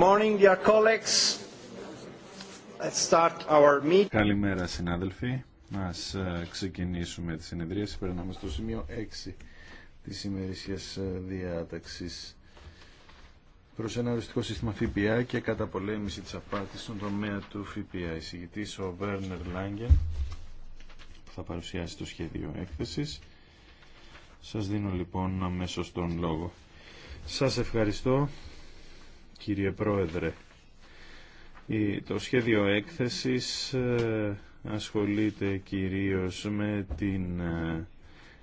Morning, dear Καλημέρα συνάδελφοι. Ας ε, ξεκινήσουμε τη συνεδρίαση. Περνάμε στο σημείο 6 της ημερησία ε, διάταξη προς ένα οριστικό σύστημα ΦΠΑ και καταπολέμηση τη απάτη στον τομέα του ΦΠΑ. Εισηγητή ο Βέρνερ Λάγκεν θα παρουσιάσει το σχέδιο έκθεσης. Σα δίνω λοιπόν αμέσω τον λόγο. Σας ευχαριστώ κύριε Πρόεδρε. Το σχέδιο έκθεσης ε, ασχολείται κυρίως με την ε,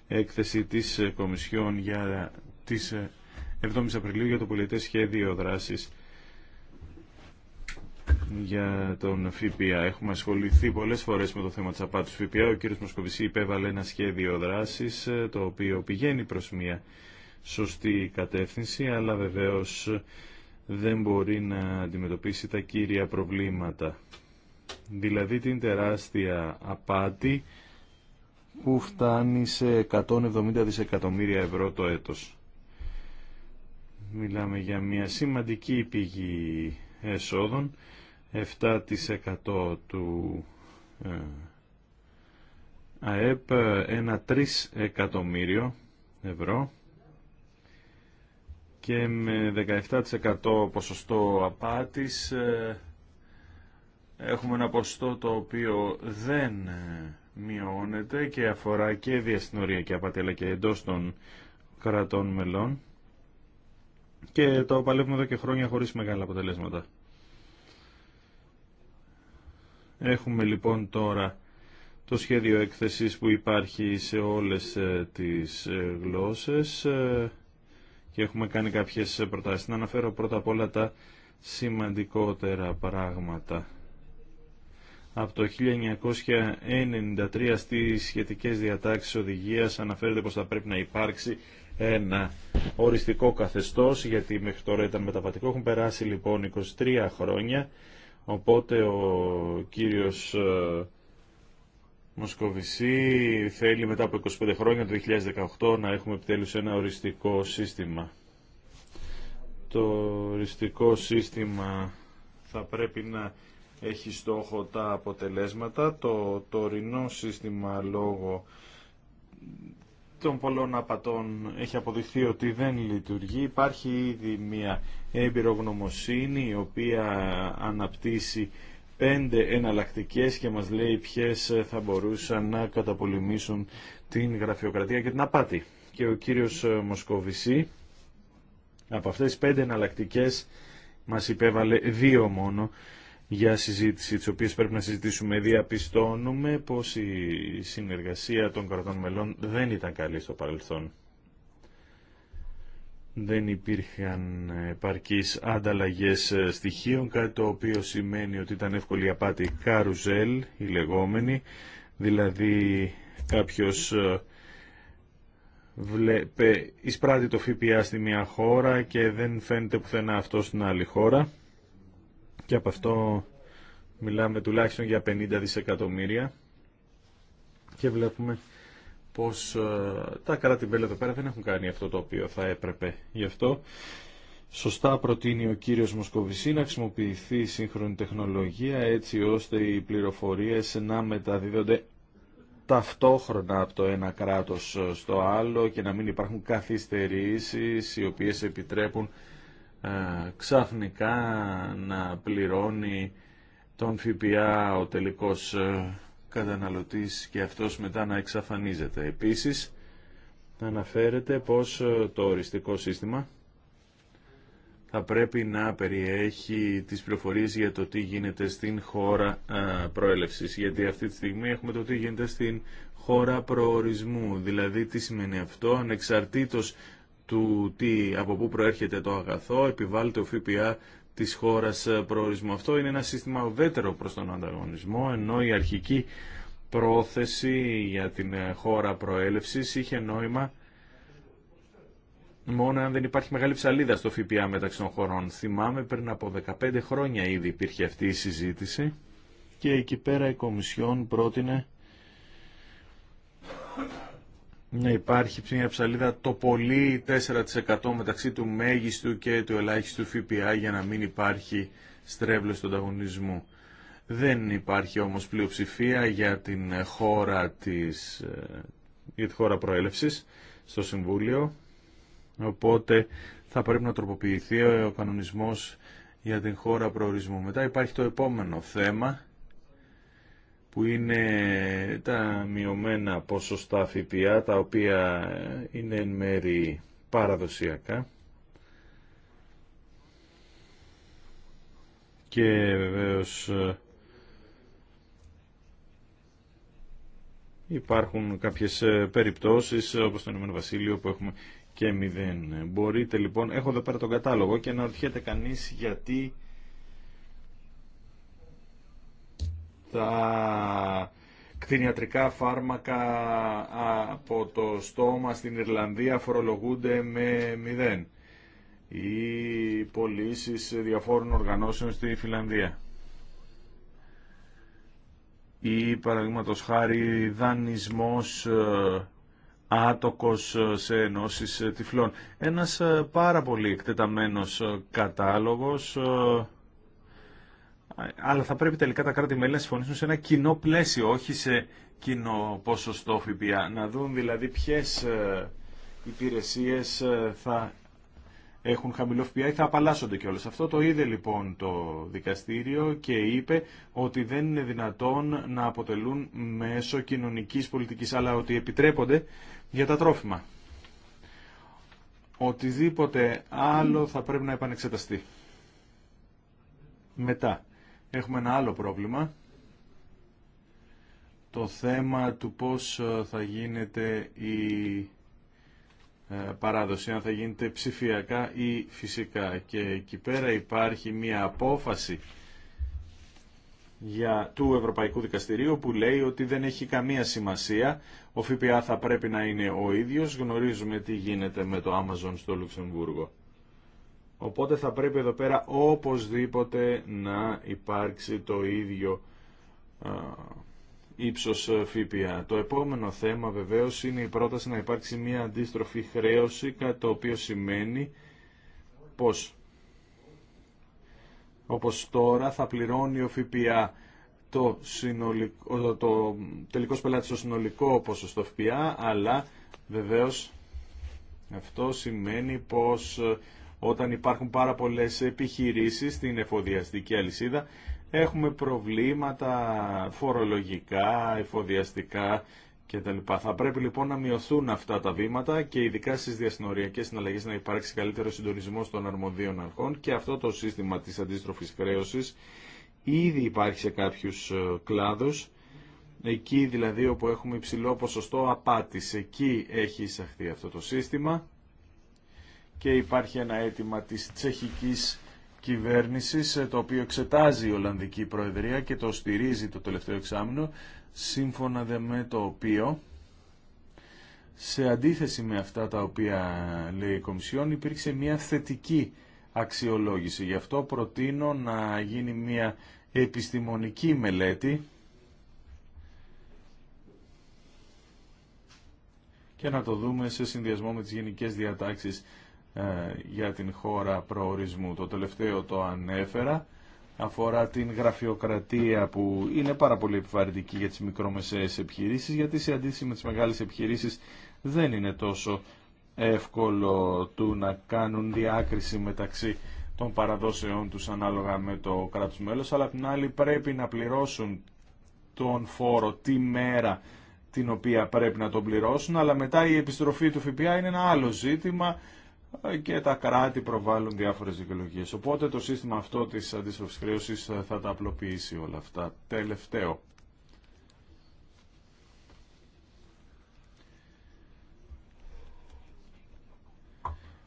έκθεση της ε, Κομισιόν για τις 7 Απριλίου για το πολιτές σχέδιο δράσης για τον ΦΠΑ. Έχουμε ασχοληθεί πολλές φορές με το θέμα της απάτης ΦΠΑ. Ο κύριος Μοσκοβισή υπέβαλε ένα σχέδιο δράσης το οποίο πηγαίνει προς μια σωστή κατεύθυνση αλλά βεβαίως δεν μπορεί να αντιμετωπίσει τα κύρια προβλήματα. Δηλαδή την τεράστια απάτη που φτάνει σε 170 δισεκατομμύρια ευρώ το έτος. Μιλάμε για μια σημαντική πηγή εσόδων, 7% του ε, ΑΕΠ, ένα 3 εκατομμύριο ευρώ και με 17% ποσοστό απάτης ε, έχουμε ένα ποσοστό το οποίο δεν ε, μειώνεται και αφορά και και απάτη αλλά και εντός των κρατών μελών και το παλεύουμε εδώ και χρόνια χωρίς μεγάλα αποτελέσματα. Έχουμε λοιπόν τώρα το σχέδιο έκθεσης που υπάρχει σε όλες ε, τις γλώσσες έχουμε κάνει κάποιες προτάσεις. Να αναφέρω πρώτα απ' όλα τα σημαντικότερα πράγματα. Από το 1993 στις σχετικές διατάξεις οδηγίας αναφέρεται πως θα πρέπει να υπάρξει ένα οριστικό καθεστώς, γιατί μέχρι τώρα ήταν μεταβατικό. Έχουν περάσει λοιπόν 23 χρόνια, οπότε ο κύριος ε, Μοσκοβισή θέλει μετά από 25 χρόνια το 2018 να έχουμε επιτέλους ένα οριστικό σύστημα. Το οριστικό σύστημα θα πρέπει να έχει στόχο τα αποτελέσματα. Το τωρινό σύστημα λόγω των πολλών απατών έχει αποδειχθεί ότι δεν λειτουργεί. Υπάρχει ήδη μια γνωμοσύνη η οποία αναπτύσσει πέντε εναλλακτικέ και μας λέει ποιες θα μπορούσαν να καταπολεμήσουν την γραφειοκρατία και την απάτη. Και ο κύριος ε, Μοσκοβισή από αυτές τις πέντε εναλλακτικέ, μας υπέβαλε δύο μόνο για συζήτηση, τις οποίες πρέπει να συζητήσουμε. Διαπιστώνουμε πως η συνεργασία των κρατών μελών δεν ήταν καλή στο παρελθόν δεν υπήρχαν επαρκείς ανταλλαγές ε, στοιχείων, κάτι το οποίο σημαίνει ότι ήταν εύκολη απάτη καρουζέλ, η λεγόμενη, δηλαδή κάποιος ε, βλέπε, εισπράττει το ΦΠΑ στη μια χώρα και δεν φαίνεται πουθενά αυτό στην άλλη χώρα και από αυτό μιλάμε τουλάχιστον για 50 δισεκατομμύρια και βλέπουμε πως ε, τα κράτη-μέλη εδώ πέρα δεν έχουν κάνει αυτό το οποίο θα έπρεπε. Γι' αυτό Σωστά προτείνει ο κύριος Μοσκοβισή να χρησιμοποιηθεί σύγχρονη τεχνολογία έτσι ώστε οι πληροφορίες να μεταδίδονται ταυτόχρονα από το ένα κράτος στο άλλο και να μην υπάρχουν καθυστερήσεις οι οποίες επιτρέπουν ε, ξαφνικά να πληρώνει τον ΦΠΑ ο τελικός ε, καταναλωτής και αυτός μετά να εξαφανίζεται. Επίσης, αναφέρεται πως ε, το οριστικό σύστημα θα πρέπει να περιέχει τις πληροφορίες για το τι γίνεται στην χώρα ε, προέλευσης. Γιατί αυτή τη στιγμή έχουμε το τι γίνεται στην χώρα προορισμού. Δηλαδή τι σημαίνει αυτό, ανεξαρτήτως του τι, από πού προέρχεται το αγαθό, επιβάλλεται ο ΦΠΑ της χώρας ε, προορισμού. Αυτό είναι ένα σύστημα ουδέτερο προς τον ανταγωνισμό, ενώ η αρχική πρόθεση για την ε, χώρα προέλευσης είχε νόημα μόνο αν δεν υπάρχει μεγάλη ψαλίδα στο ΦΠΑ μεταξύ των χωρών. Θυμάμαι πριν από 15 χρόνια ήδη υπήρχε αυτή η συζήτηση και εκεί πέρα η Κομισιόν πρότεινε να υπάρχει μια ψαλίδα το πολύ 4% μεταξύ του μέγιστου και του ελάχιστου ΦΠΑ για να μην υπάρχει στρέβλος του ανταγωνισμού. Δεν υπάρχει όμως πλειοψηφία για την χώρα, της, ε, για τη χώρα προέλευσης στο Συμβούλιο, οπότε θα πρέπει να τροποποιηθεί ο κανονισμός για την χώρα προορισμού. Μετά υπάρχει το επόμενο θέμα που είναι τα μειωμένα ποσοστά ΦΠΑ, τα οποία είναι εν μέρη παραδοσιακά. Και βεβαίως υπάρχουν κάποιες ε, περιπτώσεις, όπως το Ηνωμένο Βασίλειο, που έχουμε και μηδέν. Μπορείτε λοιπόν, έχω εδώ πέρα τον κατάλογο και να ρωτιέται κανείς γιατί τα κτηνιατρικά φάρμακα από το στόμα στην Ιρλανδία φορολογούνται με μηδέν ή πωλήσει διαφόρων οργανώσεων στη Φιλανδία ή παραδείγματο χάρη δανεισμός ε, άτοκος ε, σε ενώσεις ε, τυφλών. Ένας πάρα πολύ εκτεταμένος κατάλογος αλλά θα πρέπει τελικά τα κράτη-μέλη να συμφωνήσουν σε ένα κοινό πλαίσιο, όχι σε κοινό ποσοστό ΦΠΑ. Να δουν δηλαδή ποιε ε, υπηρεσίες ε, θα έχουν χαμηλό ΦΠΑ ή θα απαλλάσσονται κιόλας. Αυτό το είδε λοιπόν το δικαστήριο και είπε ότι δεν είναι δυνατόν να αποτελούν μέσω κοινωνικής πολιτικής, αλλά ότι επιτρέπονται για τα τρόφιμα. Οτιδήποτε άλλο θα πρέπει να επανεξεταστεί. Μετά. Έχουμε ένα άλλο πρόβλημα. Το θέμα του πώς ε, θα γίνεται η ε, παράδοση, αν θα γίνεται ψηφιακά ή φυσικά. Και εκεί πέρα υπάρχει μια απόφαση για, του Ευρωπαϊκού Δικαστηρίου που λέει ότι δεν έχει καμία σημασία. Ο ΦΠΑ θα πρέπει να είναι ο ίδιος. Γνωρίζουμε τι γίνεται με το Amazon στο Λουξεμβούργο. Οπότε θα πρέπει εδώ πέρα οπωσδήποτε να υπάρξει το ίδιο ύψος ε, ΦΠΑ. Το επόμενο θέμα βεβαίως είναι η πρόταση να υπάρξει μια αντίστροφη χρέωση, κατά το οποίο σημαίνει πως όπως τώρα θα πληρώνει ο ΦΠΑ το, συνολικό, το, το τελικός πελάτης στο συνολικό ποσοστό ΦΠΑ, αλλά βεβαίως αυτό σημαίνει πως ε, όταν υπάρχουν πάρα πολλές επιχειρήσεις στην εφοδιαστική αλυσίδα, έχουμε προβλήματα φορολογικά, εφοδιαστικά κτλ. Θα πρέπει λοιπόν να μειωθούν αυτά τα βήματα και ειδικά στις διασυνοριακές συναλλαγές να υπάρξει καλύτερο συντονισμός των αρμοδίων αρχών και αυτό το σύστημα της αντίστροφης χρέωσης ήδη υπάρχει σε κάποιους ε, κλάδους εκεί δηλαδή όπου έχουμε υψηλό ποσοστό απάτης εκεί έχει εισαχθεί αυτό το σύστημα και υπάρχει ένα αίτημα της τσεχικής κυβέρνησης ε, το οποίο εξετάζει η Ολλανδική Προεδρία και το στηρίζει το τελευταίο εξάμεινο σύμφωνα δε με το οποίο σε αντίθεση με αυτά τα οποία λέει η Κομισιόν υπήρξε μια θετική αξιολόγηση. Γι' αυτό προτείνω να γίνει μια επιστημονική μελέτη και να το δούμε σε συνδυασμό με τις γενικές διατάξεις ε, για την χώρα προορισμού. Το τελευταίο το ανέφερα αφορά την γραφειοκρατία που είναι πάρα πολύ επιβαρυντική για τις μικρομεσαίες επιχειρήσεις γιατί σε αντίθεση με τις μεγάλες επιχειρήσεις δεν είναι τόσο εύκολο του να κάνουν διάκριση μεταξύ των παραδόσεών τους ανάλογα με το κράτος μέλος αλλά την άλλη πρέπει να πληρώσουν τον φόρο τη μέρα την οποία πρέπει να τον πληρώσουν αλλά μετά η επιστροφή του ΦΠΑ είναι ένα άλλο ζήτημα και τα κράτη προβάλλουν διάφορες δικαιολογίες. Οπότε το σύστημα αυτό της αντίστροφης χρέωσης ε, θα τα απλοποιήσει όλα αυτά. Τελευταίο.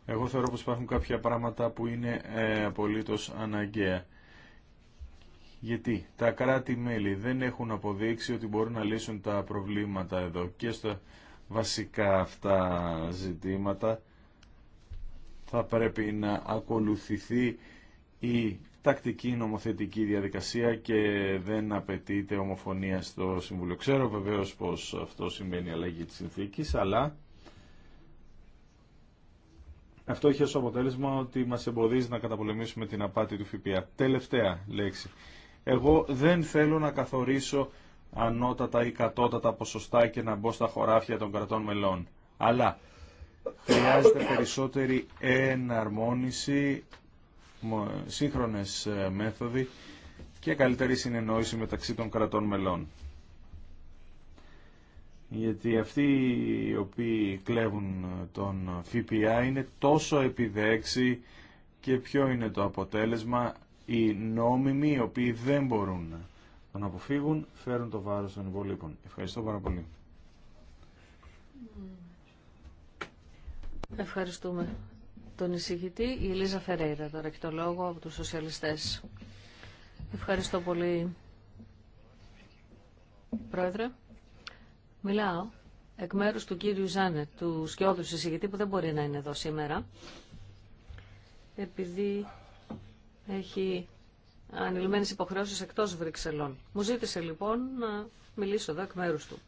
Εγώ θεωρώ πως υπάρχουν κάποια πράγματα που είναι ε, απολύτως αναγκαία. Γιατί τα κράτη-μέλη δεν έχουν αποδείξει ότι μπορούν να λύσουν τα προβλήματα εδώ και στα βασικά αυτά ζητήματα θα πρέπει να ακολουθηθεί η τακτική νομοθετική διαδικασία και δεν απαιτείται ομοφωνία στο Συμβούλιο. Ξέρω βεβαίως πως αυτό σημαίνει αλλαγή της συνθήκης, αλλά αυτό έχει ως αποτέλεσμα ότι μας εμποδίζει να καταπολεμήσουμε την απάτη του ΦΠΑ. Τελευταία λέξη. Εγώ δεν θέλω να καθορίσω ανώτατα ή κατώτατα ποσοστά και να μπω στα χωράφια των κρατών μελών. Αλλά χρειάζεται περισσότερη εναρμόνιση, σύγχρονες ε, μέθοδοι και καλύτερη συνεννόηση μεταξύ των κρατών μελών. Γιατί αυτοί οι οποίοι κλέβουν ε, τον ΦΠΑ είναι τόσο επιδέξοι και ποιο είναι το αποτέλεσμα οι νόμιμοι οι οποίοι δεν μπορούν να τον αποφύγουν φέρουν το βάρος των υπολείπων. Ευχαριστώ πάρα πολύ. Mm. Ευχαριστούμε τον εισηγητή. Η Ελίζα Φερέιρα τώρα έχει το λόγο από τους σοσιαλιστές. Ευχαριστώ πολύ, Πρόεδρε. Μιλάω εκ μέρους του κύριου Ζάνε, του σκιώδου εισηγητή που δεν μπορεί να είναι εδώ σήμερα, επειδή έχει ανηλυμένες υποχρεώσεις εκτός Βρυξελών. Μου ζήτησε λοιπόν να μιλήσω εδώ εκ μέρους του.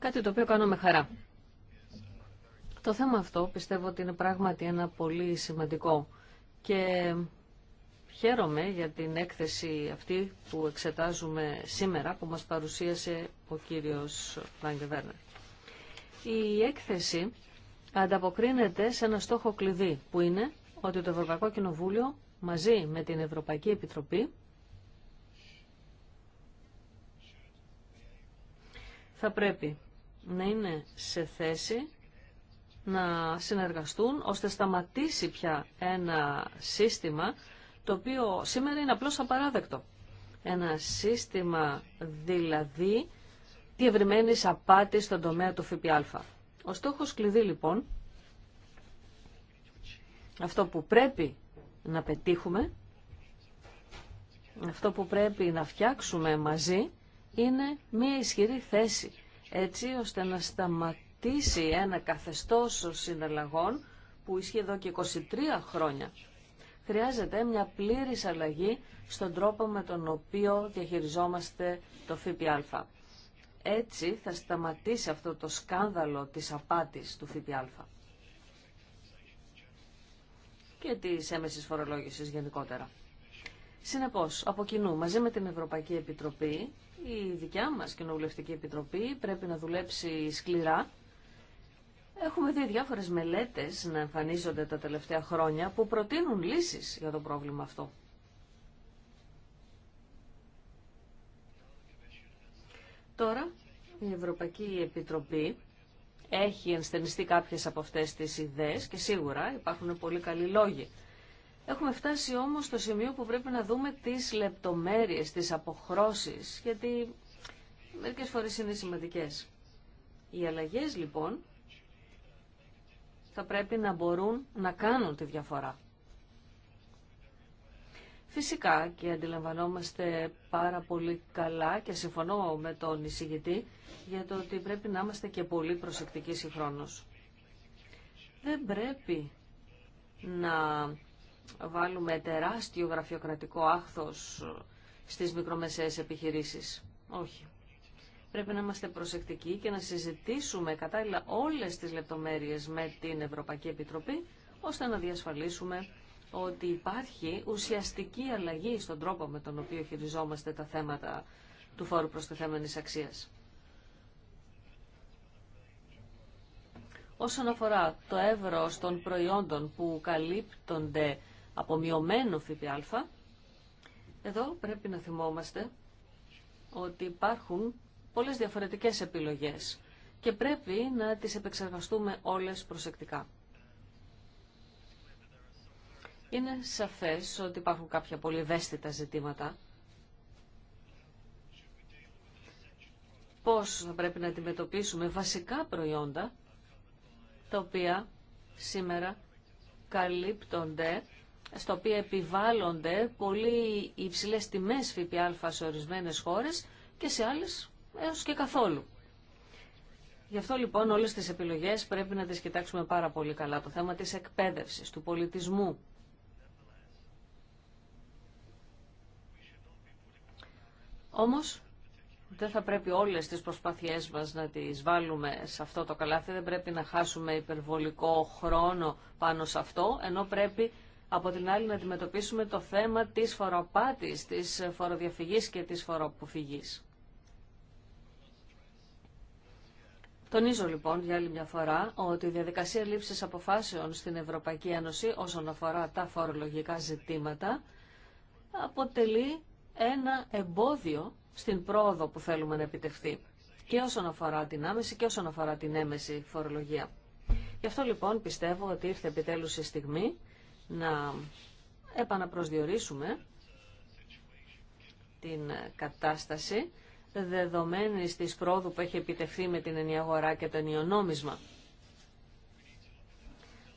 Κάτι το οποίο κάνω με χαρά. Το θέμα αυτό πιστεύω ότι είναι πράγματι ένα πολύ σημαντικό και χαίρομαι για την έκθεση αυτή που εξετάζουμε σήμερα που μας παρουσίασε ο κύριος Βέρνερ. Η έκθεση ανταποκρίνεται σε ένα στόχο κλειδί που είναι ότι το Ευρωπαϊκό Κοινοβούλιο μαζί με την Ευρωπαϊκή Επιτροπή θα πρέπει να είναι σε θέση να συνεργαστούν ώστε σταματήσει πια ένα σύστημα το οποίο σήμερα είναι απλώς απαράδεκτο. Ένα σύστημα δηλαδή διευρυμένης απάτης στον τομέα του ΦΠΑ. Ο στόχος κλειδί λοιπόν, αυτό που πρέπει να πετύχουμε, αυτό που πρέπει να φτιάξουμε μαζί, είναι μια ισχυρή θέση έτσι ώστε να σταματήσει ένα καθεστώς συναλλαγών που ισχύει εδώ και 23 χρόνια. Χρειάζεται μια πλήρης αλλαγή στον τρόπο με τον οποίο διαχειριζόμαστε το ΦΠΑ. Έτσι θα σταματήσει αυτό το σκάνδαλο της απάτης του ΦΠΑ και της έμεσης φορολόγησης γενικότερα. Συνεπώς, από κοινού, μαζί με την Ευρωπαϊκή Επιτροπή, η δικιά μας Κοινοβουλευτική Επιτροπή πρέπει να δουλέψει σκληρά. Έχουμε δει διάφορες μελέτες να εμφανίζονται τα τελευταία χρόνια που προτείνουν λύσεις για το πρόβλημα αυτό. Τώρα η Ευρωπαϊκή Επιτροπή έχει ενστενιστεί κάποιες από αυτές τις ιδέες και σίγουρα υπάρχουν πολύ καλοί λόγοι Έχουμε φτάσει όμως στο σημείο που πρέπει να δούμε τις λεπτομέρειες, τις αποχρώσεις, γιατί μερικές φορές είναι σημαντικές. Οι αλλαγές λοιπόν θα πρέπει να μπορούν να κάνουν τη διαφορά. Φυσικά και αντιλαμβανόμαστε πάρα πολύ καλά και συμφωνώ με τον εισηγητή για το ότι πρέπει να είμαστε και πολύ προσεκτικοί συγχρόνως. Δεν πρέπει να βάλουμε τεράστιο γραφειοκρατικό άχθος ε, στις μικρομεσαίες επιχειρήσεις. Όχι. Πρέπει να είμαστε προσεκτικοί και να συζητήσουμε κατάλληλα όλες τις λεπτομέρειες με την Ευρωπαϊκή Επιτροπή, ώστε να διασφαλίσουμε ότι υπάρχει ουσιαστική αλλαγή στον τρόπο με τον οποίο χειριζόμαστε τα θέματα του φόρου προστιθέμενης αξίας. Όσον αφορά το εύρος των προϊόντων που καλύπτονται από μειωμένο ΦΠΑ, εδώ πρέπει να θυμόμαστε ότι υπάρχουν πολλές διαφορετικές επιλογές και πρέπει να τις επεξεργαστούμε όλες προσεκτικά. Είναι σαφές ότι υπάρχουν κάποια πολύ ευαίσθητα ζητήματα. Πώς θα πρέπει να αντιμετωπίσουμε βασικά προϊόντα, τα οποία σήμερα καλύπτονται στο οποίο επιβάλλονται πολύ υψηλές τιμές ΦΠΑ σε ορισμένες χώρες και σε άλλες έως και καθόλου. Γι' αυτό λοιπόν όλες τις επιλογές πρέπει να τις κοιτάξουμε πάρα πολύ καλά. Το θέμα της εκπαίδευσης, του πολιτισμού. Όμως δεν θα πρέπει όλες τις προσπάθειές μας να τις βάλουμε σε αυτό το καλάθι, δεν πρέπει να χάσουμε υπερβολικό χρόνο πάνω σε αυτό, ενώ πρέπει από την άλλη να αντιμετωπίσουμε το θέμα της φοροπάτης, της φοροδιαφυγής και της φοροποφυγής. Τονίζω λοιπόν για άλλη μια φορά ότι η διαδικασία λήψης αποφάσεων στην Ευρωπαϊκή Ένωση όσον αφορά τα φορολογικά ζητήματα αποτελεί ένα εμπόδιο στην πρόοδο που θέλουμε να επιτευχθεί και όσον αφορά την άμεση και όσον αφορά την έμεση φορολογία. Γι' αυτό λοιπόν πιστεύω ότι ήρθε επιτέλους η στιγμή να επαναπροσδιορίσουμε την κατάσταση δεδομένη της πρόοδου που έχει επιτευχθεί με την ενιαγορά και το ενιονόμισμα.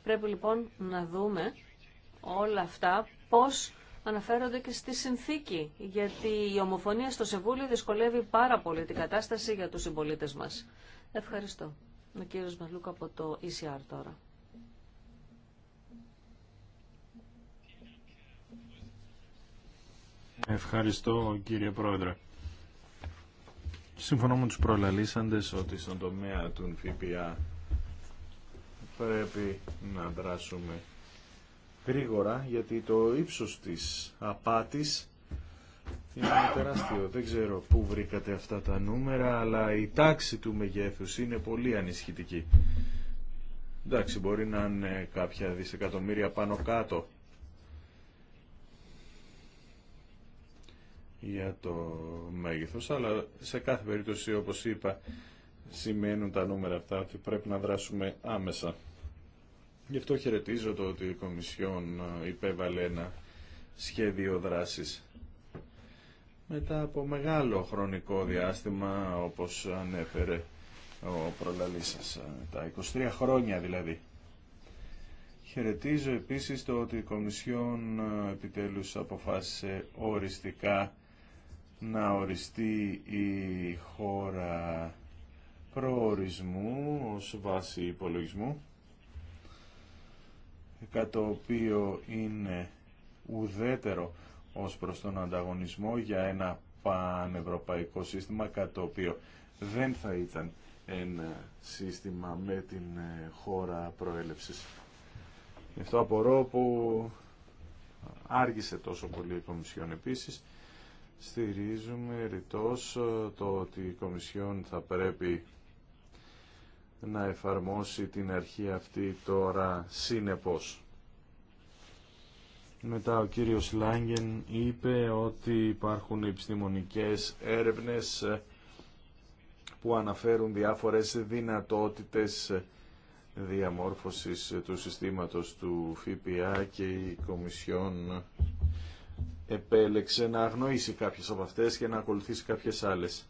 Πρέπει λοιπόν να δούμε όλα αυτά πώς αναφέρονται και στη συνθήκη, γιατί η ομοφωνία στο Σεβούλιο δυσκολεύει πάρα πολύ την κατάσταση για τους συμπολίτε μας. Ευχαριστώ. Ο κύριος Μαλούκα από το ECR τώρα. Ευχαριστώ κύριε Πρόεδρε. Συμφωνώ με τους προλαλήσαντες ότι στον τομέα του ΦΠΑ πρέπει να δράσουμε γρήγορα γιατί το ύψος της απάτης είναι τεράστιο. Δεν ξέρω πού βρήκατε αυτά τα νούμερα αλλά η τάξη του μεγέθους είναι πολύ ανισχυτική. Εντάξει, μπορεί να είναι κάποια δισεκατομμύρια πάνω κάτω για το μέγεθος, αλλά σε κάθε περίπτωση, όπως είπα, σημαίνουν τα νούμερα αυτά ότι πρέπει να δράσουμε άμεσα. Γι' αυτό χαιρετίζω το ότι η Κομισιόν ε, υπέβαλε ένα σχέδιο δράσης μετά από μεγάλο χρονικό διάστημα, όπως ανέφερε ο προλαλής ε, τα 23 χρόνια δηλαδή. Χαιρετίζω επίσης το ότι η Κομισιόν ε, επιτέλους αποφάσισε οριστικά να οριστεί η χώρα προορισμού ως βάση υπολογισμού κατά το οποίο είναι ουδέτερο ως προς τον ανταγωνισμό για ένα πανευρωπαϊκό σύστημα κατά το οποίο δεν θα ήταν ένα σύστημα με την ε, χώρα προέλευσης. Γι' αυτό απορώ που άργησε τόσο πολύ η Κομισιόν επίσης στηρίζουμε ρητός ε, το ότι η Κομισιόν θα πρέπει να εφαρμόσει την αρχή αυτή τώρα σύνεπως. Μετά ο κύριος Λάγγεν είπε ότι υπάρχουν επιστημονικές έρευνες ε, που αναφέρουν διάφορες δυνατότητες διαμόρφωσης του συστήματος του ΦΠΑ και η Κομισιόν επέλεξε να αγνοήσει κάποιες από αυτές και να ακολουθήσει κάποιες άλλες.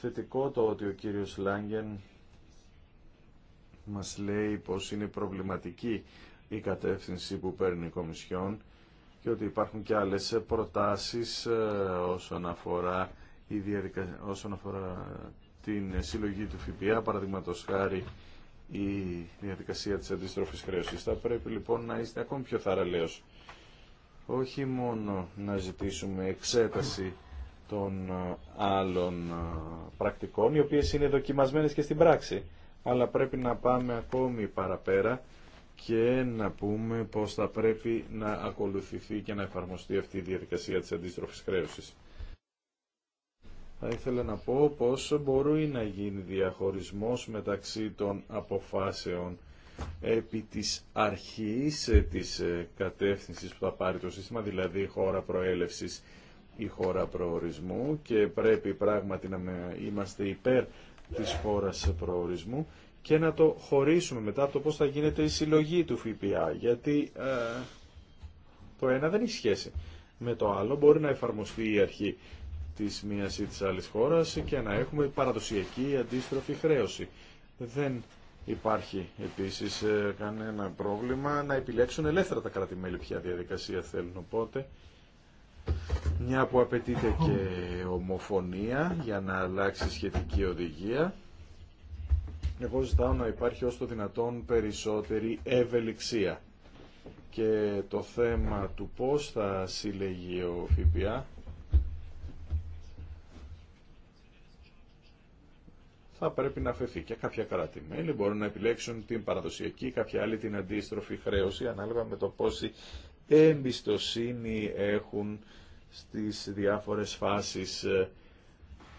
Θετικό το ότι ο κύριος Λάγγεν μας λέει πως είναι προβληματική η κατεύθυνση που παίρνει η Κομισιόν και ότι υπάρχουν και άλλες προτάσεις ε, όσον αφορά, η διαδικα... όσον αφορά την συλλογή του ΦΠΑ, παραδείγματο χάρη η διαδικασία της αντίστροφης χρέωσης. Θα πρέπει λοιπόν να είστε ακόμη πιο θαραλέως όχι μόνο να ζητήσουμε εξέταση των ε, άλλων ε, πρακτικών, οι οποίες είναι δοκιμασμένες και στην πράξη, αλλά πρέπει να πάμε ακόμη παραπέρα και να πούμε πώς θα πρέπει να ακολουθηθεί και να εφαρμοστεί αυτή η διαδικασία της αντίστροφης χρέωσης. Θα ήθελα να πω πώς μπορεί να γίνει διαχωρισμός μεταξύ των αποφάσεων επί της αρχής ε, της ε, κατεύθυνσης που θα πάρει το σύστημα, δηλαδή η χώρα προέλευσης ή χώρα προορισμού και πρέπει πράγματι να είμαστε υπέρ της χώρας προορισμού και να το χωρίσουμε μετά από το πώς θα γίνεται η συλλογή του ΦΠΑ, γιατί ε, το ένα δεν έχει σχέση με το άλλο. Μπορεί να εφαρμοστεί η αρχή της μίας ή της άλλης χώρας και να έχουμε παραδοσιακή αντίστροφη χρέωση. Δεν υπάρχει επίσης ε, κανένα πρόβλημα να επιλέξουν ελεύθερα τα κράτη-μέλη ποια διαδικασία θέλουν. Οπότε, μια που απαιτείται και ομοφωνία για να αλλάξει σχετική οδηγία, εγώ ζητάω να υπάρχει όσο το δυνατόν περισσότερη ευελιξία. Και το θέμα του πώς θα συλλεγεί ο ΦΠΑ θα πρέπει να αφαιθεί. Και κάποια κράτη-μέλη μπορούν να επιλέξουν την παραδοσιακή, κάποια άλλη την αντίστροφη χρέωση, ανάλογα με το πόση εμπιστοσύνη έχουν στις διάφορες φάσεις ε,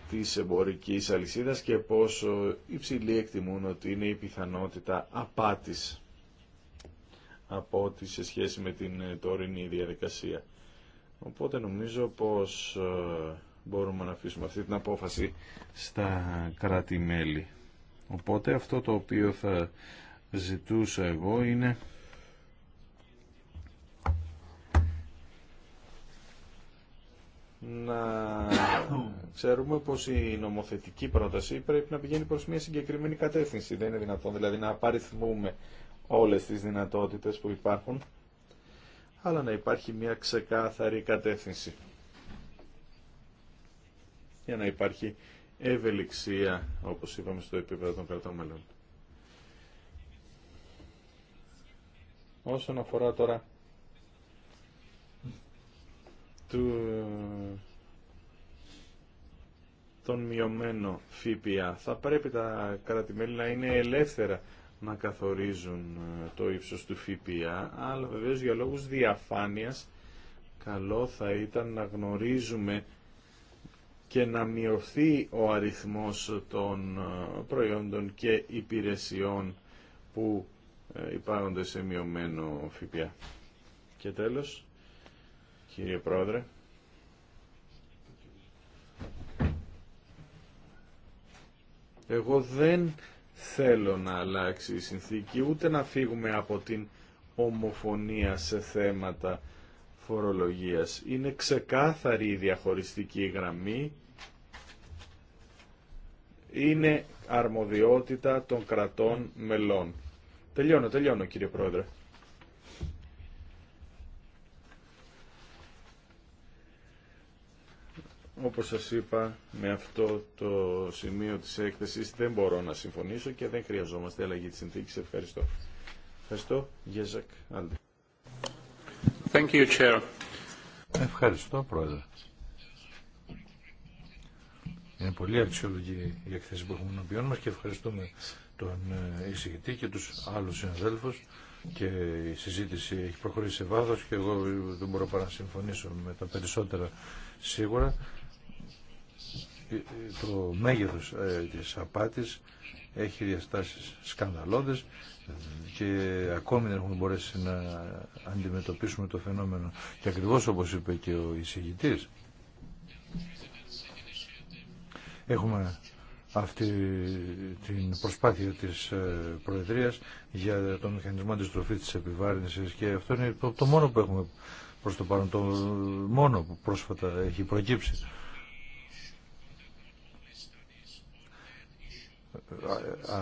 της εμπορικής αλυσίδας και πόσο υψηλή εκτιμούν ότι είναι η πιθανότητα απάτης από ό,τι σε σχέση με την τωρινή διαδικασία. Οπότε νομίζω πως ε, μπορούμε να αφήσουμε αυτή την απόφαση στα κράτη-μέλη. Οπότε αυτό το οποίο θα ζητούσα εγώ είναι να ξέρουμε πως η νομοθετική πρόταση πρέπει να πηγαίνει προς μια συγκεκριμένη κατεύθυνση. Δεν είναι δυνατόν δηλαδή να απαριθμούμε όλες τις δυνατότητες που υπάρχουν, αλλά να υπάρχει μια ξεκάθαρη κατεύθυνση για να υπάρχει ευελιξία, όπως είπαμε, στο επίπεδο των κρατών μελών. Όσον αφορά τώρα του, τον μειωμένο ΦΠΑ, θα πρέπει τα κρατημέλη να είναι ελεύθερα να καθορίζουν ε, το ύψος του ΦΠΑ, αλλά βεβαίως για λόγους διαφάνειας καλό θα ήταν να γνωρίζουμε και να μειωθεί ο αριθμός των ε, προϊόντων και υπηρεσιών που ε, υπάρχουν σε μειωμένο ΦΠΑ. Και τέλος, κύριε Πρόεδρε, εγώ δεν θέλω να αλλάξει η συνθήκη, ούτε να φύγουμε από την ομοφωνία σε θέματα φορολογίας. Είναι ξεκάθαρη η διαχωριστική γραμμή είναι αρμοδιότητα των κρατών μελών. Τελειώνω, τελειώνω κύριε Πρόεδρε. Όπως σας είπα, με αυτό το σημείο της έκθεσης δεν μπορώ να συμφωνήσω και δεν χρειαζόμαστε αλλαγή της συνθήκης. Ευχαριστώ. Ευχαριστώ. Γεζακ. Thank Ευχαριστώ, Πρόεδρε. Είναι πολύ αξιολογή η εκθέση που έχουμε ενώπιόν μα και ευχαριστούμε τον ε, εισηγητή και τους άλλους συναδέλφους και η συζήτηση έχει προχωρήσει σε βάθος και εγώ δεν μπορώ παρά να συμφωνήσω με τα περισσότερα σίγουρα. Ε, ε, το μέγεθο της απάτης έχει διαστάσεις σκανδαλώδε και ακόμη δεν έχουμε μπορέσει να αντιμετωπίσουμε το φαινόμενο. Και ακριβώ όπω είπε και ο εισηγητής, Έχουμε αυτή την προσπάθεια της ε, Προεδρίας για τον μηχανισμό αντιστροφής της επιβάρυνσης και αυτό είναι το, το μόνο που έχουμε προς το παρόν, το μόνο που πρόσφατα έχει προκύψει.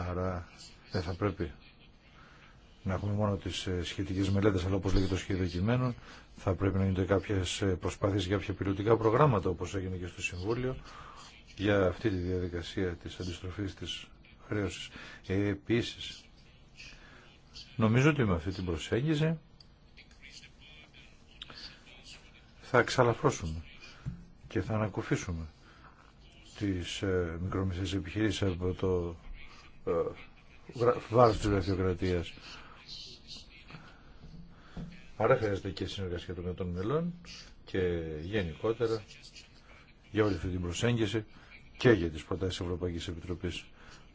Άρα δεν θα πρέπει να έχουμε μόνο τις ε, σχετικές μελέτες, αλλά όπως λέγεται το σχέδιο κειμένων, θα πρέπει να γίνονται κάποιες ε, προσπάθειες για κάποια πιλωτικά προγράμματα, όπως έγινε και στο Συμβούλιο, για αυτή τη διαδικασία της αντιστροφής της χρέωσης. Ε, επίσης, νομίζω ότι με αυτή την προσέγγιση θα εξαλαφρώσουμε και θα ανακουφίσουμε τις ε, μικρομεσαίες επιχειρήσεις από το ε, βάρος της γραφειοκρατίας. Άρα χρειάζεται και συνεργασία των μελών και γενικότερα για όλη αυτή την προσέγγιση και για τις προτάσεις Ευρωπαϊκής Επιτροπής.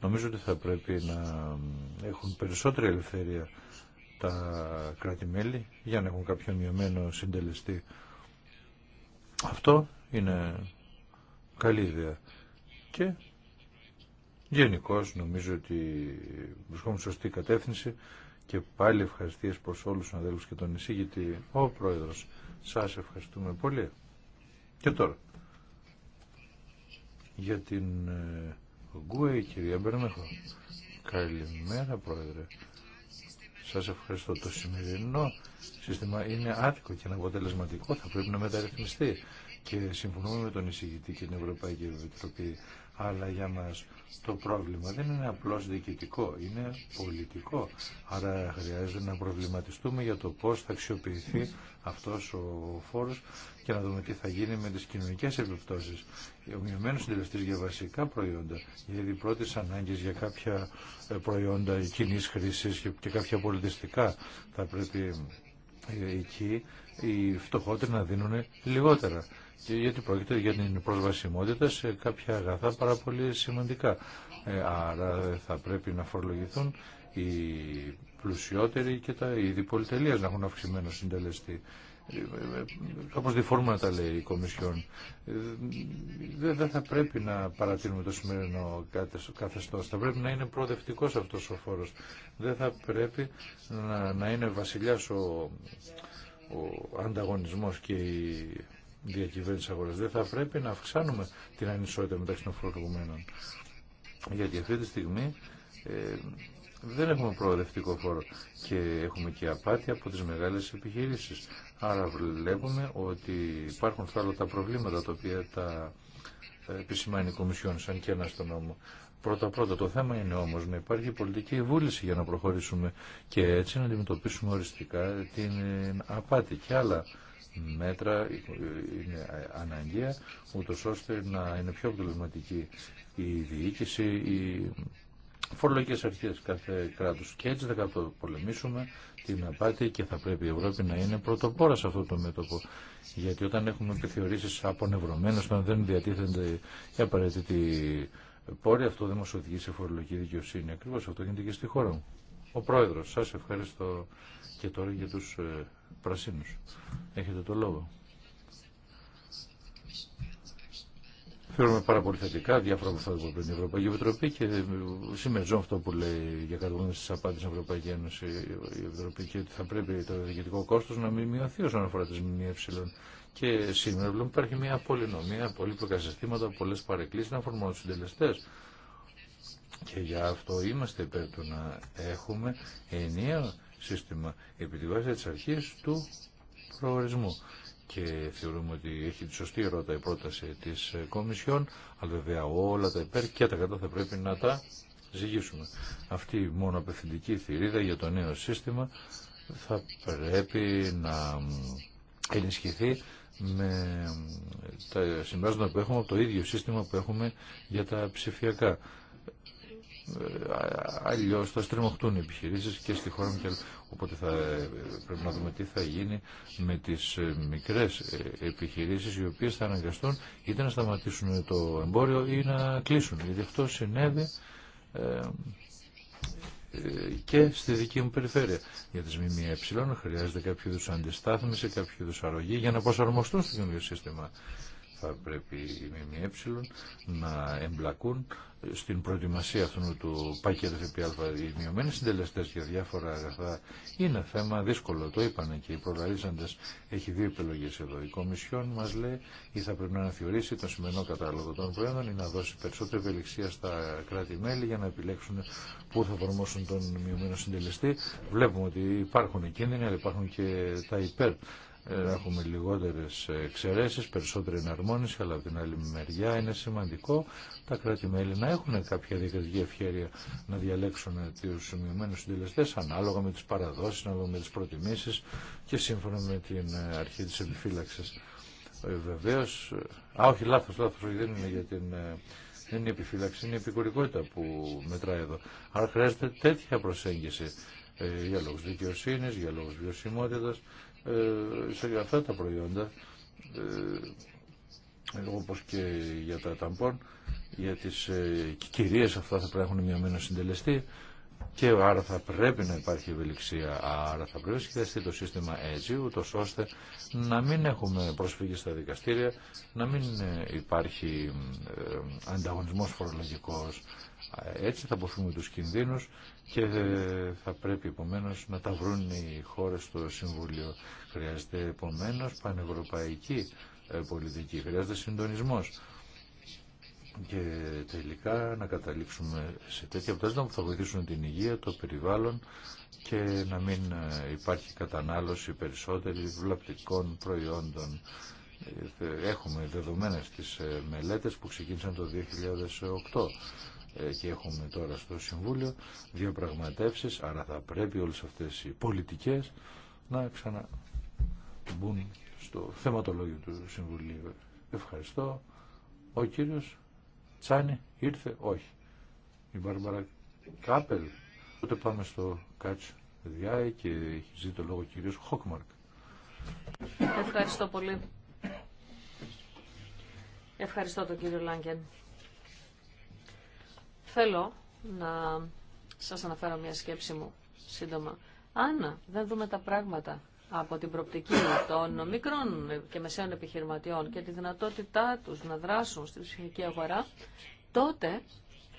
Νομίζω ότι θα πρέπει να έχουν περισσότερη ελευθερία τα κράτη-μέλη για να έχουν κάποιον μειωμένο συντελεστή. Αυτό είναι καλή ιδέα. Και γενικώ νομίζω ότι βρισκόμαστε σωστή κατεύθυνση και πάλι ευχαριστίες προς όλους τους αδέλφους και τον γιατί, ο Πρόεδρος. Σας ευχαριστούμε πολύ. Και τώρα για την ε, Γκουέ, κυρία Μπερμέχο. Καλημέρα, Πρόεδρε. Σας ευχαριστώ. Το σημερινό σύστημα είναι άτυπο και είναι αποτελεσματικό. Θα πρέπει να μεταρρυθμιστεί. Και συμφωνούμε με τον εισηγητή και την Ευρωπαϊκή Επιτροπή. Αλλά για μας το πρόβλημα δεν είναι απλώς διοικητικό, είναι πολιτικό. Άρα χρειάζεται να προβληματιστούμε για το πώς θα αξιοποιηθεί αυτός ο φόρος και να δούμε τι θα γίνει με τις κοινωνικές επιπτώσεις. Ο μειωμένος συντελεστής για βασικά προϊόντα, γιατί πρώτες ανάγκες για κάποια ε, προϊόντα κοινή χρήση και κάποια πολιτιστικά θα πρέπει ε, εκεί οι φτωχότεροι να δίνουν λιγότερα. Και γιατί πρόκειται για την προσβασιμότητα σε κάποια αγαθά πάρα πολύ σημαντικά. Ε, άρα θα πρέπει να φορολογηθούν οι πλουσιότεροι και τα είδη πολυτελείας να έχουν αυξημένο συντελεστή. Ε, ε, ε, Όπω διφόρμα τα λέει η Κομισιόν, δεν θα πρέπει να παρατηρούμε το σημερινό καθεστώ. Θα πρέπει να είναι προοδευτικό αυτό ο φόρο. Δεν θα πρέπει να, να είναι βασιλιά ο, ο ανταγωνισμός και η διακυβέρνηση αγοράς. Δεν θα πρέπει να αυξάνουμε την ανισότητα μεταξύ των φορολογουμένων. Γιατί αυτή τη στιγμή ε, δεν έχουμε προοδευτικό φόρο και έχουμε και απάτη από τις μεγάλες επιχειρήσεις. Άρα βλέπουμε ότι υπάρχουν θα τα προβλήματα τα οποία τα ε, επισημάνει η Κομισιόν σαν και ένα στο νόμο πρώτα πρώτα. Το θέμα είναι όμως να υπάρχει πολιτική βούληση για να προχωρήσουμε και έτσι να αντιμετωπίσουμε οριστικά την απάτη και άλλα μέτρα είναι αναγκαία ούτως ώστε να είναι πιο αποτελεσματική η διοίκηση, οι φορολογικές αρχές κάθε κράτους και έτσι θα πολεμήσουμε την απάτη και θα πρέπει η Ευρώπη να είναι πρωτοπόρα σε αυτό το μέτωπο γιατί όταν έχουμε επιθεωρήσεις απονευρωμένες όταν δεν διατίθενται οι απαραίτητοι Πόρει αυτό δεν μας οδηγεί σε φορολογική δικαιοσύνη. Ακριβώς αυτό γίνεται και στη χώρα μου. Ο Πρόεδρος, σας ευχαριστώ και τώρα για τους ε, πρασίνους. Έχετε το λόγο. Θεωρούμε πάρα πολύ θετικά διάφορα που θα από την Ευρωπαϊκή Επιτροπή και συμμεριζόμαι αυτό που λέει για κατηγορίε τη απάντηση στην Ευρωπαϊκή Ένωση η Επιτροπή ότι θα πρέπει το διοικητικό κόστο να μην μειωθεί όσον αφορά τι ΜΜΕ. Και σήμερα βλέπουμε υπάρχει μια πολυνομία, πολύπλοκα συστήματα, πολλέ παρεκκλήσει να αφορμούν του συντελεστέ. Και για αυτό είμαστε υπέρ του να έχουμε ενιαίο σύστημα επί τη βάση της αρχής του προορισμού. Και θεωρούμε ότι έχει τη σωστή ερώτα η πρόταση της Κομισιόν, αλλά βέβαια όλα τα υπέρ και τα κατά θα πρέπει να τα ζυγίσουμε. Αυτή η μόνο απευθυντική θηρίδα για το νέο σύστημα θα πρέπει να ενισχυθεί με τα συμπράσματα που έχουμε από το ίδιο σύστημα που έχουμε για τα ψηφιακά. Ε, Αλλιώ θα στριμωχτούν οι επιχειρήσει και στη χώρα μου και Οπότε θα, πρέπει να δούμε τι θα γίνει με τι ε, μικρέ ε, επιχειρήσει οι οποίε θα αναγκαστούν είτε να σταματήσουν το εμπόριο ή να κλείσουν. Γιατί αυτό συνέβη και στη δική μου περιφέρεια. Για τις ΜΜΕ χρειάζεται κάποιο είδους αντιστάθμιση, κάποιο είδους αρρωγή για να προσαρμοστούν στο καινούργιο σύστημα θα πρέπει οι ΜΜΕ να εμπλακούν στην προετοιμασία αυτού του πακέτου ΦΠΑ. Οι μειωμένε συντελεστέ για διάφορα αγαθά είναι θέμα δύσκολο. Το είπαν και οι προλαλήσαντε. Έχει δύο επιλογέ εδώ. Η Κομισιόν μα λέει ή θα πρέπει να αναθεωρήσει τον σημερινό κατάλογο των προϊόντων ή να δώσει περισσότερη ευελιξία στα κράτη-μέλη για να επιλέξουν πού θα εφαρμόσουν τον μειωμένο συντελεστή. Βλέπουμε ότι υπάρχουν κίνδυνοι, αλλά υπάρχουν και τα υπέρ έχουμε λιγότερες εξαιρέσεις, περισσότερη εναρμόνιση, αλλά από την άλλη μεριά είναι σημαντικό τα κράτη-μέλη να έχουν κάποια διακριτική ευχαίρεια να διαλέξουν τους μειωμένους συντελεστές ανάλογα με τις παραδόσεις, ανάλογα με τις προτιμήσεις και σύμφωνα με την αρχή της επιφύλαξης. Ε, Βεβαίω, α όχι λάθος, λάθος, δεν είναι για την... Ε, δεν η επιφύλαξη, είναι η επικουρικότητα που μετράει εδώ. Άρα χρειάζεται τέτοια προσέγγιση ε, για λόγους δικαιοσύνης, για λόγους βιωσιμότητας ε, σε αυτά τα προϊόντα ε, ε, όπως και για τα ταμπών για τις κυρίες αυτά θα πρέπει να έχουν μειωμένο συντελεστή και άρα θα πρέπει να υπάρχει ευελιξία, άρα θα πρέπει να σχεδιαστεί το σύστημα έτσι, ούτω ώστε να μην έχουμε προσφυγή στα δικαστήρια, να μην υπάρχει ανταγωνισμός φορολογικός. Έτσι θα αποφύγουμε τους κινδύνους και θα πρέπει επομένως να τα βρουν οι χώρες στο Συμβούλιο. Χρειάζεται επομένως πανευρωπαϊκή ε, πολιτική, χρειάζεται συντονισμός και τελικά να καταλήξουμε σε τέτοια αποτέλεσμα που θα βοηθήσουν την υγεία, το περιβάλλον και να μην ε, υπάρχει κατανάλωση περισσότερη βλαπτικών προϊόντων. Ε, έχουμε δεδομένες τις μελέτες που ξεκίνησαν το 2008 και έχουμε τώρα στο Συμβούλιο πραγματεύσεις, άρα θα πρέπει όλες αυτές οι πολιτικές να ξαναμπούν στο θεματολόγιο του Συμβουλίου. Ευχαριστώ. Ο κύριος Τσάνη ήρθε, όχι. Η Μπάρμπαρα Κάπελ. Τότε πάμε στο Κάτσο Διάε και έχει ζει το λόγο ο κύριος Χόκμαρκ. Ευχαριστώ πολύ. Ευχαριστώ τον κύριο Λάγκεν. Θέλω να σας αναφέρω μια σκέψη μου σύντομα. Αν δεν δούμε τα πράγματα από την προπτική των μικρών και μεσαίων επιχειρηματιών και τη δυνατότητά τους να δράσουν στην ψηφιακή αγορά, τότε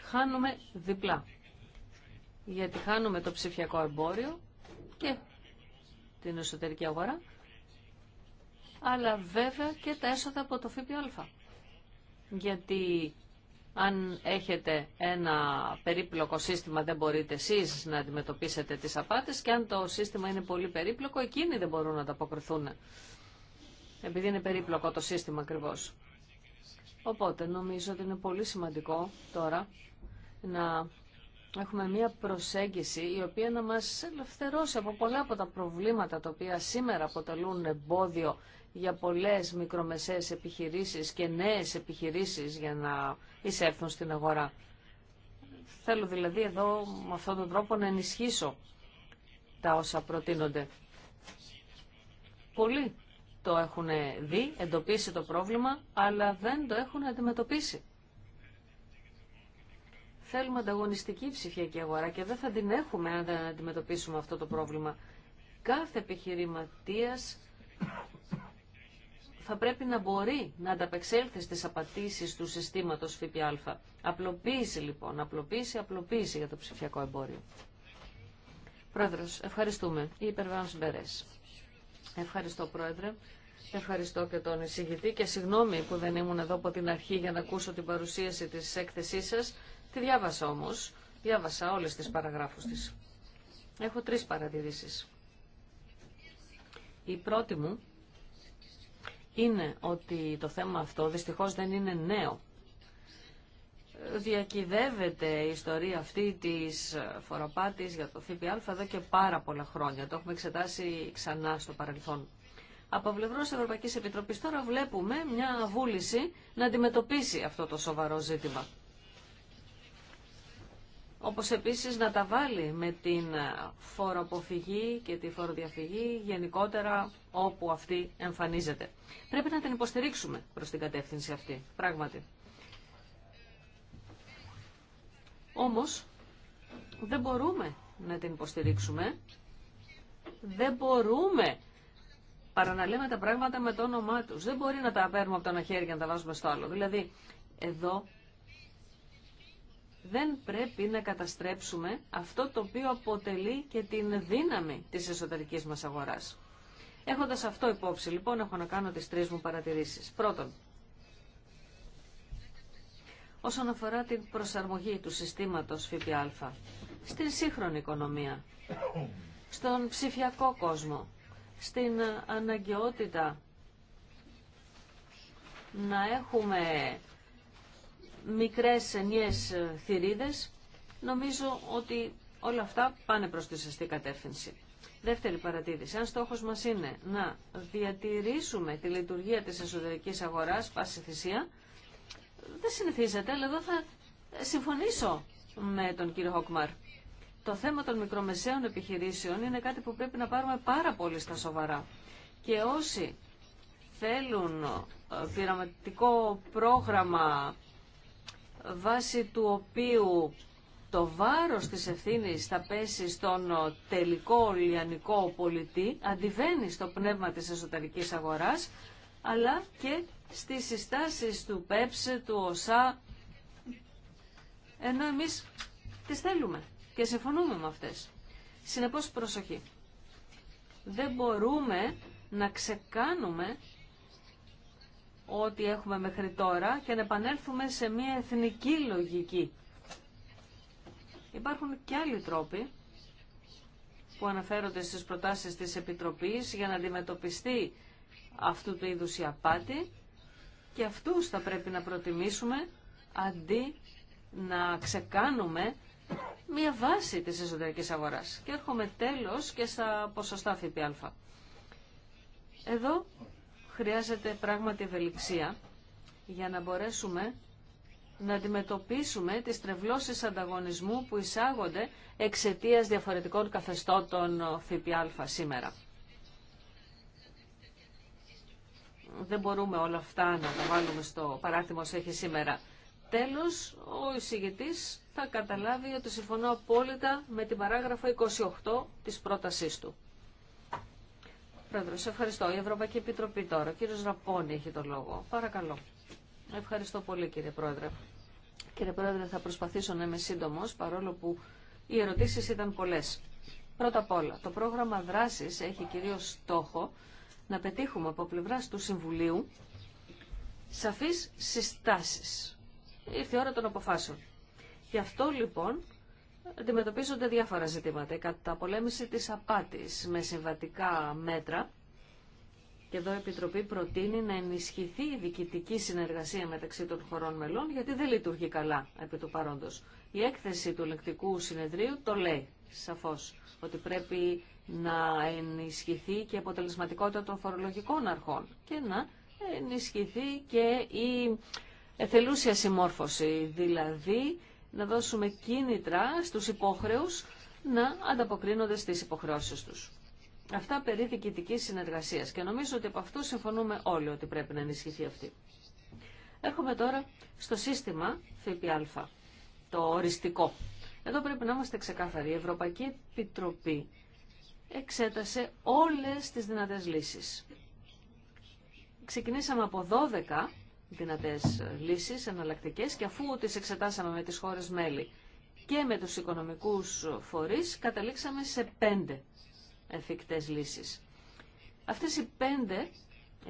χάνουμε διπλά. Γιατί χάνουμε το ψηφιακό εμπόριο και την εσωτερική αγορά, αλλά βέβαια και τα έσοδα από το ΦΠΑ. Γιατί αν έχετε ένα περίπλοκο σύστημα δεν μπορείτε εσείς να αντιμετωπίσετε τις απάτες και αν το σύστημα είναι πολύ περίπλοκο εκείνοι δεν μπορούν να ανταποκριθούν. Επειδή είναι περίπλοκο το σύστημα ακριβώ. Οπότε νομίζω ότι είναι πολύ σημαντικό τώρα να έχουμε μια προσέγγιση η οποία να μας ελευθερώσει από πολλά από τα προβλήματα τα οποία σήμερα αποτελούν εμπόδιο για πολλές μικρομεσαίες επιχειρήσεις και νέες επιχειρήσεις για να εισέλθουν στην αγορά. Θέλω δηλαδή εδώ με αυτόν τον τρόπο να ενισχύσω τα όσα προτείνονται. Πολλοί το έχουν δει, εντοπίσει το πρόβλημα, αλλά δεν το έχουν αντιμετωπίσει. Θέλουμε ανταγωνιστική ψηφιακή αγορά και δεν θα την έχουμε αν δεν αντιμετωπίσουμε αυτό το πρόβλημα. Κάθε επιχειρηματίας θα πρέπει να μπορεί να ανταπεξέλθει στις απατήσεις του συστήματος ΦΠΑ. Απλοποίηση λοιπόν, απλοποίηση, απλοποίηση για το ψηφιακό εμπόριο. Πρόεδρος, ευχαριστούμε. Η υπερβάνωση Μπερές. Ευχαριστώ Πρόεδρε. Ευχαριστώ και τον εισηγητή και συγγνώμη που δεν ήμουν εδώ από την αρχή για να ακούσω την παρουσίαση της έκθεσής σας. Τη διάβασα όμως. Διάβασα όλες τις παραγράφους της. Έχω τρεις παρατηρήσεις. Η πρώτη μου είναι ότι το θέμα αυτό δυστυχώς δεν είναι νέο. Διακυδεύεται η ιστορία αυτή της φοροπάτης για το ΦΠΑ εδώ και πάρα πολλά χρόνια. Το έχουμε εξετάσει ξανά στο παρελθόν. Από πλευρά τη Ευρωπαϊκή Επιτροπή τώρα βλέπουμε μια βούληση να αντιμετωπίσει αυτό το σοβαρό ζήτημα όπως επίσης να τα βάλει με την φοροποφυγή και τη φοροδιαφυγή γενικότερα όπου αυτή εμφανίζεται. Πρέπει να την υποστηρίξουμε προς την κατεύθυνση αυτή, πράγματι. Όμως δεν μπορούμε να την υποστηρίξουμε, δεν μπορούμε παρά να λέμε τα πράγματα με το όνομά τους. Δεν μπορεί να τα παίρνουμε από το ένα χέρι και να τα βάζουμε στο άλλο. Δηλαδή, εδώ δεν πρέπει να καταστρέψουμε αυτό το οποίο αποτελεί και την δύναμη της εσωτερικής μας αγοράς. Έχοντας αυτό υπόψη, λοιπόν, έχω να κάνω τις τρεις μου παρατηρήσεις. Πρώτον, όσον αφορά την προσαρμογή του συστήματος ΦΠΑ στην σύγχρονη οικονομία, στον ψηφιακό κόσμο, στην αναγκαιότητα να έχουμε μικρές ενιές ε, θηρίδες, νομίζω ότι όλα αυτά πάνε προς τη σωστή κατεύθυνση. Δεύτερη παρατήρηση. Αν στόχος μας είναι να διατηρήσουμε τη λειτουργία της εσωτερικής αγοράς, πάση θυσία, δεν συνηθίζεται, αλλά εδώ θα ε, συμφωνήσω με τον κύριο Χοκμάρ. Το θέμα των μικρομεσαίων επιχειρήσεων είναι κάτι που πρέπει να πάρουμε πάρα πολύ στα σοβαρά. Και όσοι θέλουν ε, πειραματικό πρόγραμμα βάσει του οποίου το βάρος της ευθύνης θα πέσει στον τελικό λιανικό πολιτή, αντιβαίνει στο πνεύμα της εσωτερικής αγοράς, αλλά και στις συστάσεις του πέψε του ΟΣΑ, ενώ εμείς τις θέλουμε και συμφωνούμε με αυτές. Συνεπώς προσοχή. Δεν μπορούμε να ξεκάνουμε ό,τι έχουμε μέχρι τώρα και να επανέλθουμε σε μια εθνική λογική. Υπάρχουν και άλλοι τρόποι που αναφέρονται στις προτάσεις της Επιτροπής για να αντιμετωπιστεί αυτού του είδους η απάτη και αυτούς θα πρέπει να προτιμήσουμε αντί να ξεκάνουμε μία βάση της εσωτερικής αγοράς. Και έρχομαι τέλος και στα ποσοστά ΦΠΑ. Εδώ χρειάζεται πράγματι ευελιξία για να μπορέσουμε να αντιμετωπίσουμε τις τρευλώσεις ανταγωνισμού που εισάγονται εξαιτίας διαφορετικών καθεστώτων ΦΠΑ σήμερα. Δεν μπορούμε όλα αυτά να τα βάλουμε στο παράθυμο όσο έχει σήμερα. Τέλος, ο εισηγητής θα καταλάβει ότι συμφωνώ απόλυτα με την παράγραφο 28 της πρότασής του. Πρόεδρος, ευχαριστώ. Η Ευρωπαϊκή Επιτροπή τώρα. Ο κύριος Ραπώνη έχει το λόγο. Παρακαλώ. Ευχαριστώ πολύ κύριε Πρόεδρε. Κύριε Πρόεδρε, θα προσπαθήσω να είμαι σύντομο, παρόλο που οι ερωτήσεις ήταν πολλές. Πρώτα απ' όλα, το πρόγραμμα δράσης έχει κυρίως στόχο να πετύχουμε από πλευρά του Συμβουλίου σαφείς συστάσεις. Ήρθε η ώρα των αποφάσεων. Γι' αυτό λοιπόν αντιμετωπίζονται διάφορα ζητήματα. Η καταπολέμηση της απάτης με συμβατικά μέτρα και εδώ η Επιτροπή προτείνει να ενισχυθεί η διοικητική συνεργασία μεταξύ των χωρών μελών γιατί δεν λειτουργεί καλά επί του παρόντος. Η έκθεση του λεκτικού συνεδρίου το λέει σαφώς ότι πρέπει να ενισχυθεί και η αποτελεσματικότητα των φορολογικών αρχών και να ενισχυθεί και η εθελούσια συμμόρφωση, δηλαδή να δώσουμε κίνητρα στους υπόχρεους να ανταποκρίνονται στις υποχρεώσεις τους. Αυτά περί διοικητικής συνεργασίας και νομίζω ότι από αυτού συμφωνούμε όλοι ότι πρέπει να ενισχυθεί αυτή. Έρχομαι τώρα στο σύστημα ΦΠΑ, το οριστικό. Εδώ πρέπει να είμαστε ξεκάθαροι. Η Ευρωπαϊκή Επιτροπή εξέτασε όλες τις δυνατές λύσεις. Ξεκινήσαμε από 12 δυνατέ ε, λύσεις εναλλακτικέ και αφού τις εξετάσαμε με τις χώρες μέλη και με τους οικονομικούς φορείς καταλήξαμε σε πέντε εφικτές λύσεις. Αυτές οι πέντε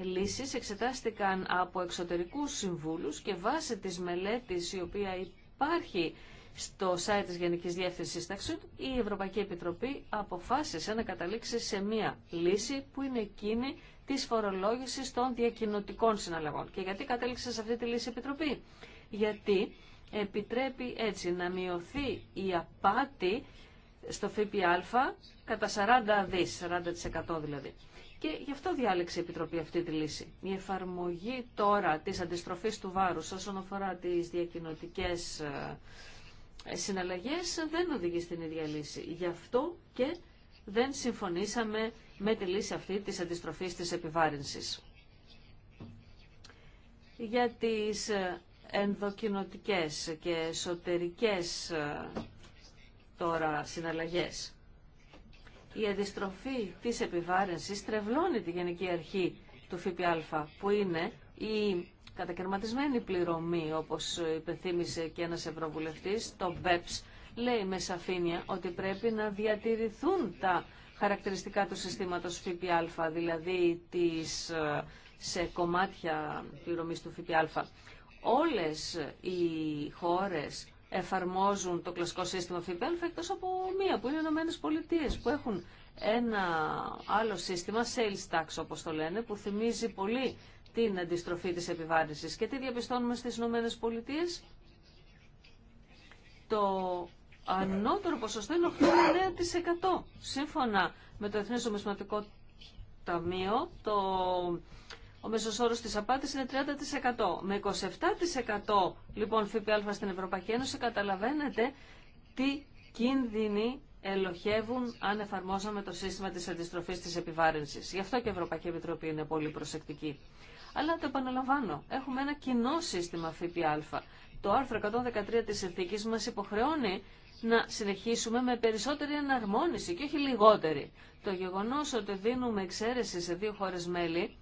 λύσεις εξετάστηκαν από εξωτερικούς συμβούλους και βάσει της μελέτης η οποία υπάρχει στο site της Γενικής Διεύθυνσης Ταξιών, η Ευρωπαϊκή Επιτροπή αποφάσισε να καταλήξει σε μία λύση που είναι εκείνη της φορολόγησης των διακοινωτικών συναλλαγών. Και γιατί κατέληξε σε αυτή τη λύση η Επιτροπή. Γιατί επιτρέπει έτσι να μειωθεί η απάτη στο ΦΠΑ κατά 40 δις, 40% δηλαδή. Και γι' αυτό διάλεξε η Επιτροπή αυτή τη λύση. Η εφαρμογή τώρα της αντιστροφής του βάρους όσον αφορά τις διακοινωτικές ε, συναλλαγές δεν οδηγεί στην ίδια λύση. Γι' αυτό και δεν συμφωνήσαμε με τη λύση αυτή της αντιστροφής της επιβάρυνσης. Για τις ε, ενδοκινοτικές και εσωτερικές ε, τώρα συναλλαγές. Η αντιστροφή της επιβάρυνσης τρευλώνει τη Γενική Αρχή του ΦΠΑ που είναι η κατακαιρματισμένη πληρωμή όπως υπενθύμησε και ένας Ευρωβουλευτής, το BEPS λέει με σαφήνεια ότι πρέπει να διατηρηθούν τα χαρακτηριστικά του συστήματος ΦΠΑ, δηλαδή τις, ε, σε κομμάτια πληρωμής του ΦΠΑ. Όλες οι χώρες εφαρμόζουν το κλασικό σύστημα ΦΠΑ εκτός από μία που είναι οι Ηνωμένες Πολιτείες που έχουν ένα άλλο σύστημα, sales tax όπως το λένε, που θυμίζει πολύ την αντιστροφή της επιβάρυνσης. Και τι διαπιστώνουμε στις Ηνωμένε Πολιτείες? Το ανώτερο ποσοστό είναι 89%. Σύμφωνα με το Εθνές Ομισματικό Ταμείο, το... ο μέσος όρος της απάτης είναι 30%. Με 27% λοιπόν ΦΠΑ στην Ευρωπαϊκή Ένωση καταλαβαίνετε τι κίνδυνοι ελοχεύουν αν εφαρμόσαμε το σύστημα της αντιστροφής της επιβάρυνσης. Γι' αυτό και η Ευρωπαϊκή Επιτροπή είναι πολύ προσεκτική. Αλλά το επαναλαμβάνω, έχουμε ένα κοινό σύστημα ΦΠΑ. Το άρθρο 113 της Εθνικής μας υποχρεώνει να συνεχίσουμε με περισσότερη εναρμόνιση και όχι λιγότερη. Το γεγονός ότι δίνουμε εξαίρεση σε δύο χώρες μέλη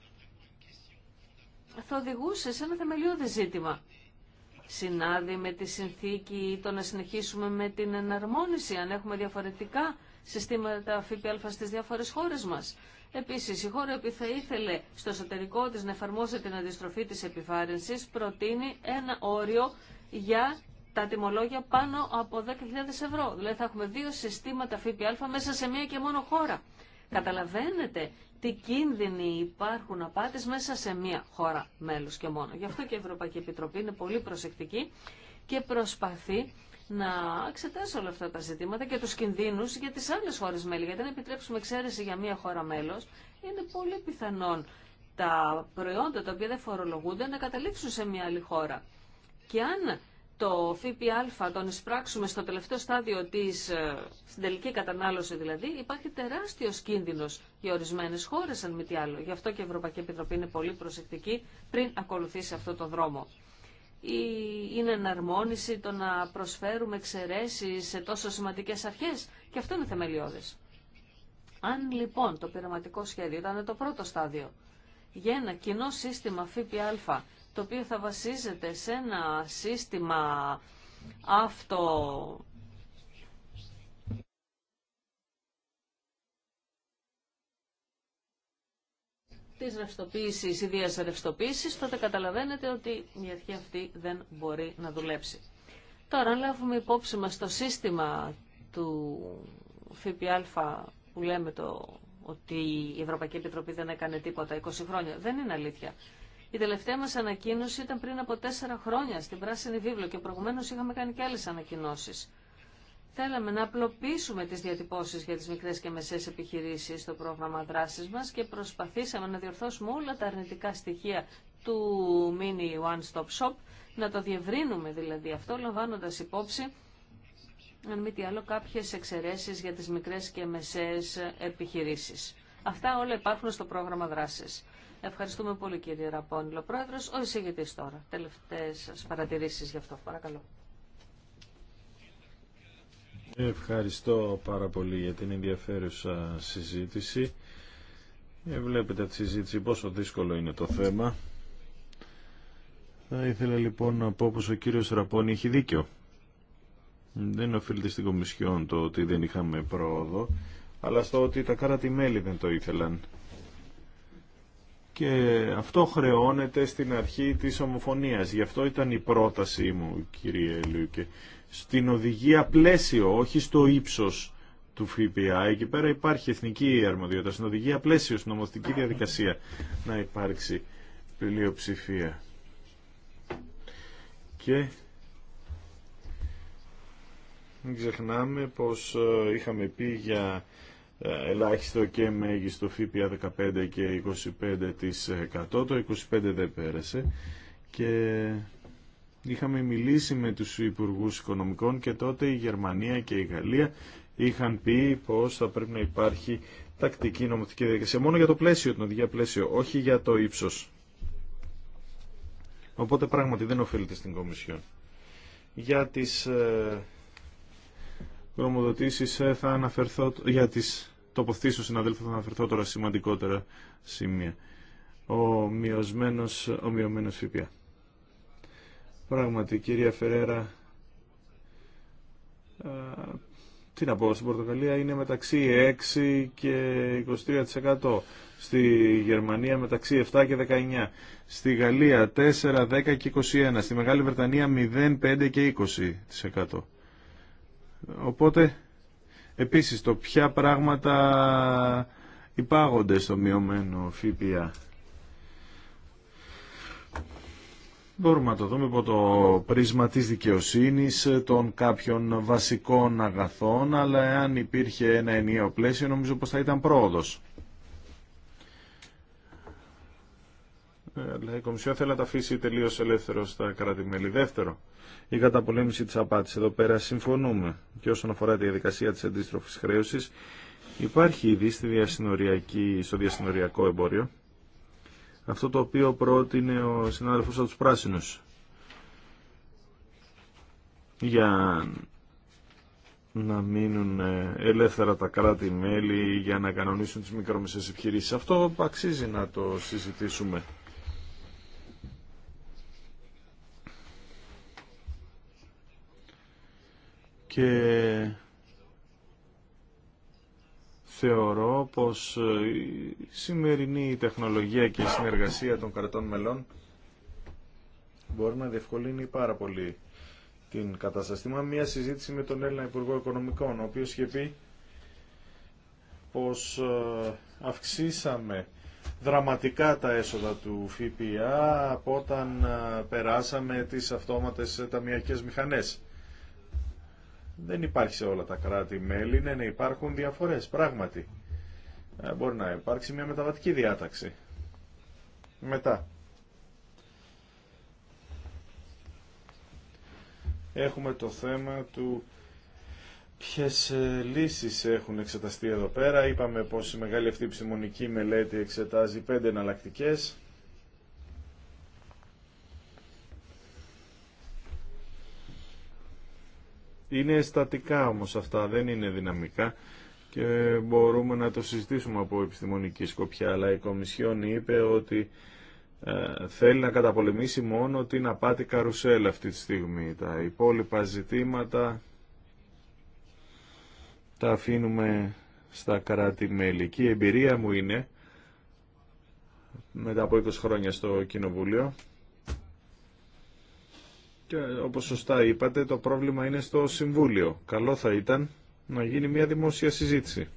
θα οδηγούσε σε ένα θεμελιώδη ζήτημα. Συνάδει με τη συνθήκη το να συνεχίσουμε με την εναρμόνιση αν έχουμε διαφορετικά συστήματα ΦΠΑ στις διάφορες χώρες μας. Επίσης, η χώρα που θα ήθελε στο εσωτερικό της να εφαρμόσει την αντιστροφή της επιβάρυνσης προτείνει ένα όριο για τα τιμολόγια πάνω από 10.000 ευρώ. Δηλαδή θα έχουμε δύο συστήματα ΦΠΑ μέσα σε μία και μόνο χώρα. Καταλαβαίνετε τι κίνδυνοι υπάρχουν απάτη μέσα σε μία χώρα μέλο και μόνο. Γι' αυτό και η Ευρωπαϊκή Επιτροπή είναι πολύ προσεκτική και προσπαθεί να εξετάσει όλα αυτά τα ζητήματα και τους κινδύνους για τις άλλες χώρες μέλη. Γιατί αν επιτρέψουμε εξαίρεση για μία χώρα μέλος, είναι πολύ πιθανόν τα προϊόντα τα οποία δεν φορολογούνται να καταλήξουν σε μία άλλη χώρα. Και αν το ΦΠΑ τον εισπράξουμε στο τελευταίο στάδιο της, ε, στην τελική κατανάλωση δηλαδή, υπάρχει τεράστιος κίνδυνος για ορισμένες χώρες αν μη τι άλλο. Γι' αυτό και η Ευρωπαϊκή Επιτροπή είναι πολύ προσεκτική πριν ακολουθήσει αυτό το δρόμο. Ή είναι εναρμόνιση το να προσφέρουμε εξαιρέσει σε τόσο σημαντικές αρχές και αυτό είναι θεμελιώδες. Αν λοιπόν το πειραματικό σχέδιο ήταν το πρώτο στάδιο για ένα κοινό σύστημα ΦΠΑ το οποίο θα βασίζεται σε ένα σύστημα αυτό της ρευστοποίησης, ιδίας ρευστοποίησης, τότε καταλαβαίνετε ότι η αρχή αυτή δεν μπορεί να δουλέψει. Τώρα, αν λάβουμε υπόψη μας το σύστημα του ΦΠΑ που λέμε το ότι η Ευρωπαϊκή Επιτροπή δεν έκανε τίποτα 20 χρόνια, δεν είναι αλήθεια. Η τελευταία μας ανακοίνωση ήταν πριν από τέσσερα χρόνια στην Πράσινη Βίβλο και προηγουμένως είχαμε κάνει και άλλες ανακοινώσεις. Θέλαμε να απλοποιήσουμε τις διατυπώσεις για τις μικρές και μεσαίες επιχειρήσεις στο πρόγραμμα δράσης μας και προσπαθήσαμε να διορθώσουμε όλα τα αρνητικά στοιχεία του Mini One Stop Shop, να το διευρύνουμε δηλαδή αυτό, λαμβάνοντας υπόψη, αν μη τι άλλο, κάποιες εξαιρέσεις για τις μικρές και μεσαίες επιχειρήσεις. Αυτά όλα υπάρχουν στο πρόγραμμα δράση. Ευχαριστούμε πολύ κύριε Ραπόνιλο Πρόεδρος. Ο εισηγητής τώρα. Τελευταίες σας παρατηρήσεις γι' αυτό. Παρακαλώ. Ευχαριστώ πάρα πολύ για την ενδιαφέρουσα συζήτηση. Ε, βλέπετε τη συζήτηση πόσο δύσκολο είναι το θέμα. Θα ήθελα λοιπόν να πω πως ο κύριος Ραπόνι έχει δίκιο. Δεν οφείλεται στην Κομισιόν το ότι δεν είχαμε πρόοδο, αλλά στο ότι τα κράτη-μέλη δεν το ήθελαν και αυτό χρεώνεται στην αρχή της ομοφωνίας. Γι' αυτό ήταν η πρότασή μου, κύριε Λούκε, στην οδηγία πλαίσιο, όχι στο ύψος του ΦΠΑ. Εκεί πέρα υπάρχει εθνική αρμοδιότητα. Στην οδηγία πλαίσιο, στην νομοθετική διαδικασία να υπάρξει πλειοψηφία. Και μην ξεχνάμε πως ε, είχαμε πει για ε, ελάχιστο και μέγιστο ΦΠΑ 15 και 25% ε, το 25 δεν πέρασε και είχαμε μιλήσει με τους Υπουργούς Οικονομικών και τότε η Γερμανία και η Γαλλία είχαν πει πως θα πρέπει να υπάρχει τακτική νομοθετική διαδικασία μόνο για το πλαίσιο, την οδηγία πλαίσιο, όχι για το ύψος. Οπότε πράγματι δεν οφείλεται στην Κομισιόν. Για τις ε, ε θα αναφερθώ για τις τοποθετήσω συναδέλφου, θα αναφερθώ τώρα σημαντικότερα σημεία. Ο μειωσμένος, ο μειωμένος ΦΠΑ. Πράγματι, κυρία Φερέρα, τι να πω, στην Πορτογαλία είναι μεταξύ 6 και 23%. Στη Γερμανία μεταξύ 7 και 19. Στη Γαλλία 4, 10 και 21. Στη Μεγάλη Βρετανία 0, 5 και 20%. Οπότε Επίσης, το ποια πράγματα υπάγονται στο μειωμένο ΦΠΑ. Μπορούμε να το δούμε από το πρίσμα της δικαιοσύνης των κάποιων βασικών αγαθών, αλλά εάν υπήρχε ένα ενιαίο πλαίσιο νομίζω πως θα ήταν πρόοδος. Αλλά ε, η Κομισιόν θέλει να τα αφήσει τελείως ελεύθερο στα κράτη-μέλη. Δεύτερο, η καταπολέμηση της απάτης. Εδώ πέρα συμφωνούμε. Και όσον αφορά τη διαδικασία της αντίστροφης χρέωσης, υπάρχει ήδη στη στο διασυνοριακό εμπόριο αυτό το οποίο πρότεινε ο συνάδελφος από τους πράσινους για να μείνουν ε, ελεύθερα τα κράτη-μέλη για να κανονίσουν τις μικρομεσαίες επιχειρήσεις. Αυτό αξίζει να το συζητήσουμε. και θεωρώ πως η σημερινή τεχνολογία και η συνεργασία των κρατών μελών μπορεί να διευκολύνει πάρα πολύ την κατάσταση. μα. μια συζήτηση με τον Έλληνα Υπουργό Οικονομικών, ο οποίος είχε πει πως ε, αυξήσαμε δραματικά τα έσοδα του ΦΠΑ από όταν ε, περάσαμε τις αυτόματες ταμιακές μηχανές δεν υπάρχει σε όλα τα κράτη-μέλη. Ναι, ναι, υπάρχουν διαφορές, πράγματι. Ε, μπορεί να υπάρξει μια μεταβατική διάταξη. Μετά. Έχουμε το θέμα του ποιες ε, λύσεις έχουν εξεταστεί εδώ πέρα. Είπαμε πως η μεγάλη αυτή επιστημονική μελέτη εξετάζει πέντε εναλλακτικέ. Είναι στατικά όμως αυτά, δεν είναι δυναμικά και μπορούμε να το συζητήσουμε από επιστημονική σκοπιά, αλλά η Κομισιόν είπε ότι ε, θέλει να καταπολεμήσει μόνο την απάτη καρουσέλ αυτή τη στιγμή. Τα υπόλοιπα ζητήματα τα αφήνουμε στα κράτη-μέλη. Και η εμπειρία μου είναι, μετά από 20 χρόνια στο Κοινοβούλιο, και όπως σωστά είπατε, το πρόβλημα είναι στο Συμβούλιο. Καλό θα ήταν να γίνει μια δημόσια συζήτηση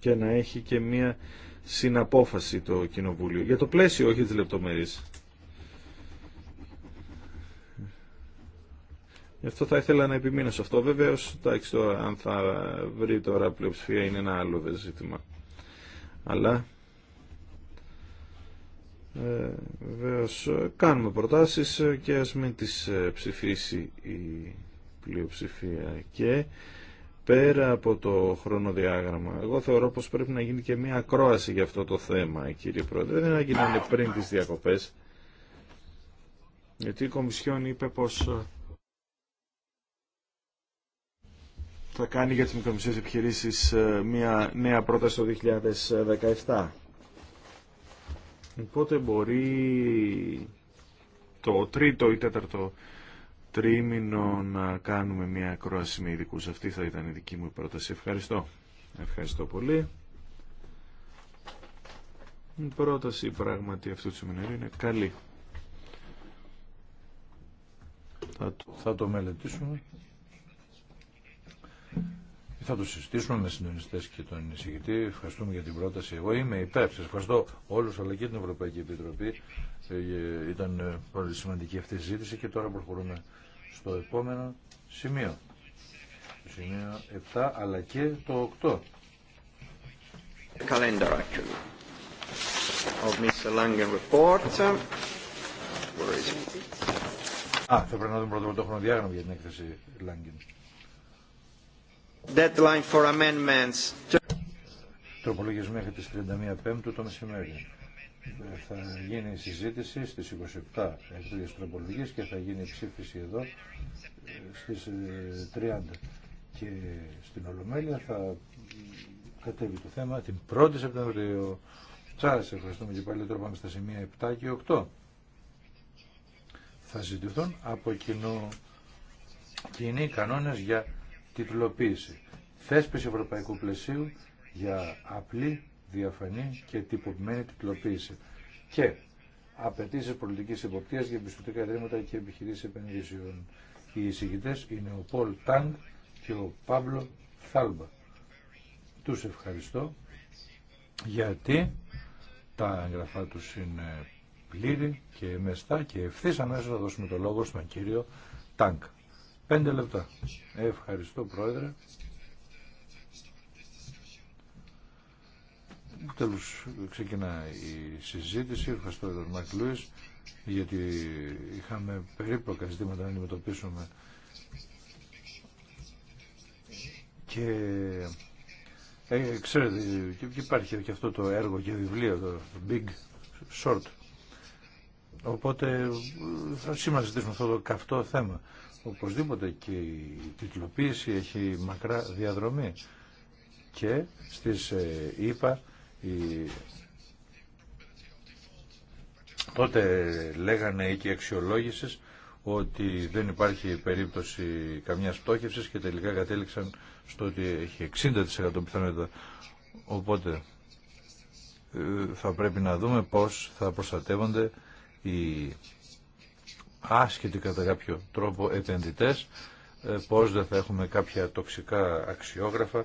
και να έχει και μια συναπόφαση το Κοινοβούλιο. Για το πλαίσιο, όχι τις λεπτομέρειες. Γι' αυτό θα ήθελα να επιμείνω σε αυτό. Βεβαίω, εντάξει, αν θα βρει τώρα πλειοψηφία είναι ένα άλλο ζήτημα. Αλλά ε, κάνουμε προτάσεις και ας μην τις ε, ψηφίσει η πλειοψηφία και πέρα από το χρονοδιάγραμμα εγώ θεωρώ πως πρέπει να γίνει και μια ακρόαση για αυτό το θέμα κύριε Πρόεδρε δεν γίνανε πριν τις διακοπές γιατί η Κομισιόν είπε πως ε, θα κάνει για τις μικρομισίες επιχειρήσεις ε, μια νέα πρόταση το 2017 Οπότε μπορεί το τρίτο ή τέταρτο τρίμηνο να κάνουμε μια ακρόαση με ειδικούς. Αυτή θα ήταν η δική μου πρόταση. Ευχαριστώ. Ευχαριστώ πολύ. Η πρόταση πράγματι αυτού του σημερινού είναι καλή. Θα το, θα το μελετήσουμε θα το συζητήσουμε με συντονιστέ και τον εισηγητή. Ευχαριστούμε για την πρόταση. Εγώ είμαι υπέρ. Σα ευχαριστώ όλου αλλά και την Ευρωπαϊκή Επιτροπή. Ε, ήταν ε, πολύ σημαντική αυτή η συζήτηση και τώρα προχωρούμε στο επόμενο σημείο. Το σημείο 7 αλλά και το 8. Calendar of report. θα πρέπει να δούμε πρώτα το χρονοδιάγραμμα για την έκθεση Langen. Deadline for Τροπολογίες μέχρι τις 31 Πέμπτου το μεσημέρι. Θα γίνει συζήτηση στις 27 εκτελείες τροπολογίες και θα γίνει ψήφιση εδώ ε, στις 30. Ε, και στην Ολομέλεια θα κατέβει το θέμα την 1η Σεπτεμβρίου. Σας ευχαριστούμε και πάλι τώρα πάμε στα σημεία 7 και 8. Θα ζητηθούν από κοινού κοινοί κανόνες για τιτλοποίηση. Θέσπιση ευρωπαϊκού πλαισίου για απλή, διαφανή και τυποποιημένη τιτλοποίηση. Και απαιτήσει πολιτική υποπτία για πιστοτικά ιδρύματα και επιχειρήσει επενδύσεων. Οι εισηγητέ είναι ο Πολ Τάνγκ και ο Παύλο Θάλμπα. Του ευχαριστώ γιατί τα έγγραφά του είναι πλήρη και μεστά και ευθύ αμέσω θα δώσουμε το λόγο στον κύριο Τάνγκ. Πέντε λεπτά. Ευχαριστώ πρόεδρε. Τέλος ξεκινά η συζήτηση. Ευχαριστώ τον Μακ Λούις, γιατί είχαμε περίπλοκα ζητήματα να αντιμετωπίσουμε και ε, ξέρετε υπάρχει και αυτό το έργο και βιβλίο το Big Short οπότε θα σήμερα ζητήσουμε αυτό το καυτό θέμα Οπωσδήποτε και η τιτλοποίηση έχει μακρά διαδρομή και στις ε, είπα η... τότε λέγανε εκεί αξιολόγηση ότι δεν υπάρχει περίπτωση καμιά πτώχευσης και τελικά κατέληξαν στο ότι έχει 60% πιθανότητα. Οπότε ε, θα πρέπει να δούμε πώς θα προστατεύονται οι άσχετοι κατά κάποιο τρόπο επενδυτές, ε, πώς δεν θα έχουμε κάποια τοξικά αξιόγραφα.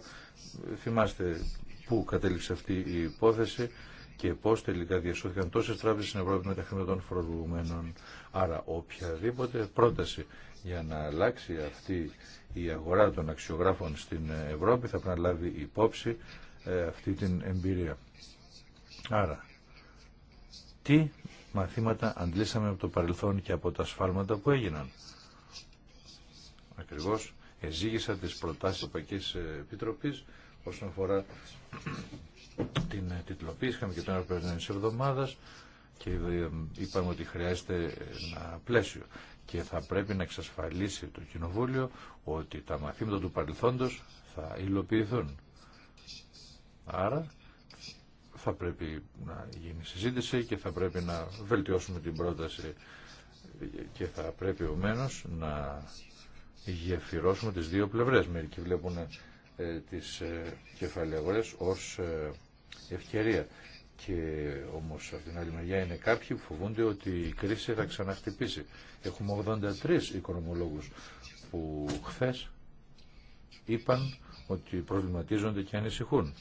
Θυμάστε πού κατέληξε αυτή η υπόθεση και πώς τελικά διασώθηκαν τόσες τράπεζες στην Ευρώπη με τα χρήματα των φορολογουμένων. Άρα οποιαδήποτε πρόταση για να αλλάξει αυτή η αγορά των αξιογράφων στην Ευρώπη θα πρέπει να λάβει υπόψη ε, αυτή την εμπειρία. Άρα, τι μαθήματα αντλήσαμε από το παρελθόν και από τα σφάλματα που έγιναν. Ακριβώς εζήγησα τις προτάσεις της Ευρωπαϊκής Επιτροπής όσον αφορά την τιτλοποίηση, είχαμε και έργο της εβδομάδας και ε, είπαμε ότι χρειάζεται ένα πλαίσιο και θα πρέπει να εξασφαλίσει το Κοινοβούλιο ότι τα μαθήματα του παρελθόντος θα υλοποιηθούν. Άρα θα πρέπει να γίνει συζήτηση και θα πρέπει να βελτιώσουμε την πρόταση και θα πρέπει ομένως να γεφυρώσουμε τις δύο πλευρές. Μερικοί βλέπουν ε, τις ε, ως ε, ευκαιρία. Και όμως από την άλλη μεριά είναι κάποιοι που φοβούνται ότι η κρίση θα ξαναχτυπήσει. Έχουμε 83 οικονομολόγους που χθες είπαν ότι προβληματίζονται και ανησυχούν.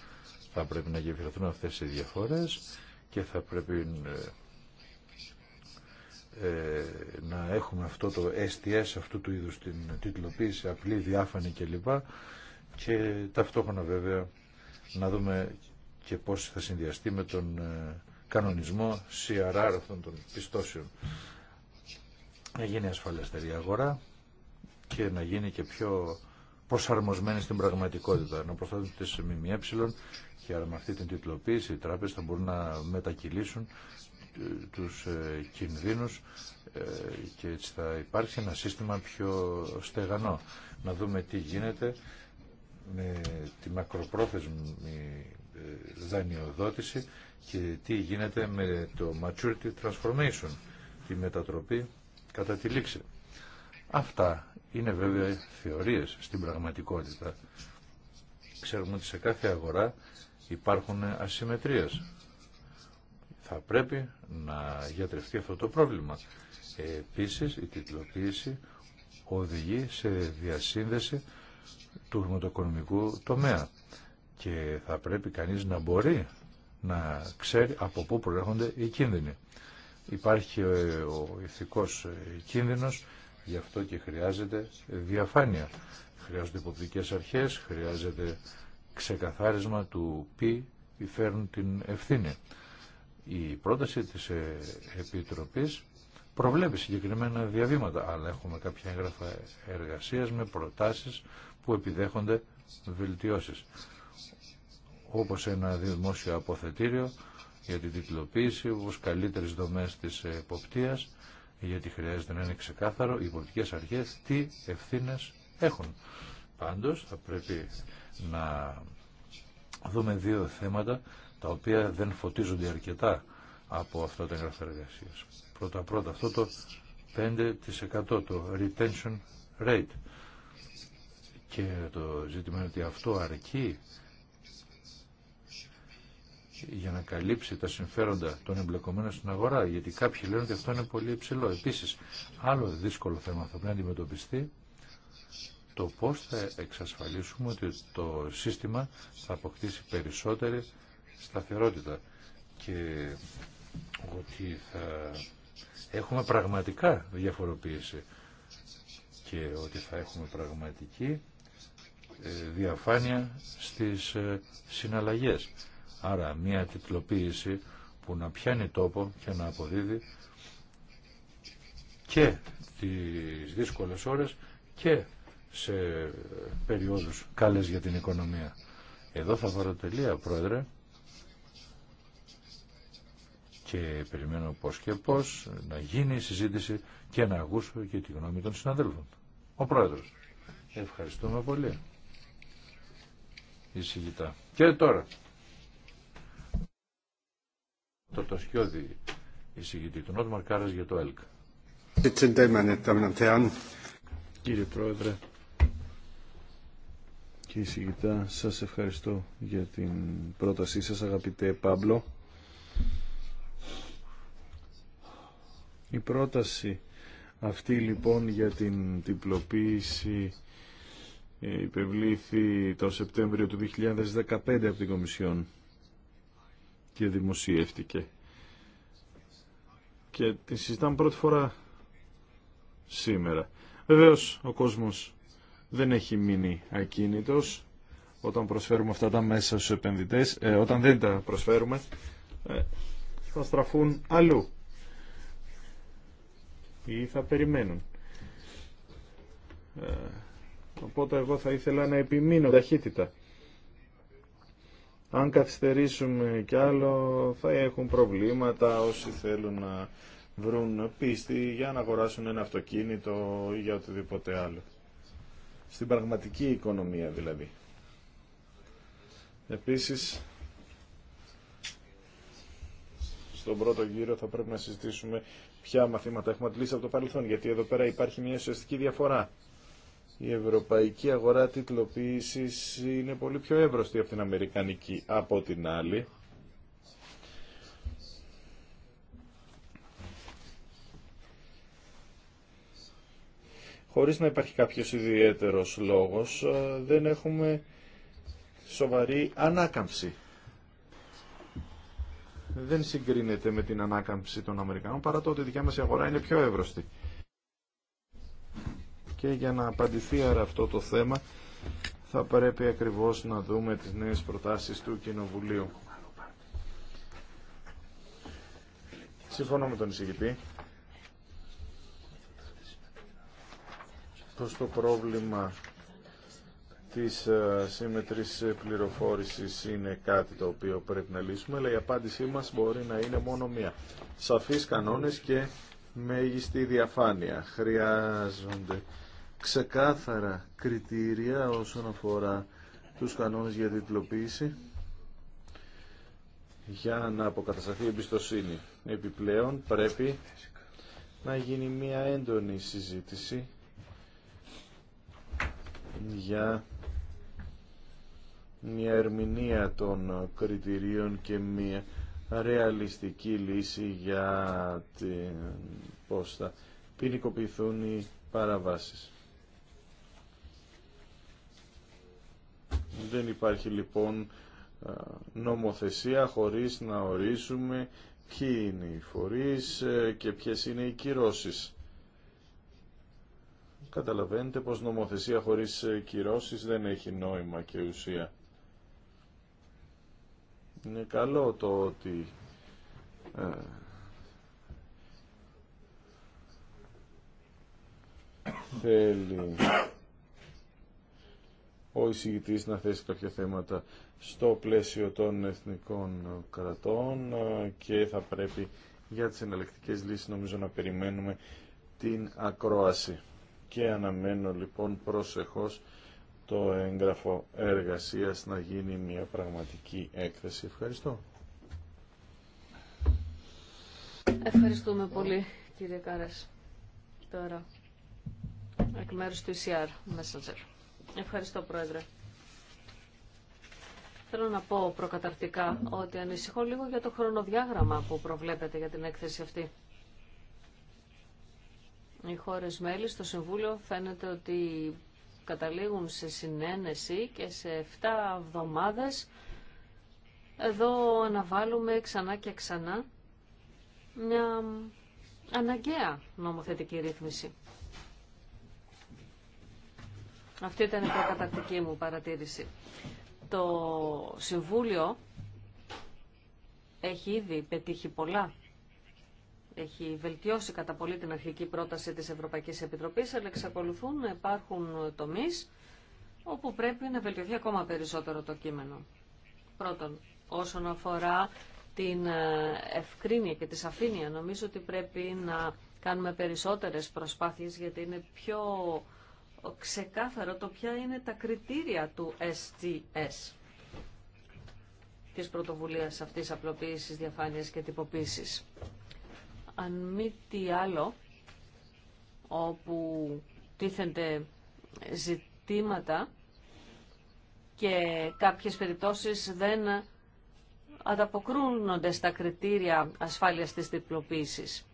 Θα πρέπει να γεφυρωθούν αυτές οι διαφορές και θα πρέπει ε, να έχουμε αυτό το STS αυτού του είδους την τίτλοποίηση απλή, διάφανη κλπ. Και ταυτόχρονα βέβαια να δούμε και πώς θα συνδυαστεί με τον ε, κανονισμό CRR αυτών των πιστώσεων. Να γίνει ασφαλέστερη αγορά και να γίνει και πιο προσαρμοσμένη στην πραγματικότητα. Να προσθέτουν τις ΜΜΕ και άρα με αυτή την τιτλοποίηση οι τράπεζες θα μπορούν να μετακυλήσουν ε, τους ε, κινδύνους ε, και έτσι θα υπάρξει ένα σύστημα πιο στεγανό. Να δούμε τι γίνεται με τη μακροπρόθεσμη δανειοδότηση και τι γίνεται με το maturity transformation, τη μετατροπή κατά τη λήξη. Αυτά είναι βέβαια θεωρίες στην πραγματικότητα. Ξέρουμε ότι σε κάθε αγορά υπάρχουν ασυμμετρίες. Θα πρέπει να γιατρευτεί αυτό το πρόβλημα. Επίσης, η τιτλοποίηση οδηγεί σε διασύνδεση του χρηματοοικονομικού τομέα και θα πρέπει κανείς να μπορεί να ξέρει από πού προέρχονται οι κίνδυνοι. Υπάρχει ο ηθικός κίνδυνος Γι' αυτό και χρειάζεται διαφάνεια. Χρειάζονται υποπτικές αρχές, χρειάζεται ξεκαθάρισμα του ποιοι φέρνουν την ευθύνη. Η πρόταση της ε, Επιτροπής προβλέπει συγκεκριμένα διαβήματα, αλλά έχουμε κάποια έγγραφα εργασίας με προτάσεις που επιδέχονται βελτιώσεις. Όπως ένα δημόσιο αποθετήριο για την τυπλοποίηση, όπως καλύτερες δομές της εποπτείας, γιατί χρειάζεται να είναι ξεκάθαρο οι πολιτικές αρχές τι ευθύνες έχουν. Πάντως θα πρέπει να δούμε δύο θέματα τα οποία δεν φωτίζονται αρκετά από αυτά τα εγγραφά εργασία. Πρώτα πρώτα αυτό το 5% το retention rate και το ζήτημα είναι ότι αυτό αρκεί για να καλύψει τα συμφέροντα των εμπλεκομένων στην αγορά, γιατί κάποιοι λένε ότι αυτό είναι πολύ υψηλό. Επίσης, άλλο δύσκολο θέμα θα πρέπει να αντιμετωπιστεί, το πώς θα εξασφαλίσουμε ότι το σύστημα θα αποκτήσει περισσότερη σταθερότητα και ότι θα έχουμε πραγματικά διαφοροποίηση και ότι θα έχουμε πραγματική ε, διαφάνεια στις ε, συναλλαγές. Άρα μια τυπλοποίηση που να πιάνει τόπο και να αποδίδει και τις δύσκολες ώρες και σε περιόδους καλές για την οικονομία. Εδώ θα βάλω τελεία, Πρόεδρε, και περιμένω πώς και πώς να γίνει η συζήτηση και να ακούσω και τη γνώμη των συναδέλφων. Ο Πρόεδρος. Ευχαριστούμε πολύ. Εισηγητά. Και τώρα το, το εισηγητή, του Νότμαρ Μαρκάρας για το ΕΛΚ. Κύριε Πρόεδρε και εισηγητά, σας ευχαριστώ για την πρότασή σας αγαπητέ Πάμπλο. Η πρόταση αυτή λοιπόν για την τυπλοποίηση ε, υπευλήθη το Σεπτέμβριο του 2015 από την Κομισιόν και δημοσιεύτηκε. Και τη συζητάμε πρώτη φορά σήμερα. Βεβαίω ο κόσμος δεν έχει μείνει ακίνητος όταν προσφέρουμε αυτά τα μέσα στους επενδυτές, ε, όταν δεν τα προσφέρουμε, ε, θα στραφούν αλλού ή θα περιμένουν. Ε, οπότε εγώ θα ήθελα να επιμείνω ταχύτητα αν καθυστερήσουμε κι άλλο θα έχουν προβλήματα όσοι θέλουν να βρουν πίστη για να αγοράσουν ένα αυτοκίνητο ή για οτιδήποτε άλλο. Στην πραγματική οικονομία δηλαδή. Επίσης, στον πρώτο γύρο θα πρέπει να συζητήσουμε ποια μαθήματα έχουμε αντλήσει από το παρελθόν, γιατί εδώ πέρα υπάρχει μια ουσιαστική διαφορά η ευρωπαϊκή αγορά τιτλοποίησης είναι πολύ πιο εύρωστη από την αμερικανική από την άλλη. Χωρίς να υπάρχει κάποιος ιδιαίτερος λόγος, ε, δεν έχουμε σοβαρή ανάκαμψη. Δεν συγκρίνεται με την ανάκαμψη των Αμερικανών, παρά το ότι η δικιά μας αγορά είναι πιο εύρωστη και για να απαντηθεί άρα αυτό το θέμα θα πρέπει ακριβώς να δούμε τις νέες προτάσεις του Κοινοβουλίου. Συμφωνώ με τον εισηγητή. Προς το πρόβλημα της ε, σύμμετρης πληροφόρησης είναι κάτι το οποίο πρέπει να λύσουμε, αλλά η απάντησή μας μπορεί να είναι μόνο μία. Σαφείς κανόνες και μέγιστη διαφάνεια. Χρειάζονται ξεκάθαρα κριτήρια όσον αφορά τους κανόνες για διπλοποίηση για να αποκατασταθεί η εμπιστοσύνη. Επιπλέον πρέπει να γίνει μια έντονη συζήτηση για μια ερμηνεία των κριτηρίων και μια ρεαλιστική λύση για την... πώς θα ποινικοποιηθούν οι παραβάσεις. Δεν υπάρχει λοιπόν νομοθεσία χωρίς να ορίσουμε ποιοι είναι οι φορείς ε, και ποιες είναι οι κυρώσεις. Καταλαβαίνετε πως νομοθεσία χωρίς ε, κυρώσεις δεν έχει νόημα και ουσία. Είναι καλό το ότι ε, θέλει ο εισηγητής να θέσει κάποια θέματα στο πλαίσιο των εθνικών κρατών ε, και θα πρέπει για τις εναλλεκτικές λύσεις νομίζω να περιμένουμε την ακρόαση. Και αναμένω λοιπόν προσεχώς το έγγραφο εργασίας να γίνει μια πραγματική έκθεση. Ευχαριστώ. Ευχαριστούμε πολύ κύριε Κάρας. Τώρα, εκ μέρους του ECR Messenger. Ευχαριστώ, Πρόεδρε. Θέλω να πω προκαταρτικά ότι ανησυχώ λίγο για το χρονοδιάγραμμα που προβλέπετε για την έκθεση αυτή. Οι χώρες μέλη στο Συμβούλιο φαίνεται ότι καταλήγουν σε συνένεση και σε 7 εβδομάδες εδώ αναβάλουμε ξανά και ξανά μια αναγκαία νομοθετική ρύθμιση. Αυτή ήταν η προκατακτική μου παρατήρηση. Το Συμβούλιο έχει ήδη πετύχει πολλά. Έχει βελτιώσει κατά πολύ την αρχική πρόταση της Ευρωπαϊκής Επιτροπής, αλλά εξακολουθούν να υπάρχουν τομείς όπου πρέπει να βελτιωθεί ακόμα περισσότερο το κείμενο. Πρώτον, όσον αφορά την ε, ευκρίνεια και τη σαφήνεια, νομίζω ότι πρέπει να κάνουμε περισσότερες προσπάθειες γιατί είναι πιο ξεκάθαρο το ποια είναι τα κριτήρια του STS της πρωτοβουλίας αυτής απλοποίησης, διαφάνειας και τυποποίησης. Αν μη τι άλλο, όπου τίθενται ζητήματα και κάποιες περιπτώσεις δεν ανταποκρούνονται στα κριτήρια ασφάλειας της τυποποίησης.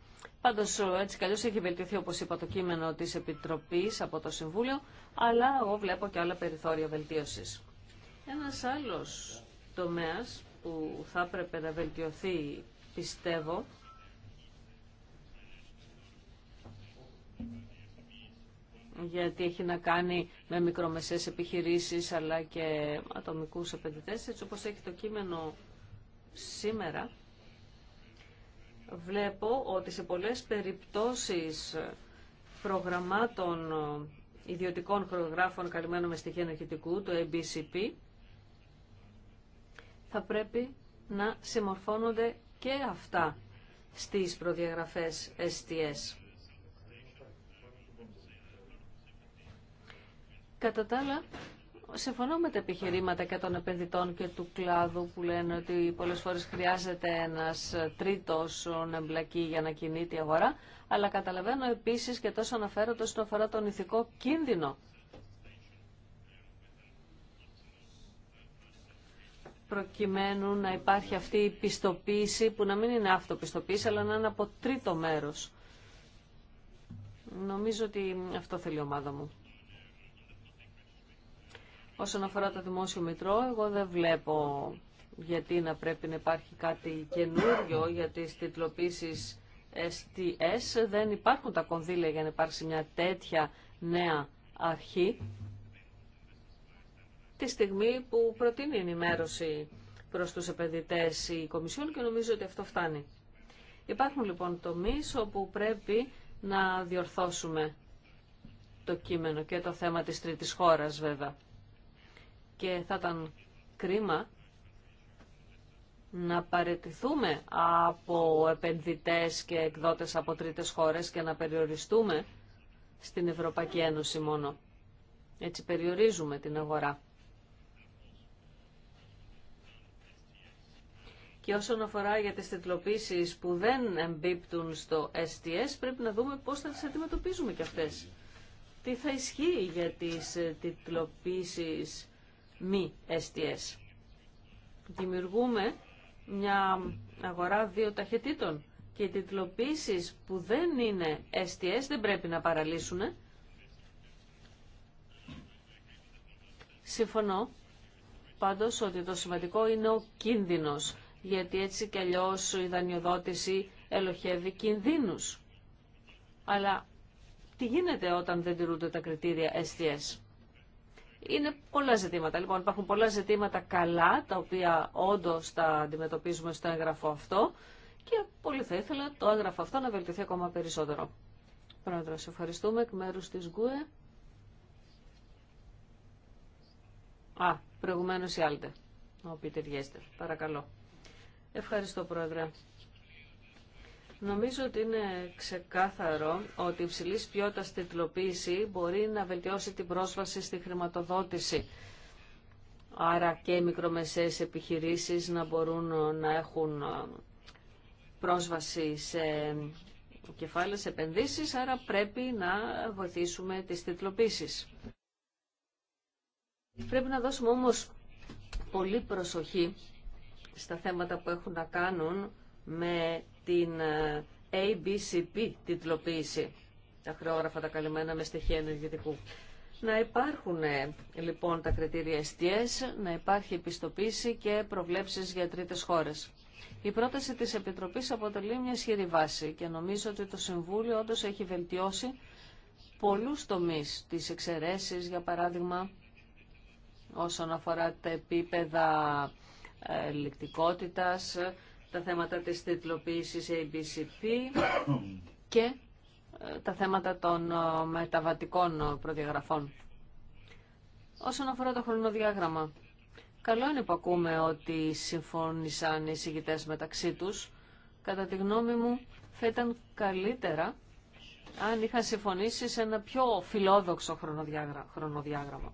Πάντω έτσι καλώς έχει βελτιωθεί όπως είπα το κείμενο τη Επιτροπής από το Συμβούλιο, αλλά εγώ βλέπω και άλλα περιθώρια βελτίωση. Ένα άλλο τομέα που θα έπρεπε να βελτιωθεί πιστεύω γιατί έχει να κάνει με μικρομεσαίες επιχειρήσεις αλλά και ατομικούς επενδυτές έτσι όπως έχει το κείμενο σήμερα βλέπω ότι σε πολλές περιπτώσεις προγραμμάτων ε, ιδιωτικών χρογράφων καλυμμένων με στοιχεία ενεργητικού, το ABCP, θα πρέπει να συμμορφώνονται και αυτά στις προδιαγραφές STS. Κατά συμφωνώ με τα επιχειρήματα και των επενδυτών και του κλάδου που λένε ότι πολλές φορές χρειάζεται ένας τρίτος να εμπλακεί για να κινεί η αγορά, αλλά καταλαβαίνω επίσης και τόσο αναφέρονται το αφορά τον ηθικό κίνδυνο. προκειμένου να υπάρχει αυτή η πιστοποίηση που να μην είναι αυτοπιστοποίηση αλλά να είναι από τρίτο μέρος. Νομίζω ότι αυτό θέλει η ομάδα μου. Όσον αφορά το δημόσιο μητρό, εγώ δεν βλέπω γιατί να πρέπει να υπάρχει κάτι καινούριο για τι τιτλοποίησεις STS. Δεν υπάρχουν τα κονδύλια για να υπάρξει μια τέτοια νέα αρχή τη στιγμή που προτείνει ενημέρωση προς τους επενδυτές η Κομισιόν και νομίζω ότι αυτό φτάνει. Υπάρχουν λοιπόν τομείς όπου πρέπει να διορθώσουμε το κείμενο και το θέμα της τρίτης χώρας βέβαια και θα ήταν κρίμα να παρετηθούμε από επενδυτές και εκδότες από τρίτες χώρες και να περιοριστούμε στην Ευρωπαϊκή Ένωση μόνο. Έτσι περιορίζουμε την αγορά. Και όσον αφορά για τις τετλοποίησεις που δεν εμπίπτουν στο STS, πρέπει να δούμε πώς θα τις αντιμετωπίζουμε και αυτές. Τι θα ισχύει για τις τετλοποίησεις μη STS. Δημιουργούμε μια αγορά δύο ταχυτήτων και οι τιτλοποίησεις που δεν είναι STS δεν πρέπει να παραλύσουν. Συμφωνώ πάντως ότι το σημαντικό είναι ο κίνδυνος, γιατί έτσι κι αλλιώς η δανειοδότηση ελοχεύει κινδύνους. Αλλά τι γίνεται όταν δεν τηρούνται τα κριτήρια STS. Είναι πολλά ζητήματα. Λοιπόν, υπάρχουν πολλά ζητήματα καλά, τα οποία όντω τα αντιμετωπίζουμε στο έγγραφο αυτό και πολύ θα ήθελα το έγγραφο αυτό να βελτιωθεί ακόμα περισσότερο. Πρόεδρο, ευχαριστούμε εκ μέρου τη ΓΚΟΕ. Α, προηγουμένω η Άλτε, ο Πίτερ Γιέστερ. Παρακαλώ. Ευχαριστώ, Πρόεδρε. Νομίζω ότι είναι ξεκάθαρο ότι η υψηλή ποιότητα τυλοποίηση μπορεί να βελτιώσει την πρόσβαση στη χρηματοδότηση. Άρα και οι μικρομεσαίες επιχειρήσεις να μπορούν να έχουν ε, πρόσβαση σε κεφάλαιες επενδύσεις, άρα πρέπει να βοηθήσουμε τις τιτλοποίησεις. Πρέπει να δώσουμε όμως πολύ προσοχή στα θέματα που έχουν να κάνουν με την ε, ABCP τιτλοποίηση, τα χρεόγραφα τα καλυμμένα με στοιχεία ενεργητικού. Να υπάρχουν ε, λοιπόν τα κριτήρια STS, να υπάρχει επιστοποίηση και προβλέψεις για τρίτες χώρες. Η πρόταση της Επιτροπής αποτελεί μια ισχυρή βάση και νομίζω ότι το Συμβούλιο όντω έχει βελτιώσει πολλούς τομείς της εξαιρέσεις, για παράδειγμα, όσον αφορά τα επίπεδα ε, λεκτικότητας, τα θέματα της τιτλοποίησης ABCP και ε, τα θέματα των ε, μεταβατικών προδιαγραφών. Όσον αφορά το χρονοδιάγραμμα, καλό είναι που ακούμε ότι συμφώνησαν οι συγκητές μεταξύ τους. Κατά τη γνώμη μου θα ήταν καλύτερα αν είχαν συμφωνήσει σε ένα πιο φιλόδοξο χρονοδιάγραμμα.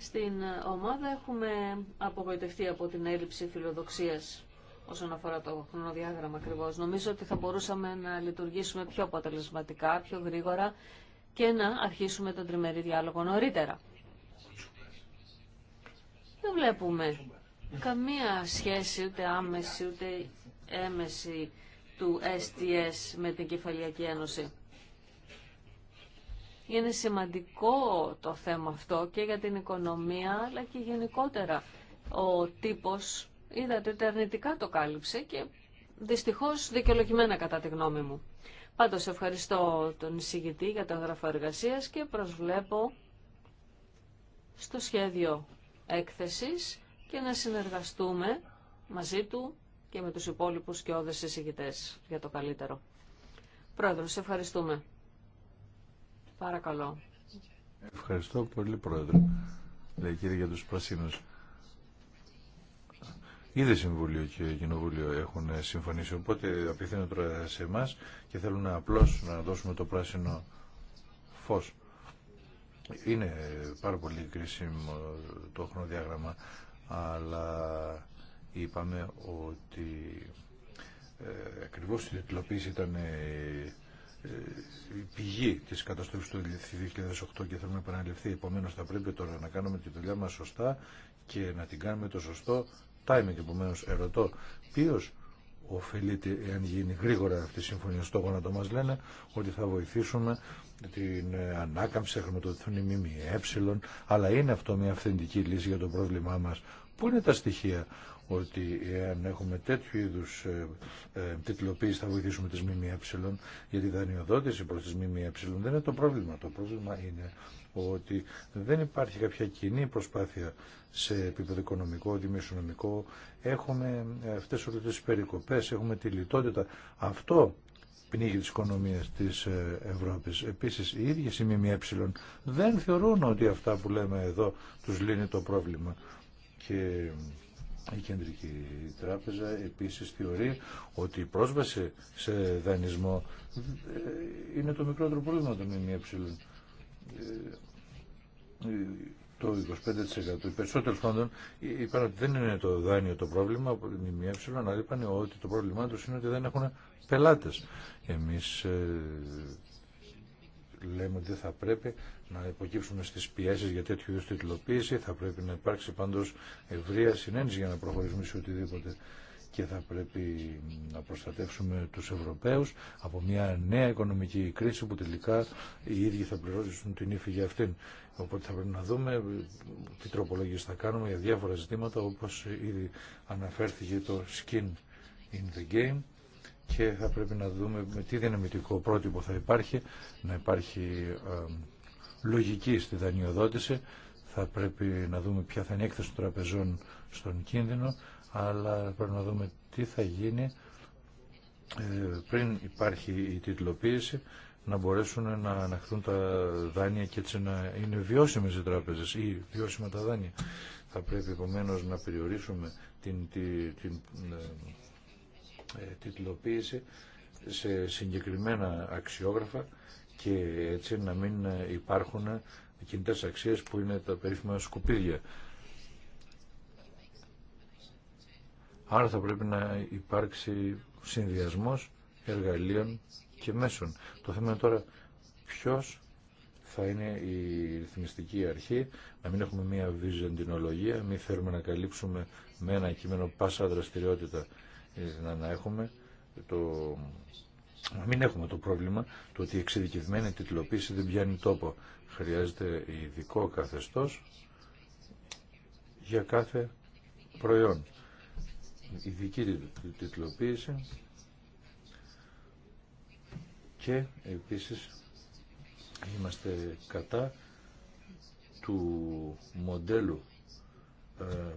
Στην ε, ομάδα έχουμε απογοητευτεί από την έλλειψη φιλοδοξίας όσον αφορά το χρονοδιάγραμμα ακριβώ. Νομίζω ότι θα μπορούσαμε να λειτουργήσουμε πιο αποτελεσματικά, πιο γρήγορα και να αρχίσουμε τον τριμερή διάλογο νωρίτερα. Δεν βλέπουμε καμία σχέση ούτε άμεση ούτε έμεση του STS με την Κεφαλιακή Ένωση. Είναι σημαντικό το θέμα αυτό και για την οικονομία αλλά και γενικότερα. Ο τύπος είδατε ότι αρνητικά το κάλυψε και δυστυχώς δικαιολογημένα κατά τη γνώμη μου. Πάντως ευχαριστώ τον εισηγητή για το έγγραφο εργασίας και προσβλέπω στο σχέδιο έκθεσης και να συνεργαστούμε μαζί του και με τους υπόλοιπους και όδες εισηγητές για το καλύτερο. Πρόεδρος, ευχαριστούμε. Παρακαλώ. Ευχαριστώ πολύ, Πρόεδρε. Λέει κύριε για τους πρασίνους. Ήδη Συμβούλιο και Κοινοβούλιο έχουν συμφωνήσει, οπότε απευθύνονται τώρα σε εμά και θέλουν απλώ να δώσουμε το πράσινο φως. Είναι πάρα πολύ κρίσιμο το χρονοδιάγραμμα, αλλά είπαμε ότι ε, ακριβώς η τετλοποίηση ήταν ε, πηγή τη καταστροφή του 2008 και θέλουμε να επαναληφθεί. επομένω θα πρέπει τώρα να κάνουμε τη δουλειά μα σωστά και να την κάνουμε το σωστό timing. επομένω ερωτώ Ποιο ωφελείται εάν γίνει γρήγορα αυτή η συμφωνία στο να το μας λένε ότι θα βοηθήσουμε την ε, ανάκαμψη, θα χρηματοδοτηθούν οι ΜΜΕ, αλλά είναι αυτό μια αυθεντική λύση για το πρόβλημά μα. Πού είναι τα στοιχεία ότι εάν έχουμε τέτοιου είδους ε, ε, τιτλοποίηση θα βοηθήσουμε τις ΜΜΕ γιατί η δανειοδότηση προς τις ΜΜΕ δεν είναι το πρόβλημα. Το πρόβλημα είναι ότι δεν υπάρχει κάποια κοινή προσπάθεια σε επίπεδο οικονομικό, δημοσιονομικό. Έχουμε ε, αυτές όλες τις περικοπές, έχουμε τη λιτότητα. Αυτό πνίγει τις οικονομίες της Ευρώπης. Επίσης, οι ίδιες οι ΜΜΕ δεν θεωρούν ότι αυτά που λέμε εδώ τους λύνει το πρόβλημα. Και η Κεντρική Τράπεζα επίσης θεωρεί ότι η πρόσβαση σε δανεισμό ε, είναι το μικρότερο πρόβλημα των ΜΜΕ. Ε, το 25% οι περισσότεροι πάντων είπαν ότι δεν είναι το δάνειο το πρόβλημα από την ΜΜΕ, αλλά είπαν ότι το πρόβλημά τους είναι ότι δεν έχουν πελάτες. Εμείς ε, λέμε ότι δεν θα πρέπει να υποκύψουμε στις πιέσεις για τέτοιου είδους τιτλοποίηση, θα πρέπει να υπάρξει πάντως ευρεία συνένεση για να προχωρήσουμε σε οτιδήποτε και θα πρέπει να προστατεύσουμε τους Ευρωπαίους από μια νέα οικονομική κρίση που τελικά οι ίδιοι θα πληρώσουν την ύφη για αυτήν. Οπότε θα πρέπει να δούμε τι τροπολογίε θα κάνουμε για διάφορα ζητήματα όπως ήδη αναφέρθηκε το skin in the game και θα πρέπει να δούμε με τι δυναμητικό πρότυπο θα υπάρχει, να υπάρχει λογική στη δανειοδότηση, θα πρέπει να δούμε ποια θα είναι η έκθεση των τραπεζών στον κίνδυνο, αλλά πρέπει να δούμε τι θα γίνει ε, πριν υπάρχει η τιτλοποίηση, να μπορέσουν να αναχθούν τα δάνεια και έτσι να είναι βιώσιμες οι τράπεζες ή βιώσιμα τα δάνεια. Θα πρέπει επομένω να περιορίσουμε την ε, ε, τιτλοποίηση σε συγκεκριμένα αξιόγραφα και έτσι να μην ε, υπάρχουν κινητές αξίες που είναι τα περίφημα σκουπίδια. Άρα θα πρέπει να υπάρξει συνδυασμός εργαλείων και μέσων. Το θέμα είναι τώρα ποιος θα είναι η ρυθμιστική αρχή, να μην έχουμε μία βιζαντινολογία μην θέλουμε να καλύψουμε με ένα κείμενο πάσα δραστηριότητα να έχουμε το, να μην έχουμε το πρόβλημα το ότι η εξειδικευμένη τιτλοποίηση δεν πιάνει τόπο. Χρειάζεται ειδικό καθεστώς για κάθε προϊόν. Ειδική τιτλοποίηση και επίσης είμαστε κατά του μοντέλου ε,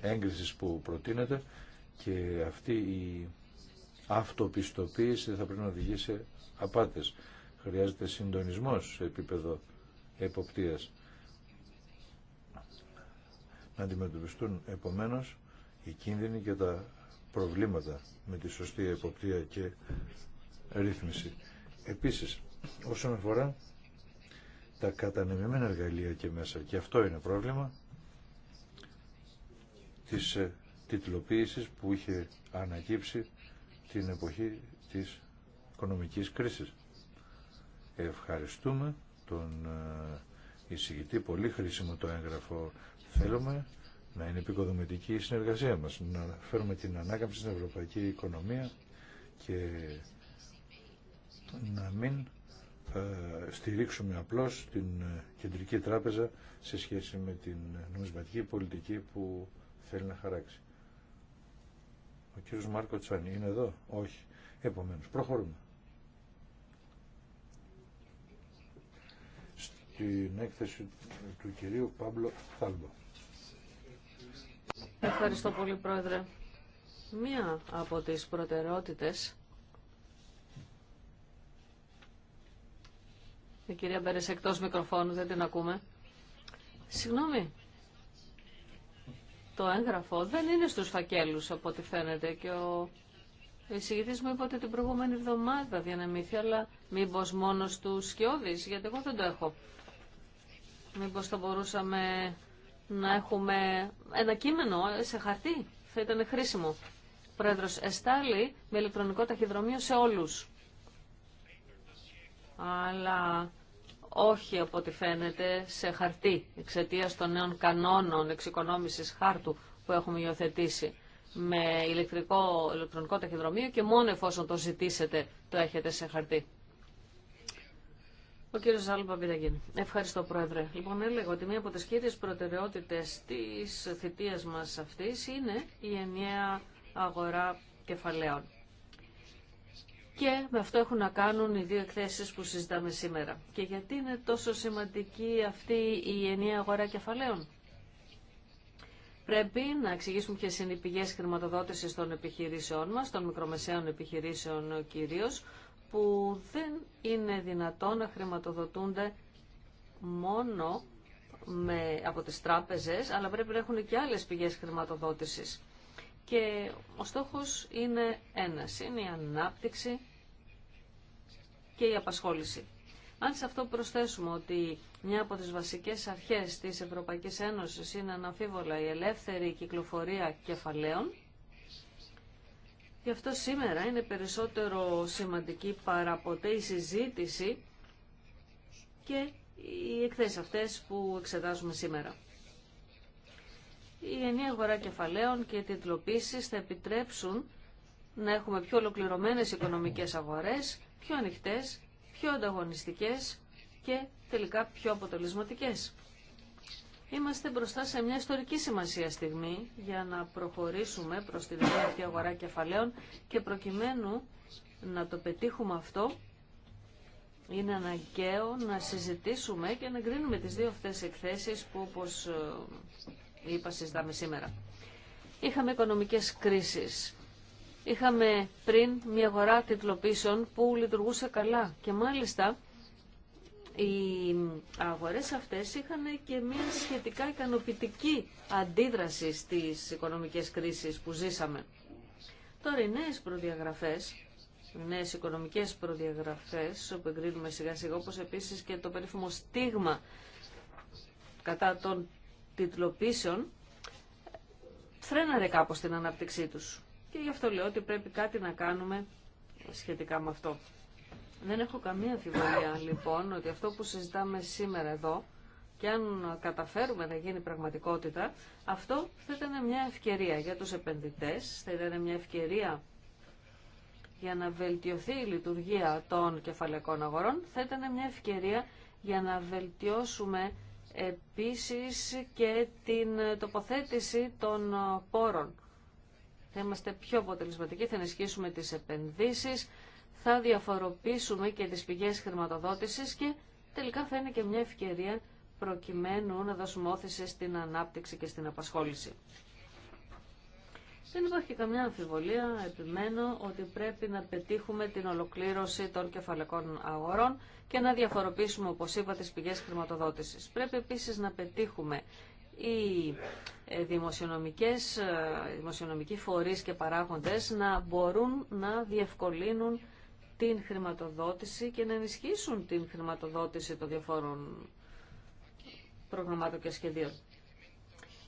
έγκρισης που προτείνεται και αυτή η αυτοπιστοποίηση θα πρέπει να οδηγεί σε απάτες. Χρειάζεται συντονισμός σε επίπεδο εποπτείας. Να αντιμετωπιστούν επομένως οι κίνδυνοι και τα προβλήματα με τη σωστή εποπτεία και ρύθμιση. Επίσης, όσον αφορά τα κατανεμημένα εργαλεία και μέσα, και αυτό είναι πρόβλημα της ε, τιτλοποίησης που είχε ανακύψει την εποχή της οικονομικής κρίσης. Ευχαριστούμε τον ε, εισηγητή, πολύ χρήσιμο το έγγραφο θέλουμε να είναι επικοδομητική η συνεργασία μας, να φέρουμε την ανάκαμψη στην ευρωπαϊκή οικονομία και να μην ε, στηρίξουμε απλώς την ε, κεντρική τράπεζα σε σχέση με την νομισματική πολιτική που θέλει να χαράξει. Ο κύριος Μάρκο Τσάνι είναι εδώ. Όχι. Επομένως, προχωρούμε. Στην έκθεση του κυρίου Παύλο Θάλμπο. Ευχαριστώ πολύ, Πρόεδρε. Μία από τις προτεραιότητες Η κυρία Μπέρες εκτός μικροφώνου, δεν την ακούμε. Συγγνώμη, το έγγραφο δεν είναι στους φακέλους από ό,τι φαίνεται και ο εισηγητής μου είπε ότι την προηγούμενη εβδομάδα διανεμήθη, αλλά μήπως μόνο του σκιώδης, γιατί εγώ δεν το έχω. Μήπως θα μπορούσαμε να έχουμε ένα κείμενο σε χαρτί, θα ήταν χρήσιμο. Πρόεδρος Εστάλη με ηλεκτρονικό ταχυδρομείο σε όλους. Αλλά όχι από ό,τι φαίνεται σε χαρτί εξαιτία των νέων κανόνων εξοικονόμησης χάρτου που έχουμε υιοθετήσει με ηλεκτρικό, ηλεκτρονικό ταχυδρομείο και μόνο εφόσον το ζητήσετε το έχετε σε χαρτί. Ο κύριος Ζάλου Ευχαριστώ Πρόεδρε. Λοιπόν έλεγα ότι μία από τις κύριε προτεραιότητες της θητεία μας αυτή είναι η ενιαία αγορά κεφαλαίων. Και με αυτό έχουν να κάνουν οι δύο εκθέσεις που συζητάμε σήμερα. Και γιατί είναι τόσο σημαντική αυτή η ενιαία αγορά κεφαλαίων. Πρέπει να εξηγήσουμε ποιε είναι οι πηγέ χρηματοδότηση των επιχειρήσεών μα, των μικρομεσαίων επιχειρήσεων κυρίω, που δεν είναι δυνατόν να χρηματοδοτούνται μόνο με, από τις τράπεζες, αλλά πρέπει να έχουν και άλλες πηγές χρηματοδότησης. Και ο στόχος είναι ένας, είναι η ανάπτυξη και η απασχόληση. Αν σε αυτό προσθέσουμε ότι μια από τις βασικές αρχές της Ευρωπαϊκής Ένωσης είναι αναμφίβολα η ελεύθερη κυκλοφορία κεφαλαίων, γι' αυτό σήμερα είναι περισσότερο σημαντική παραποτέ η συζήτηση και οι εκθέσεις αυτές που εξετάζουμε σήμερα. Η ενιαία αγορά κεφαλαίων και οι τιτλοποίησεις θα επιτρέψουν να έχουμε πιο ολοκληρωμένες οικονομικές αγορές, πιο ανοιχτές, πιο ανταγωνιστικές και τελικά πιο αποτελεσματικέ. Είμαστε μπροστά σε μια ιστορική σημασία στιγμή για να προχωρήσουμε προς την δεύτερη αγορά κεφαλαίων και προκειμένου να το πετύχουμε αυτό είναι αναγκαίο να συζητήσουμε και να κρίνουμε τις δύο αυτές εκθέσεις που όπως ε, είπα συζητάμε σήμερα. Είχαμε οικονομικές κρίσεις. Είχαμε πριν μια αγορά τιτλοποίησεων που λειτουργούσε καλά και μάλιστα οι αγορές αυτές είχαν και μια σχετικά ικανοποιητική αντίδραση στις οικονομικές κρίσεις που ζήσαμε. Τώρα οι νέες προδιαγραφές, οι νέες οικονομικές προδιαγραφές όπου εγκρίνουμε σιγά σιγά, όπως επίσης και το περίφημο στίγμα κατά τον τιτλοποίησεων φρέναρε κάπως την ανάπτυξή τους. Και γι' αυτό λέω ότι πρέπει κάτι να κάνουμε σχετικά με αυτό. Δεν έχω καμία αμφιβολία λοιπόν ότι αυτό που συζητάμε σήμερα εδώ και αν καταφέρουμε να γίνει πραγματικότητα, αυτό θα ήταν μια ευκαιρία για τους επενδυτές, θα ήταν μια ευκαιρία για να βελτιωθεί η λειτουργία των κεφαλαικών αγορών, θα ήταν μια ευκαιρία για να βελτιώσουμε επίσης και την τοποθέτηση των πόρων. Θα είμαστε πιο αποτελεσματικοί, θα ενισχύσουμε τις επενδύσεις, θα διαφοροποιήσουμε και τις πηγές χρηματοδότησης και τελικά θα είναι και μια ευκαιρία προκειμένου να δώσουμε όθηση στην ανάπτυξη και στην απασχόληση. Δεν υπάρχει καμιά αμφιβολία, επιμένω, ότι πρέπει να πετύχουμε την ολοκλήρωση των κεφαλαικών αγορών και να διαφοροποιήσουμε, όπως είπα, τις πηγές χρηματοδότησης. Πρέπει επίσης να πετύχουμε οι ε, δημοσιονομικές, ε, δημοσιονομικοί φορείς και παράγοντες να μπορούν να διευκολύνουν την χρηματοδότηση και να ενισχύσουν την χρηματοδότηση των διαφόρων προγραμμάτων και σχεδίων.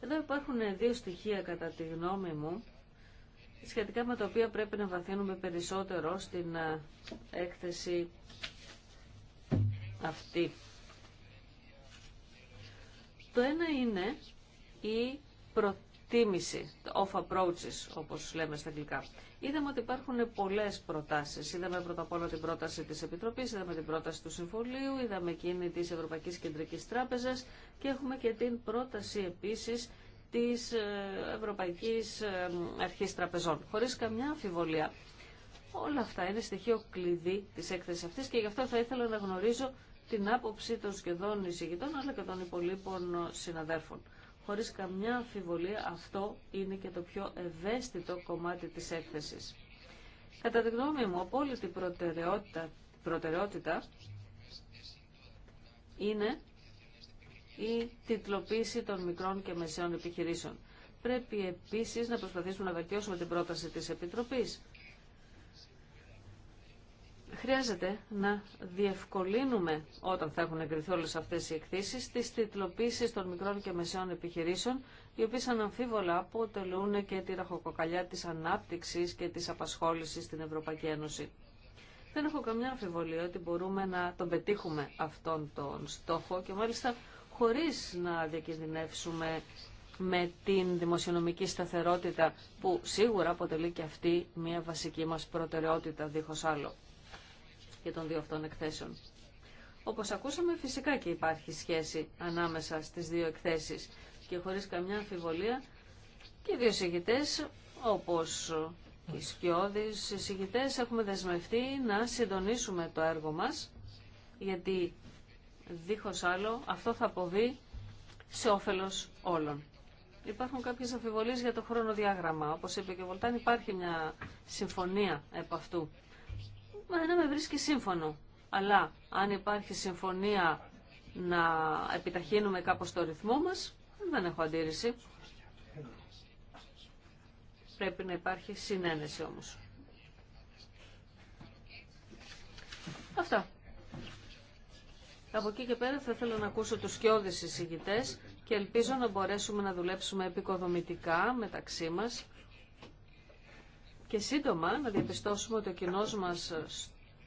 Εδώ υπάρχουν δύο στοιχεία κατά τη γνώμη μου σχετικά με τα οποία πρέπει να βαθύνουμε περισσότερο στην έκθεση αυτή. Το ένα είναι η προτεραιότητα εκτίμηση, off approaches όπως λέμε στα αγγλικά. Είδαμε ότι υπάρχουν πολλές προτάσεις. Είδαμε πρώτα απ' όλα την πρόταση της Επιτροπής, είδαμε την πρόταση του Συμβουλίου, είδαμε εκείνη της Ευρωπαϊκής Κεντρικής Τράπεζας και έχουμε και την πρόταση επίσης της ε, Ευρωπαϊκής ε, Αρχής Τραπεζών. Χωρίς καμιά αμφιβολία. Όλα αυτά είναι στοιχείο κλειδί της έκθεσης αυτής και γι' αυτό θα ήθελα να γνωρίζω την άποψη των σχεδόν εισηγητών αλλά και των υπολείπων συναδέρφων. Χωρίς καμιά αμφιβολία αυτό είναι και το πιο ευαίσθητο κομμάτι της έκθεσης. Κατά τη γνώμη μου, απόλυτη προτεραιότητα, προτεραιότητα είναι η τιτλοποίηση των μικρών και μεσαίων επιχειρήσεων. Πρέπει επίσης να προσπαθήσουμε να βελτιώσουμε την πρόταση της Επιτροπής χρειάζεται να διευκολύνουμε όταν θα έχουν εγκριθεί όλες αυτές οι εκθήσεις τις τιτλοποίησεις των μικρών και μεσαίων επιχειρήσεων οι οποίες αναμφίβολα αποτελούν και τη ραχοκοκαλιά της ανάπτυξης και της απασχόλησης στην Ευρωπαϊκή Ένωση. Δεν έχω καμιά αμφιβολία ότι μπορούμε να τον πετύχουμε αυτόν τον στόχο και μάλιστα χωρίς να διακινδυνεύσουμε με την δημοσιονομική σταθερότητα που σίγουρα αποτελεί και αυτή μια βασική μας προτεραιότητα δίχως άλλο και των δύο αυτών εκθέσεων. Όπως ακούσαμε φυσικά και υπάρχει σχέση ανάμεσα στις δύο εκθέσεις και χωρίς καμιά αμφιβολία και οι δύο συγητές όπως οι σκιώδεις οι συγητές έχουμε δεσμευτεί να συντονίσουμε το έργο μας γιατί δίχως άλλο αυτό θα αποβεί σε όφελος όλων. Υπάρχουν κάποιες αμφιβολίες για το χρονοδιάγραμμα. Όπως είπε και ο Βολτάν, υπάρχει μια συμφωνία επ' αυτού μα να με βρίσκει σύμφωνο. Αλλά αν υπάρχει συμφωνία να επιταχύνουμε κάπως το ρυθμό μας, δεν έχω αντίρρηση. Πρέπει να υπάρχει συνένεση όμως. Αυτά. Από εκεί και πέρα θα ήθελα να ακούσω τους σκιώδεις εισηγητές και ελπίζω να μπορέσουμε να δουλέψουμε επικοδομητικά μεταξύ μας και σύντομα να διαπιστώσουμε ότι ο κοινό μας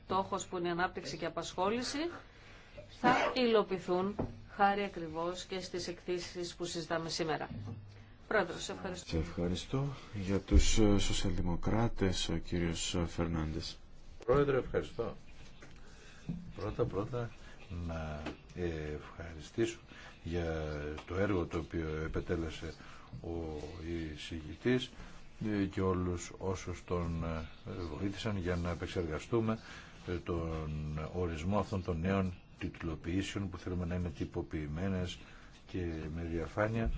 στόχο που είναι η ανάπτυξη και απασχόληση θα υλοποιηθούν χάρη ακριβώ και στις εκθέσεις που συζητάμε σήμερα. σε ευχαριστώ. Σε ευχαριστώ. Για τους ε, σοσιαλδημοκράτες, ο κύριος ε, Φερνάντε. Πρόεδρε, ευχαριστώ. Πρώτα, πρώτα, να ευχαριστήσω για το έργο το οποίο επετέλεσε ο εισηγητής και όλους όσους τον ε, βοήθησαν για να επεξεργαστούμε ε, τον ορισμό αυτών των νέων τιτλοποιήσεων που θέλουμε να είναι τυποποιημένες και με διαφάνεια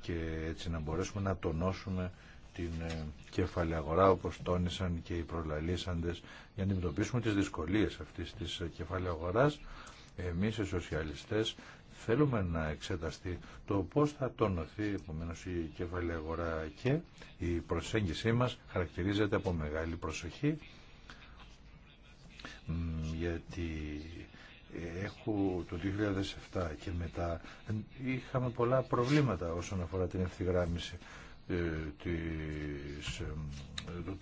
και έτσι να μπορέσουμε να τονώσουμε την ε, κεφαλαία αγορά όπως τόνισαν και οι προλαλήσαντες για να αντιμετωπίσουμε τις δυσκολίες αυτής της κεφαλαία αγοράς εμείς οι σοσιαλιστές Θέλουμε να εξεταστεί το πώς θα τονωθεί η κεφαλή αγορά και η προσέγγιση μας χαρακτηρίζεται από μεγάλη προσοχή γιατί έχω το 2007 και μετά είχαμε πολλά προβλήματα όσον αφορά την ευθυγράμμιση ε, ε,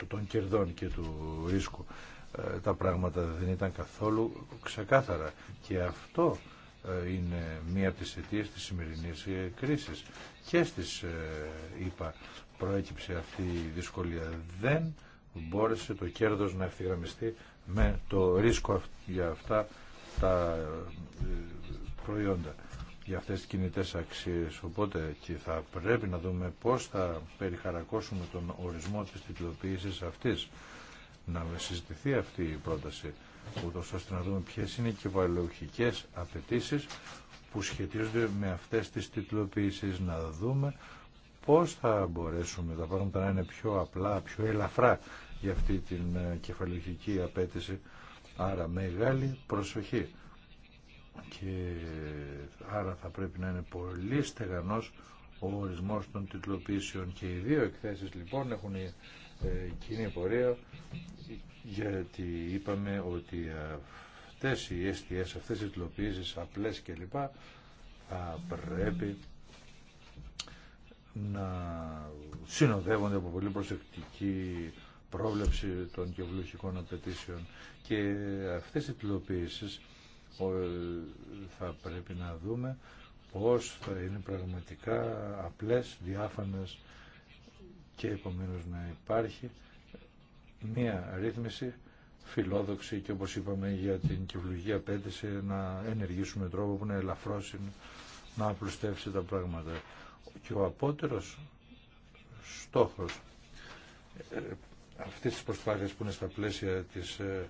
των κερδών και του ρίσκου. Ε, τα πράγματα δεν ήταν καθόλου ξεκάθαρα και αυτό ε, είναι μία από τις αιτίες της σημερινής ε, κρίσης. Και στις ε, είπα προέκυψε αυτή η δυσκολία. Δεν μπόρεσε το κέρδος να ευθυγραμμιστεί με το ρίσκο για αυτά τα προϊόντα, για αυτές τις κινητές αξίες. Οπότε και θα πρέπει να δούμε πώς θα περιχαρακώσουμε τον ορισμό της τυπλοποίησης αυτής. Να συζητηθεί αυτή η πρόταση ούτως ώστε να δούμε ποιες είναι οι κεφαλαιοχικές απαιτήσει που σχετίζονται με αυτές τις τιτλοποιήσεις, να δούμε πώς θα μπορέσουμε τα πράγματα να είναι πιο απλά, πιο ελαφρά για αυτή την ε, κεφαλαιοχική απέτηση. Άρα μεγάλη προσοχή. Και άρα θα πρέπει να είναι πολύ στεγανός ο ορισμός των τιτλοποιήσεων και οι δύο εκθέσεις λοιπόν έχουν ε, και είναι πορεία γιατί είπαμε ότι αυτές οι αιστείες, αυτές οι τυλοποίησεις απλές κλπ θα πρέπει να συνοδεύονται από πολύ προσεκτική πρόβλεψη των κεβλουχικών απαιτήσεων και αυτές οι τυλοποίησεις θα πρέπει να δούμε πώς θα είναι πραγματικά απλές, διάφανες και επομένως να υπάρχει μία ρύθμιση φιλόδοξη και όπως είπαμε για την κυβλουγική απέτηση να ενεργήσουμε τρόπο που να ελαφρώσει, να απλουστεύσει τα πράγματα. Και ο απότερος στόχος ε, αυτής της προσπάθειας που είναι στα πλαίσια της ε,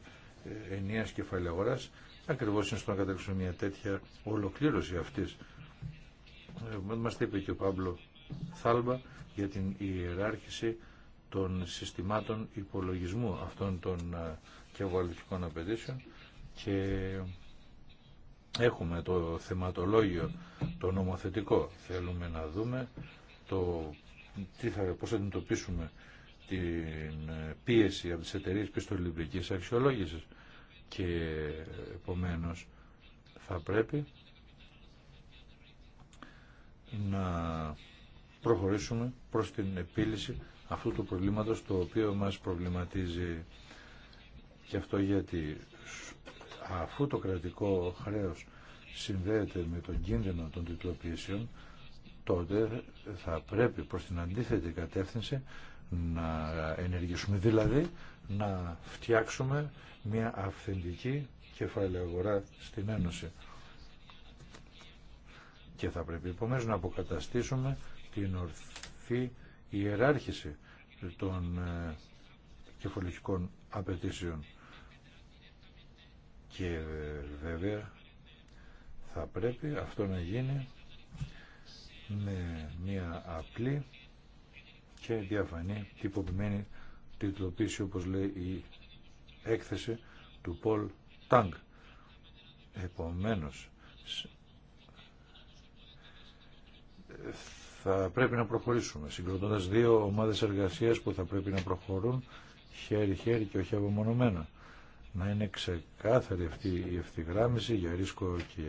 ενίας κεφαλαίου αγοράς ακριβώς είναι στο να καταλήξουμε μια τέτοια ολοκλήρωση αυτής. Ε, μας είπε και ο Παύλο για την ιεράρχηση των συστημάτων υπολογισμού αυτών των ε, κεβουαλιστικών απαιτήσεων και έχουμε το θεματολόγιο, το νομοθετικό. Θέλουμε να δούμε το τι θα, πώς θα αντιμετωπίσουμε την ε, πίεση από τις εταιρείες πιστοληπτικής αξιολόγησης και επομένως θα πρέπει να προχωρήσουμε προς την επίλυση αυτού του προβλήματος το οποίο μας προβληματίζει και αυτό γιατί αφού το κρατικό χρέος συνδέεται με τον κίνδυνο των τυπλοποιήσεων τότε θα πρέπει προς την αντίθετη κατεύθυνση να ενεργήσουμε δηλαδή να φτιάξουμε μια αυθεντική κεφάλαια αγορά στην Ένωση και θα πρέπει επομένως να αποκαταστήσουμε την ορθή ιεράρχηση των ε, κεφαλικών απαιτήσεων. Και ε, βέβαια θα πρέπει αυτό να γίνει με μια απλή και διαφανή τυποποιημένη τιτλοποίηση όπως λέει η έκθεση του Πολ Τάγκ. Επομένως θα πρέπει να προχωρήσουμε, συγκροτώντας δύο ομάδες εργασίας που θα πρέπει να προχωρούν χέρι-χέρι και όχι απομονωμένα. Να είναι ξεκάθαρη αυτή η ευθυγράμμιση για ρίσκο και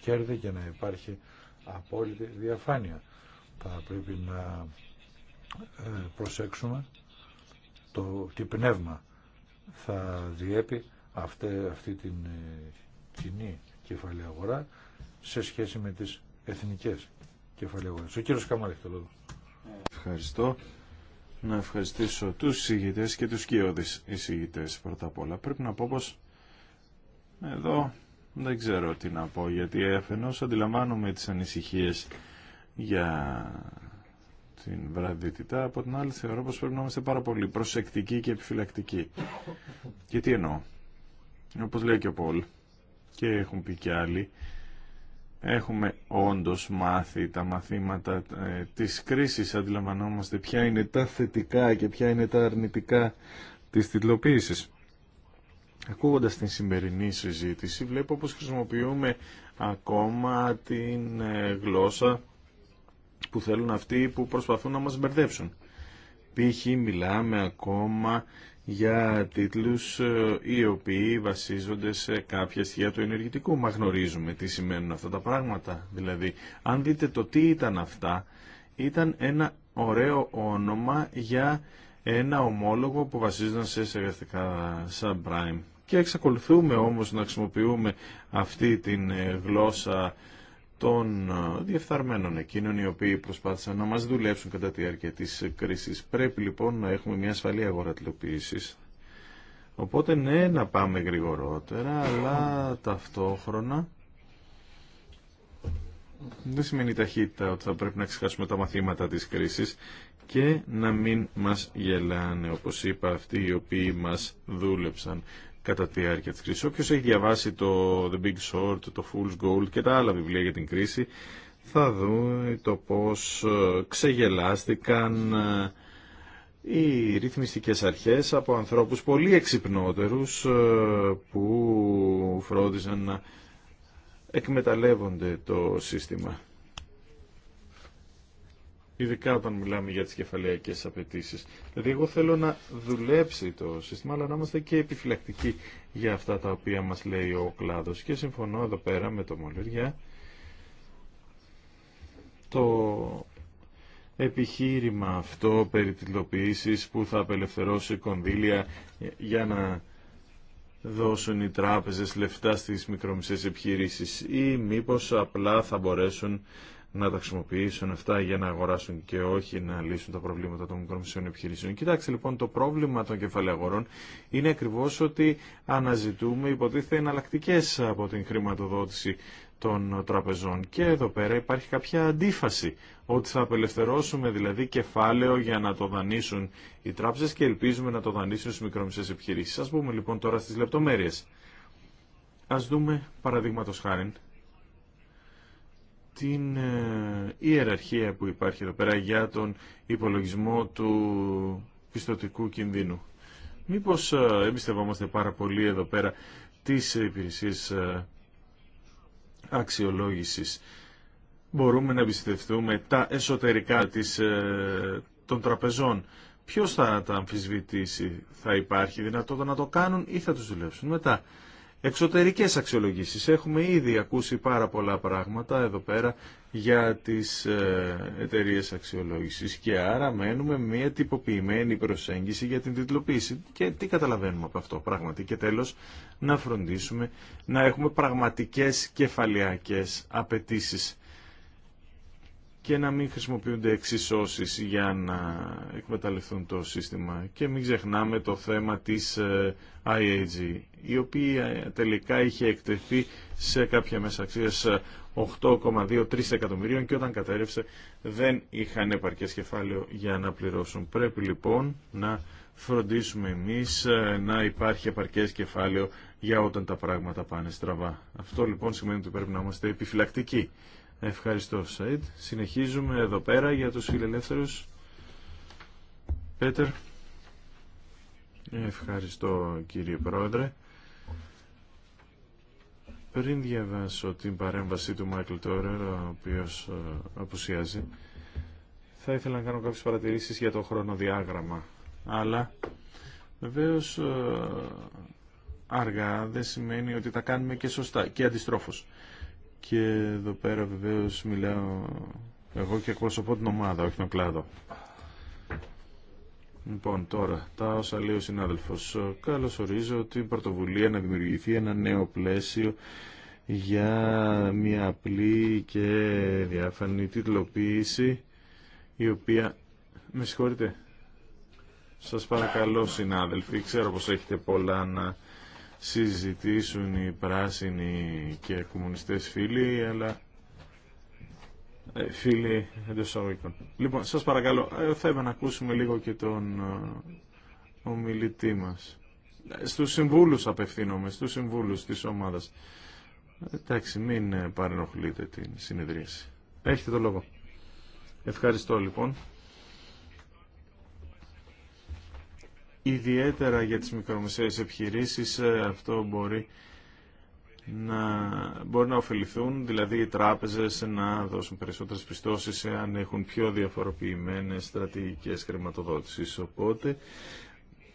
κέρδη και να υπάρχει απόλυτη διαφάνεια. Θα πρέπει να ε, προσέξουμε το τι πνεύμα θα διέπει αυτή, αυτή την ε, κοινή κεφαλή αγορά σε σχέση με τις εθνικές κεφαλαίου. Ο κύριος Καμάλη το λόγο. Ευχαριστώ. Να ευχαριστήσω τους συγητές και τους κοιόδη συγητές πρώτα απ' όλα. Πρέπει να πω πώ εδώ δεν ξέρω τι να πω γιατί αφενός αντιλαμβάνομαι τις ανησυχίες για την βραδιτητά, από την άλλη θεωρώ πως πρέπει να είμαστε πάρα πολύ προσεκτικοί και επιφυλακτικοί. Και τι εννοώ. Όπως λέει και ο Πολ και έχουν πει και άλλοι, Έχουμε όντως μάθει τα μαθήματα ε, της κρίσης, αντιλαμβανόμαστε ποια είναι τα θετικά και ποια είναι τα αρνητικά της τιτλοποίησης. Ακούγοντας την σημερινή συζήτηση βλέπω πως χρησιμοποιούμε ακόμα την ε, γλώσσα που θέλουν αυτοί που προσπαθούν να μας μπερδέψουν. Π.χ. μιλάμε ακόμα για τίτλους ε, οι οποίοι βασίζονται σε κάποια στοιχεία του ενεργητικού. Μα γνωρίζουμε τι σημαίνουν αυτά τα πράγματα. Δηλαδή, αν δείτε το τι ήταν αυτά, ήταν ένα ωραίο όνομα για ένα ομόλογο που βασίζονταν σε εργαστικά subprime. Και εξακολουθούμε όμως να χρησιμοποιούμε αυτή την ε, γλώσσα των διεφθαρμένων εκείνων οι οποίοι προσπάθησαν να μας δουλέψουν κατά τη διάρκεια της κρίσης. Πρέπει λοιπόν να έχουμε μια ασφαλή αγορά Οπότε ναι να πάμε γρηγορότερα, αλλά ταυτόχρονα δεν σημαίνει ταχύτητα ότι θα πρέπει να ξεχάσουμε τα μαθήματα της κρίσης και να μην μας γελάνε, όπως είπα αυτοί οι οποίοι μας δούλεψαν κατά τη διάρκεια της κρίσης. Όποιος έχει διαβάσει το The Big Short, το Fool's Gold και τα άλλα βιβλία για την κρίση, θα δούμε το πώς ε, ξεγελάστηκαν ε, οι ρυθμιστικές αρχές από ανθρώπους πολύ εξυπνότερους ε, που φρόντιζαν να εκμεταλλεύονται το σύστημα ειδικά όταν μιλάμε για τις κεφαλαιακές απαιτήσει. Δηλαδή εγώ θέλω να δουλέψει το σύστημα, αλλά να είμαστε και επιφυλακτικοί για αυτά τα οποία μας λέει ο κλάδος. Και συμφωνώ εδώ πέρα με το Μολυριά το επιχείρημα αυτό περί που θα απελευθερώσει κονδύλια για να δώσουν οι τράπεζες λεφτά στις μικρομισές επιχειρήσεις ή μήπως απλά θα μπορέσουν να τα χρησιμοποιήσουν αυτά για να αγοράσουν και όχι να λύσουν τα προβλήματα των μικρομεσαίων επιχειρήσεων. Κοιτάξτε λοιπόν, το πρόβλημα των κεφαλαίων είναι ακριβώ ότι αναζητούμε υποτίθεται εναλλακτικέ από την χρηματοδότηση των τραπεζών. Και εδώ πέρα υπάρχει κάποια αντίφαση ότι θα απελευθερώσουμε δηλαδή κεφάλαιο για να το δανείσουν οι τράπεζες και ελπίζουμε να το δανείσουν στις μικρομεσαίες επιχειρήσεις. Ας πούμε λοιπόν τώρα στις λεπτομέρειες. Ας δούμε παραδείγματο χάρη την ε, ιεραρχία που υπάρχει εδώ πέρα για τον υπολογισμό του πιστοτικού κινδύνου. Μήπως ε, εμπιστευόμαστε πάρα πολύ εδώ πέρα τις υπηρεσίες ε, αξιολόγησης. Μπορούμε να εμπιστευτούμε τα εσωτερικά της, των τραπεζών. Ποιος θα τα αμφισβητήσει, θα υπάρχει δυνατότητα να το κάνουν ή θα τους δουλέψουν μετά. Εξωτερικές αξιολογήσεις. Έχουμε ήδη ακούσει πάρα πολλά πράγματα εδώ πέρα για τις ε, εταιρείε αξιολόγησης και άρα μένουμε μια τυποποιημένη προσέγγιση για την τιτλοποίηση. Και τι καταλαβαίνουμε από αυτό πράγματι. Και τέλος να φροντίσουμε να έχουμε πραγματικές κεφαλιακές απαιτήσεις και να μην χρησιμοποιούνται εξισώσεις για να εκμεταλλευτούν το σύστημα. Και μην ξεχνάμε το θέμα της ε, IAG, η οποία ε, τελικά είχε εκτεθεί σε κάποια μέσα αξίας 8,2-3 ε, εκατομμυρίων και όταν κατέρευσε δεν είχαν επαρκές κεφάλαιο για να πληρώσουν. Πρέπει λοιπόν να φροντίσουμε εμείς να υπάρχει επαρκές κεφάλαιο για όταν τα πράγματα πάνε στραβά. Αυτό λοιπόν σημαίνει ότι πρέπει να είμαστε επιφυλακτικοί. Ευχαριστώ, Σαΐτ. Συνεχίζουμε εδώ πέρα για τους φιλελεύθερους. Πέτερ. Ευχαριστώ, κύριε Πρόεδρε. Πριν διαβάσω την παρέμβαση του Μάικλ Τόρερ, ο οποίος ε, απουσιάζει, θα ήθελα να κάνω κάποιες παρατηρήσεις για το χρονοδιάγραμμα. Αλλά, βεβαίως, ε, αργά δεν σημαίνει ότι τα κάνουμε και σωστά και αντιστρόφως και εδώ πέρα βεβαίω μιλάω εγώ και εκπροσωπώ την ομάδα, όχι τον κλάδο. Λοιπόν, τώρα, τα όσα λέει ο συνάδελφος. Καλώ ορίζω την πρωτοβουλία να δημιουργηθεί ένα νέο πλαίσιο για μια απλή και διάφανη τίτλοποίηση η οποία... Με συγχωρείτε. Σας παρακαλώ συνάδελφοι, ξέρω πως έχετε πολλά να συζητήσουν οι πράσινοι και οι κομμουνιστές φίλοι, αλλά ε, φίλοι εντό εισαγωγικών. Λοιπόν, σας παρακαλώ, ε, θα είπα να ακούσουμε λίγο και τον ε, ομιλητή μας. Στους συμβούλους απευθύνομαι, στους συμβούλους της ομάδας. Εντάξει, μην παρενοχλείτε την συνεδρίαση. Έχετε το λόγο. Ευχαριστώ λοιπόν. ιδιαίτερα για τις μικρομεσαίες επιχειρήσεις ε, αυτό μπορεί να μπορεί να ωφεληθούν, δηλαδή οι τράπεζες να δώσουν περισσότερες πιστώσεις αν έχουν πιο διαφοροποιημένες στρατηγικές χρηματοδότησης. Οπότε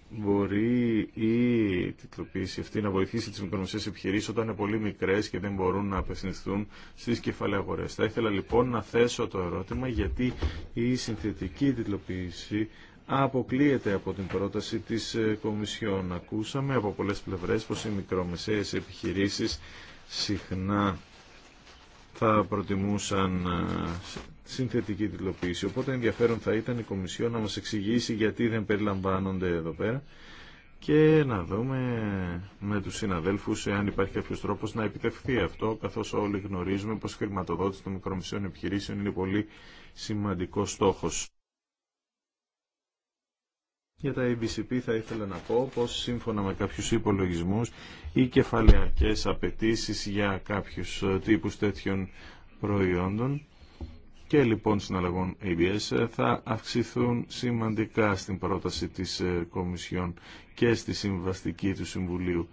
μπορεί η τιτλοποίηση αυτή να βοηθήσει τις μικρομεσαίες επιχειρήσεις όταν είναι πολύ μικρές και δεν μπορούν να απευθυνθούν στις κεφαλαίες αγορές. Θα ήθελα λοιπόν να θέσω το ερώτημα γιατί η συνθετική τιτλοποίηση αποκλείεται από την πρόταση της ε, Κομισιόν. Ακούσαμε από πολλές πλευρές πως οι μικρομεσαίες επιχειρήσεις συχνά θα προτιμούσαν ε, συνθετική τυπλοποίηση. Οπότε ενδιαφέρον θα ήταν η Κομισιόν να μας εξηγήσει γιατί δεν περιλαμβάνονται εδώ πέρα και να δούμε με τους συναδέλφους αν υπάρχει κάποιος τρόπος να επιτευχθεί αυτό καθώς όλοι γνωρίζουμε πως η χρηματοδότηση των μικρομεσαίων επιχειρήσεων είναι πολύ σημαντικός στόχος. Για τα ABCP θα ήθελα να πω πως σύμφωνα με κάποιους υπολογισμούς οι κεφαλαιακές απαιτήσει για κάποιους ε, τύπους τέτοιων προϊόντων και λοιπόν συναλλαγών ABS ε, θα αυξηθούν σημαντικά στην πρόταση της ε, Κομισιόν και στη συμβαστική του Συμβουλίου.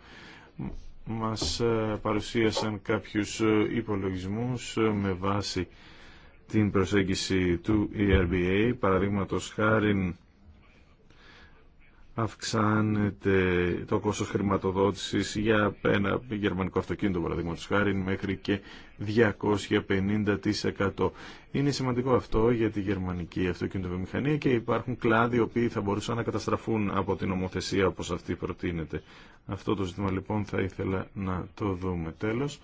Μας παρουσίασαν κάποιους υπολογισμούς με βάση την προσέγγιση του ERBA, παραδείγματος χάρη αυξάνεται το κόστος χρηματοδότησης για ένα γερμανικό αυτοκίνητο παραδείγματος χάρη μέχρι και 250%. Είναι σημαντικό αυτό για τη γερμανική αυτοκινητοβιομηχανία και υπάρχουν κλάδοι οι οποίοι θα μπορούσαν να καταστραφούν από την ομοθεσία όπως αυτή προτείνεται. Αυτό το ζήτημα λοιπόν θα ήθελα να το δούμε. Τέλος,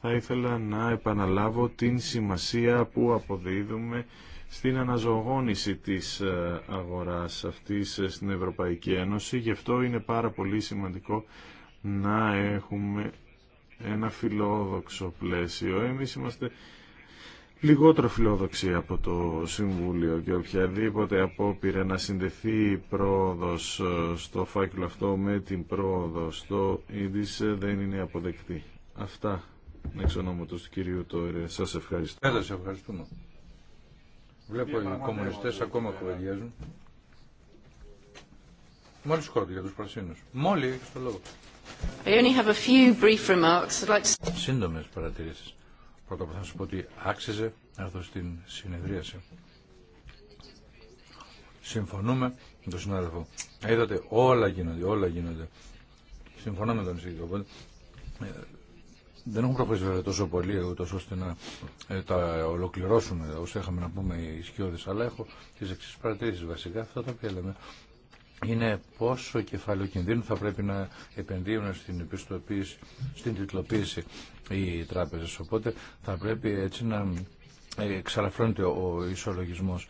θα ήθελα να επαναλάβω την σημασία που αποδίδουμε στην αναζωογόνηση της ε, αγοράς αυτής ε, στην Ευρωπαϊκή Ένωση. Γι' αυτό είναι πάρα πολύ σημαντικό να έχουμε ένα φιλόδοξο πλαίσιο. Εμείς είμαστε λιγότερο φιλόδοξοι από το Συμβούλιο και οποιαδήποτε απόπειρα να συνδεθεί η πρόοδος ε, στο φάκελο αυτό με την πρόοδο στο ΙΔΙΣ δεν είναι αποδεκτή. Αυτά εξ ονόματος του κυρίου Τόρια. Σας ευχαριστώ. ευχαριστούμε. Βλέπω οι κομμουνιστές ακόμα κουβεντιάζουν. Μόλι κόρτη για του πρασίνου. Μόλι έχει το λόγο. Σύντομε παρατηρήσει. Πρώτα απ' όλα θα σα πω ότι άξιζε να έρθω στην συνεδρίαση. Συμφωνούμε με τον συνάδελφο. Είδατε όλα γίνονται, όλα γίνονται. Συμφωνώ με τον συνάδελφο. Δεν έχουν προχωρήσει βέβαια τόσο πολύ, ούτω ώστε να ε, τα ολοκληρώσουμε όσο είχαμε να πούμε οι σκιώδε. Αλλά έχω τι εξή παρατηρήσει βασικά. αυτό τα οποία λέμε είναι πόσο κεφάλαιο κινδύνου θα πρέπει να επενδύουν στην επιστοποίηση, στην τιτλοποίηση οι τράπεζε. Οπότε θα πρέπει έτσι να ε, εξαλαφρώνεται ο ισολογισμό.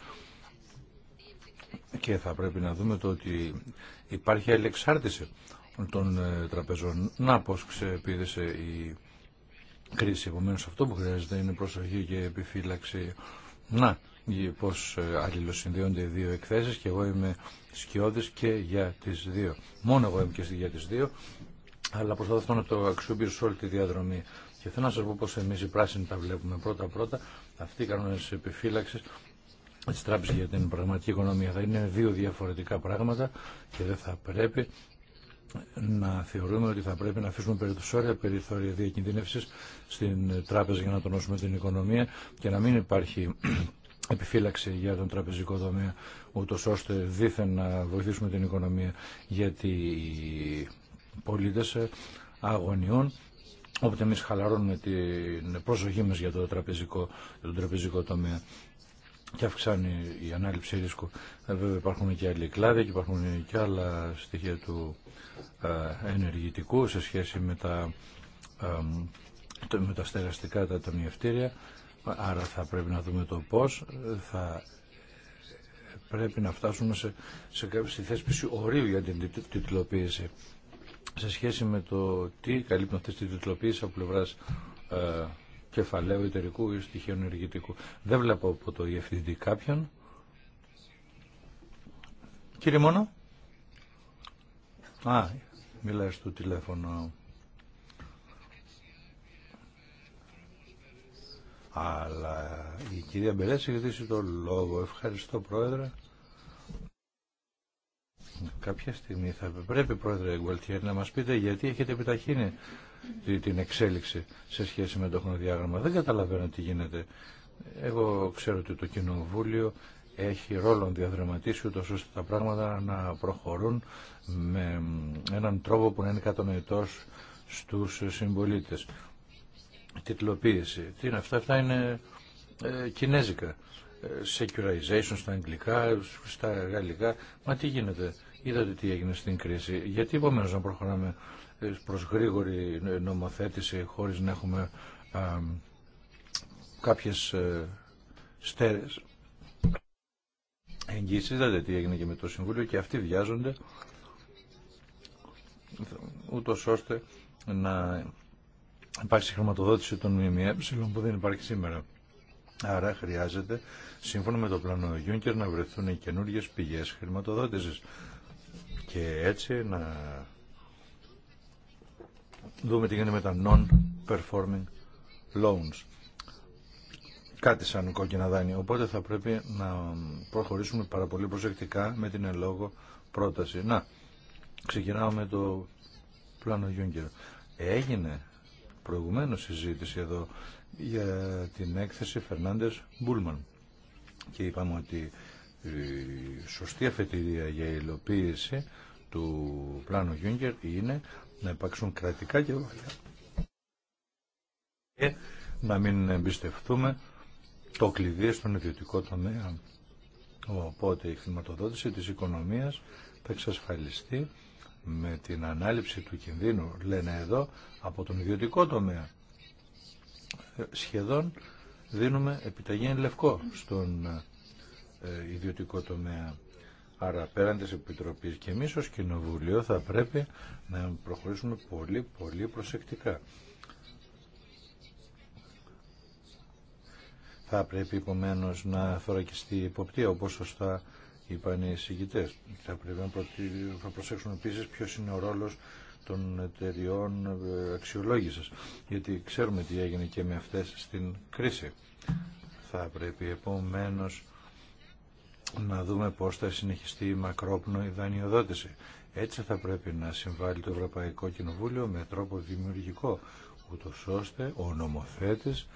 Και θα πρέπει να δούμε το ότι υπάρχει αλληλεξάρτηση των ε, τραπεζών. Να πώς ξεπίδησε η κρίση. επομένω αυτό που χρειάζεται είναι προσοχή και επιφύλαξη. Να, πώ ε, αλληλοσυνδέονται οι δύο εκθέσει και εγώ είμαι σκιώδη και για τι δύο. Μόνο εγώ είμαι και για τι, δύο, αλλά προσπαθώ να το αξιοποιήσω σε όλη τη διαδρομή. Και θέλω να σα πω πω εμεί οι πράσινοι τα βλέπουμε πρώτα-πρώτα. Αυτοί οι κανόνες επιφύλαξης τη τράπεζα για την πραγματική οικονομία. Θα είναι δύο διαφορετικά πράγματα και δεν θα πρέπει να θεωρούμε ότι θα πρέπει να αφήσουμε περιθώρια περιθώρια διακινδύνευσης στην τράπεζα για να τονώσουμε την οικονομία και να μην υπάρχει επιφύλαξη για τον τραπεζικό τομέα ούτω ώστε δήθεν να βοηθήσουμε την οικονομία γιατί οι πολίτες αγωνιών όποτε εμεί χαλαρώνουμε την προσοχή μας για το τραπεζικό, τον τραπεζικό τομέα και αυξάνει η ανάληψη ρίσκου. Ε, βέβαια υπάρχουν και άλλοι κλάδοι και υπάρχουν και άλλα στοιχεία του ε, ενεργητικού σε σχέση με τα, ε, με τα στεγαστικά τα ταμιευτήρια. Άρα θα πρέπει να δούμε το πώς θα πρέπει να φτάσουμε σε, σε, σε θέσπιση ορίου για την τιτλοποίηση σε σχέση με το τι καλύπτουν αυτές τις τιτλοποίησεις από πλευράς κεφαλαίου εταιρικού ή στοιχείου ενεργητικού. Δεν βλέπω από το διευθυντή κάποιον. Κύριε Μόνο. Α, μιλάει στο τηλέφωνο. Αλλά η κυρία Μπελέση έχει δείξει το λόγο. Ευχαριστώ πρόεδρε. Κάποια στιγμή θα πρέπει πρόεδρε Γκουαλτιέρη να μας πείτε γιατί έχετε επιταχύνει την εξέλιξη σε σχέση με το χρονοδιάγραμμα. Δεν καταλαβαίνω τι γίνεται. Εγώ ξέρω ότι το Κοινοβούλιο έχει ρόλο να διαδραματίσει ούτως ώστε τα πράγματα να προχωρούν με έναν τρόπο που να είναι κατανοητός στους συμπολίτε. Τιτλοποίηση. Τι είναι αυτά, αυτά είναι ε, κινέζικα. Ε, Securization στα αγγλικά, στα γαλλικά. Μα τι γίνεται. Είδατε τι έγινε στην κρίση. Γιατί επομένως να προχωράμε προς γρήγορη νομοθέτηση χωρίς να έχουμε α, κάποιες ε, στέρες εγγύσεις. δηλαδή τι έγινε και με το Συμβούλιο και αυτοί βιάζονται ούτω ώστε να υπάρξει χρηματοδότηση των ΜΜΕ που δεν υπάρχει σήμερα. Άρα χρειάζεται, σύμφωνα με το πλάνο Γιούνκερ, να βρεθούν οι καινούργιες πηγές χρηματοδότησης και έτσι να δούμε τι γίνεται με τα non-performing loans. Κάτι σαν κόκκινα δάνεια. Οπότε θα πρέπει να προχωρήσουμε πάρα πολύ προσεκτικά με την ελόγω πρόταση. Να, ξεκινάω με το πλάνο Juncker. Έγινε προηγουμένω συζήτηση εδώ για την έκθεση Φερνάντες Μπούλμαν και είπαμε ότι η σωστή αφετηρία για υλοποίηση του πλάνου Γιούγκερ είναι να υπάρξουν κρατικά όλα, και να μην εμπιστευτούμε το κλειδί στον ιδιωτικό τομέα. Οπότε η χρηματοδότηση της οικονομίας θα εξασφαλιστεί με την ανάληψη του κινδύνου, λένε εδώ, από τον ιδιωτικό τομέα. Σχεδόν δίνουμε επιταγή εν λευκό στον ε, ιδιωτικό τομέα. Άρα πέραν της Επιτροπής και εμείς ως Κοινοβουλίο θα πρέπει να προχωρήσουμε πολύ πολύ προσεκτικά. Θα πρέπει επομένω να θωρακιστεί η υποπτία όπως σωστά είπαν οι συγκητέ. Θα πρέπει να, προσέξουν προσέξουμε επίσης ποιος είναι ο ρόλος των εταιριών ε, αξιολόγησης. Γιατί ξέρουμε τι έγινε και με αυτές στην κρίση. Θα πρέπει επομένως να δούμε πώς θα συνεχιστεί η μακρόπνοη δανειοδότηση. Έτσι θα πρέπει να συμβάλλει το Ευρωπαϊκό Κοινοβούλιο με τρόπο δημιουργικό, ούτω ώστε ο νομοθέτης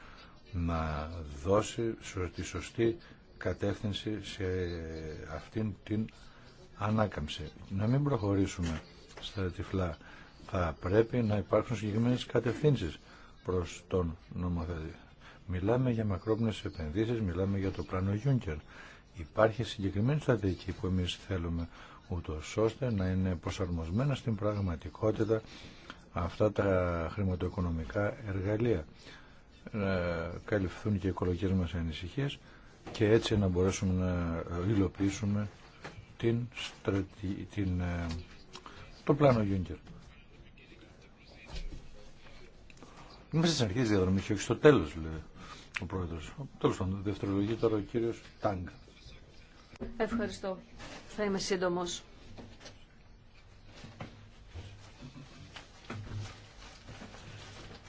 να δώσει τη σωστή κατεύθυνση σε αυτήν την ανάκαμψη. Να μην προχωρήσουμε στα τυφλά. Θα πρέπει να υπάρξουν συγκεκριμένε κατευθύνσει προς τον νομοθέτη. Μιλάμε για μακρόπνες επενδύσεις, μιλάμε για το πλάνο Juncker υπάρχει συγκεκριμένη στρατηγική που εμείς θέλουμε ούτω ώστε να είναι προσαρμοσμένα στην πραγματικότητα αυτά τα χρηματοοικονομικά εργαλεία. Να καλυφθούν και οι οικολογικές μας ανησυχίες και έτσι να μπορέσουμε να υλοποιήσουμε την, την... Ε, το πλάνο Γιούγκερ. Είμαστε στην αρχή τη διαδρομή και όχι στο τέλο, λέει ο πρόεδρο. Τέλο πάντων, δευτερολογεί τώρα ο κύριο Τάγκα. Ευχαριστώ. Θα είμαι σύντομος.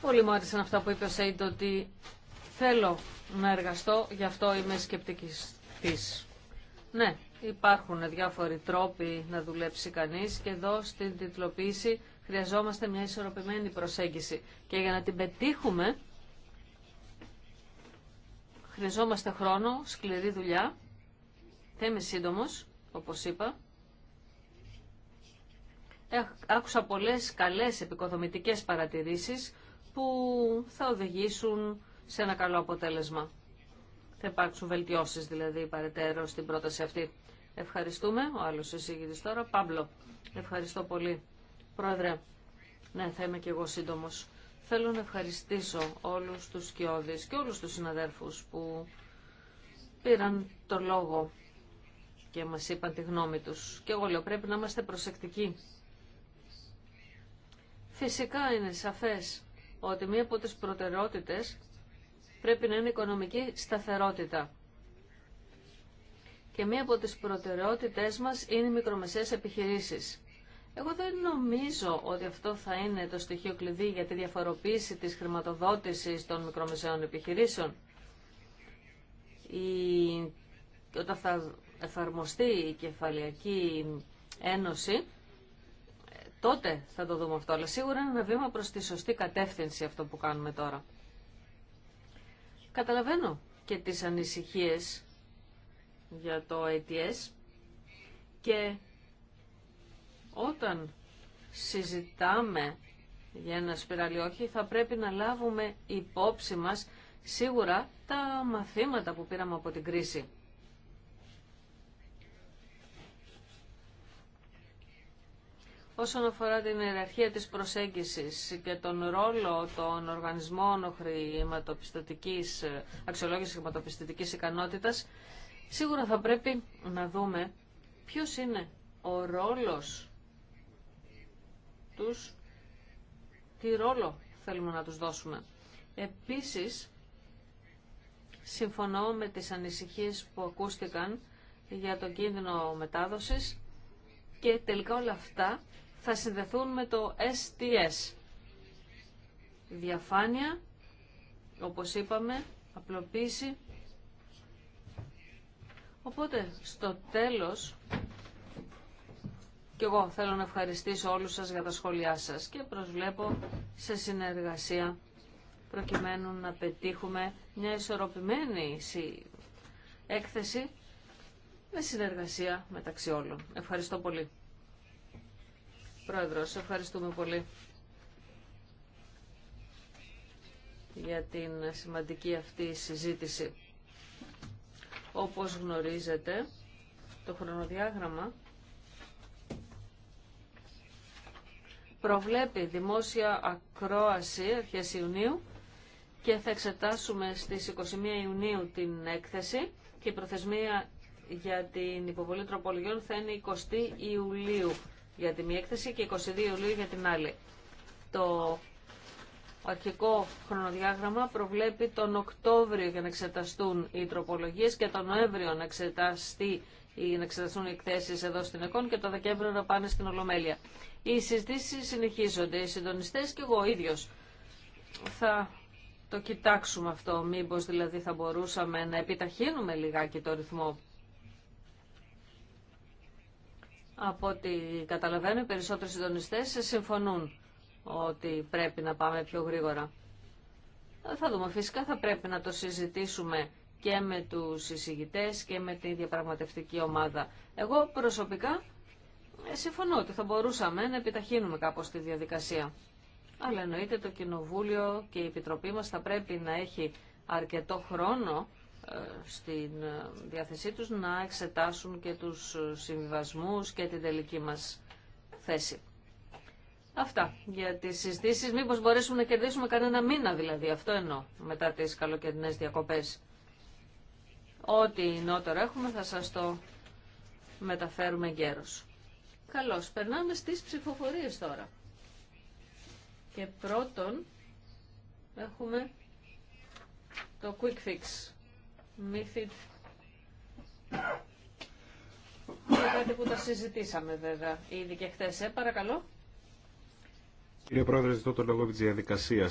Πολύ μου άρεσαν αυτά που είπε ο Σέιντ ότι θέλω να εργαστώ, γι' αυτό είμαι σκεπτικής Ναι, υπάρχουν διάφοροι τρόποι να δουλέψει κανείς και εδώ στην τυπλοποίηση χρειαζόμαστε μια ισορροπημένη προσέγγιση. Και για να την πετύχουμε χρειαζόμαστε χρόνο, σκληρή δουλειά θα είμαι σύντομο, όπως είπα. Άκουσα πολλές καλές επικοδομητικές παρατηρήσεις που θα οδηγήσουν σε ένα καλό αποτέλεσμα. Θα υπάρξουν βελτιώσεις δηλαδή παρετέρω στην πρόταση αυτή. Ευχαριστούμε. Ο άλλος εισηγητής τώρα, Πάμπλο, Ευχαριστώ πολύ. Πρόεδρε, ναι, θα είμαι και εγώ σύντομος. Θέλω να ευχαριστήσω όλους τους σκιώδεις και όλους τους συναδέρφους που πήραν το λόγο και μας είπαν τη γνώμη τους. Και εγώ λέω πρέπει να είμαστε προσεκτικοί. Φυσικά είναι σαφές ότι μία από τις προτεραιότητες πρέπει να είναι οικονομική σταθερότητα. Και μία από τις προτεραιότητες μας είναι οι μικρομεσαίες επιχειρήσεις. Εγώ δεν νομίζω ότι αυτό θα είναι το στοιχείο κλειδί για τη διαφοροποίηση της χρηματοδότησης των μικρομεσαίων επιχειρήσεων. Όταν θα εφαρμοστεί η κεφαλιακή ένωση, τότε θα το δούμε αυτό. Αλλά σίγουρα είναι ένα βήμα προς τη σωστή κατεύθυνση αυτό που κάνουμε τώρα. Καταλαβαίνω και τις ανησυχίες για το ATS ε και όταν συζητάμε για ένα σπιράλι θα πρέπει να λάβουμε υπόψη μας σίγουρα τα μαθήματα που πήραμε από την κρίση. Όσον αφορά την ιεραρχία της προσέγγισης και τον ρόλο των οργανισμών χρηματοπιστωτικής, αξιολόγησης χρηματοπιστωτικής ικανότητας, σίγουρα θα πρέπει να δούμε ποιος είναι ο ρόλος τους, τι ρόλο θέλουμε να τους δώσουμε. Επίσης, συμφωνώ με τις ανησυχίες που ακούστηκαν για τον κίνδυνο μετάδοσης και τελικά όλα αυτά θα συνδεθούν με το STS. Διαφάνεια, όπως είπαμε, απλοποίηση. Οπότε, στο τέλος, και εγώ θέλω να ευχαριστήσω όλους σας για τα σχόλιά σας και προσβλέπω σε συνεργασία προκειμένου να πετύχουμε μια ισορροπημένη έκθεση με συνεργασία μεταξύ όλων. Ευχαριστώ πολύ. Πρόεδρος, ευχαριστούμε πολύ για την σημαντική αυτή συζήτηση. Όπως γνωρίζετε, το χρονοδιάγραμμα προβλέπει δημόσια ακρόαση αρχές Ιουνίου και θα εξετάσουμε στις 21 Ιουνίου την έκθεση και η προθεσμία για την υποβολή τροπολογιών θα είναι 20 Ιουλίου για τη μία έκθεση και 22 Ιουλίου για την άλλη. Το αρχικό χρονοδιάγραμμα προβλέπει τον Οκτώβριο για να εξεταστούν οι τροπολογίε και τον Νοέμβριο να, εξεταστεί, να εξεταστούν οι εκθέσει εδώ στην ΕΚΟΝ και το Δεκέμβριο να πάνε στην Ολομέλεια. Οι συζητήσει συνεχίζονται, οι συντονιστέ και εγώ ίδιο. Θα το κοιτάξουμε αυτό, μήπω δηλαδή θα μπορούσαμε να επιταχύνουμε λιγάκι το ρυθμό Από ό,τι καταλαβαίνω, οι περισσότεροι συντονιστέ συμφωνούν ότι πρέπει να πάμε πιο γρήγορα. Θα δούμε. Φυσικά θα πρέπει να το συζητήσουμε και με τους συζητητές και με τη διαπραγματευτική ομάδα. Εγώ προσωπικά ε, συμφωνώ ότι θα μπορούσαμε να επιταχύνουμε κάπως τη διαδικασία. Αλλά εννοείται το Κοινοβούλιο και η Επιτροπή μας θα πρέπει να έχει αρκετό χρόνο στην ε, διάθεσή τους να εξετάσουν και τους συμβιβασμούς και την τελική μας θέση. Αυτά για τις συστήσεις. Μήπως μπορέσουμε να κερδίσουμε κανένα μήνα δηλαδή. Αυτό εννοώ μετά τις καλοκαιρινές διακοπές. Ό,τι νότερο έχουμε θα σας το μεταφέρουμε γέρος. Καλώς. Περνάμε στις ψηφοφορίες τώρα. Και πρώτον έχουμε το quick fix Μύθιτ. Είναι κάτι που τα συζητήσαμε βέβαια ήδη και χθε. Ε, παρακαλώ. Κύριε Πρόεδρε, ζητώ το λόγο διαδικασία.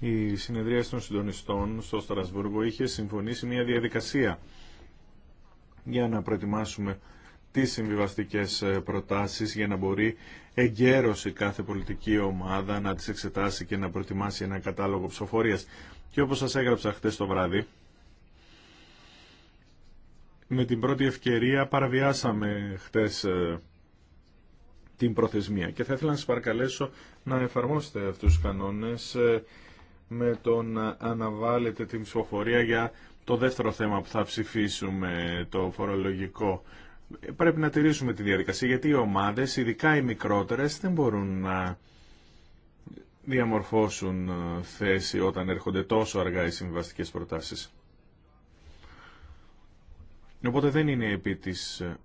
Η συνεδρία των συντονιστών στο Στρασβούργο είχε συμφωνήσει μια διαδικασία για να προετοιμάσουμε τις συμβιβαστικές ε, προτάσεις για να μπορεί εγκαίρωση κάθε πολιτική ομάδα να τις εξετάσει και να προετοιμάσει ένα κατάλογο ψηφοφορίας. Και όπως σας έγραψα χτες το βράδυ, με την πρώτη ευκαιρία παραβιάσαμε χτες ε, την προθεσμία και θα ήθελα να σας παρακαλέσω να εφαρμόσετε αυτούς τους κανόνες ε, με το να αναβάλλετε την ψηφοφορία για το δεύτερο θέμα που θα ψηφίσουμε, το φορολογικό. Πρέπει να τηρήσουμε τη διαδικασία γιατί οι ομάδες, ειδικά οι μικρότερες, δεν μπορούν να διαμορφώσουν ε, θέση όταν έρχονται τόσο αργά οι συμβαστικές προτάσεις. Οπότε δεν είναι επί της... Ε,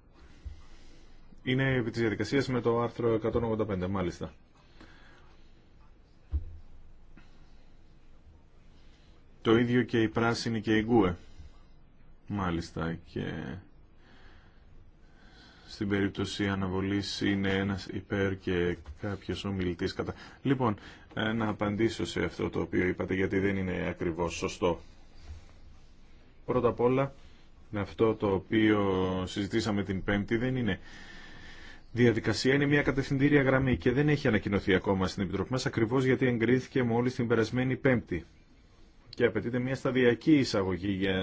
είναι επί της διαδικασίας με το άρθρο 185, μάλιστα. Το ίδιο και η πράσινη και η γκουε. Μάλιστα και στην περίπτωση αναβολής είναι ένας υπέρ και κάποιος ομιλητής κατά. Λοιπόν, ε, να απαντήσω σε αυτό το οποίο είπατε γιατί δεν είναι ακριβώς σωστό. Πρώτα απ' όλα, αυτό το οποίο συζητήσαμε την Πέμπτη δεν είναι διαδικασία, είναι μια κατευθυντήρια γραμμή και δεν έχει ανακοινωθεί ακόμα στην Επιτροπή μας ακριβώς γιατί εγκρίθηκε μόλις την περασμένη Πέμπτη. Και απαιτείται μια σταδιακή εισαγωγή για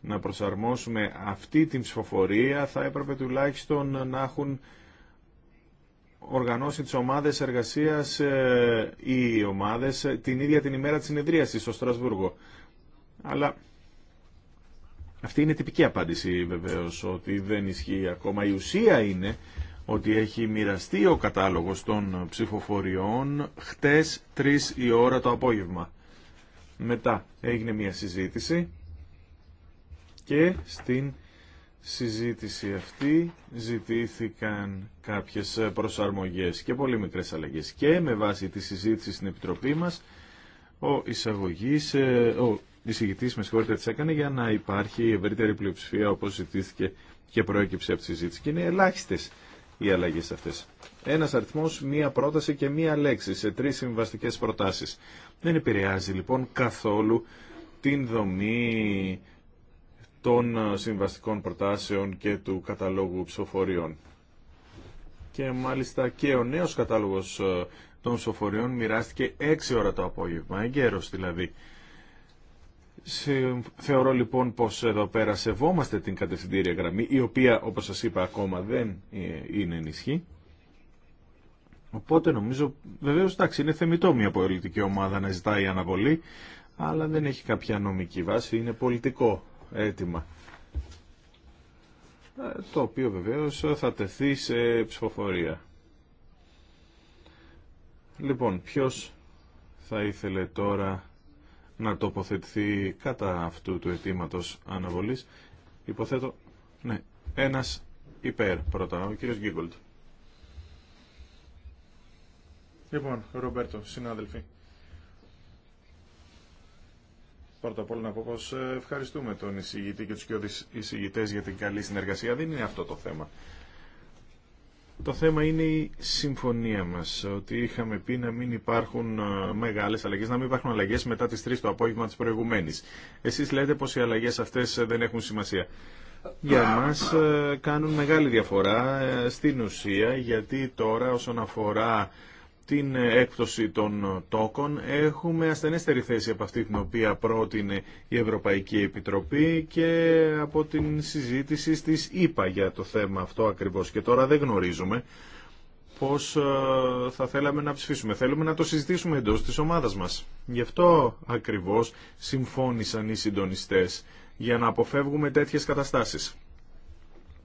να προσαρμόσουμε αυτή την ψηφοφορία θα έπρεπε τουλάχιστον να έχουν οργανώσει τις ομάδες εργασίας ή ε, οι ε, την ίδια την ημέρα της συνεδρίασης στο Στρασβούργο. Αλλά αυτή είναι τυπική απάντηση βεβαίω ότι δεν ισχύει ακόμα. Η ουσία είναι ότι έχει μοιραστεί ο κατάλογος των ψηφοφοριών χτες 3 η ώρα το απόγευμα. Μετά έγινε μια συζήτηση και στην συζήτηση αυτή ζητήθηκαν κάποιες προσαρμογές και πολύ μικρές αλλαγές και με βάση τη συζήτηση στην Επιτροπή μας ο εισαγωγής, ε, εισηγητή, με συγχωρείτε, τι έκανε για να υπάρχει ευρύτερη πλειοψηφία όπω ζητήθηκε και προέκυψε από τη συζήτηση. Και είναι ελάχιστε οι αλλαγέ αυτέ. Ένα αριθμό, μία πρόταση και μία λέξη σε τρει συμβαστικέ προτάσει. Δεν επηρεάζει λοιπόν καθόλου την δομή των συμβαστικών προτάσεων και του καταλόγου ψηφοφοριών. Και μάλιστα και ο νέος κατάλογος ε, των ψηφοφοριών μοιράστηκε 6 ώρα το απόγευμα, εγκαίρος δηλαδή Θεωρώ λοιπόν πως εδώ πέρα σεβόμαστε την κατευθυντήρια γραμμή, η οποία όπως σας είπα ακόμα δεν ε, είναι ενισχύ. Οπότε νομίζω, βεβαίω εντάξει, είναι θεμητό μια πολιτική ομάδα να ζητάει αναβολή, αλλά δεν έχει κάποια νομική βάση, είναι πολιτικό αίτημα. Ε, το οποίο βεβαίω θα τεθεί σε ψηφοφορία. Λοιπόν, ποιος θα ήθελε τώρα να τοποθετηθεί κατά αυτού του αιτήματο αναβολή. Υποθέτω, ναι, Ένα υπέρ πρώτα, ο κύριο Γκίγκολτ. Λοιπόν, Ρομπέρτο, συνάδελφοι. Πρώτα απ' όλα να πω πως ε, ευχαριστούμε τον εισηγητή και τους κοιόδης εισηγητές για την καλή συνεργασία. Δεν είναι αυτό το θέμα. Το θέμα είναι η συμφωνία μας, ότι είχαμε πει να μην υπάρχουν ε, μεγάλες αλλαγέ, να μην υπάρχουν αλλαγέ μετά τις 3 το απόγευμα τη προηγούμενη. Εσείς λέτε πως οι αλλαγέ αυτές ε, δεν έχουν σημασία. Για μας ε, κάνουν μεγάλη διαφορά στην ουσία, γιατί τώρα όσον αφορά την έκπτωση των τόκων έχουμε ασθενέστερη θέση από αυτή την οποία πρότεινε η Ευρωπαϊκή Επιτροπή και από την συζήτηση της ΕΠΑ για το θέμα αυτό ακριβώς και τώρα δεν γνωρίζουμε πώς ε, θα θέλαμε να ψηφίσουμε. Θέλουμε να το συζητήσουμε εντός της ομάδας μας. Γι' αυτό ακριβώς συμφώνησαν οι συντονιστές για να αποφεύγουμε τέτοιες καταστάσεις.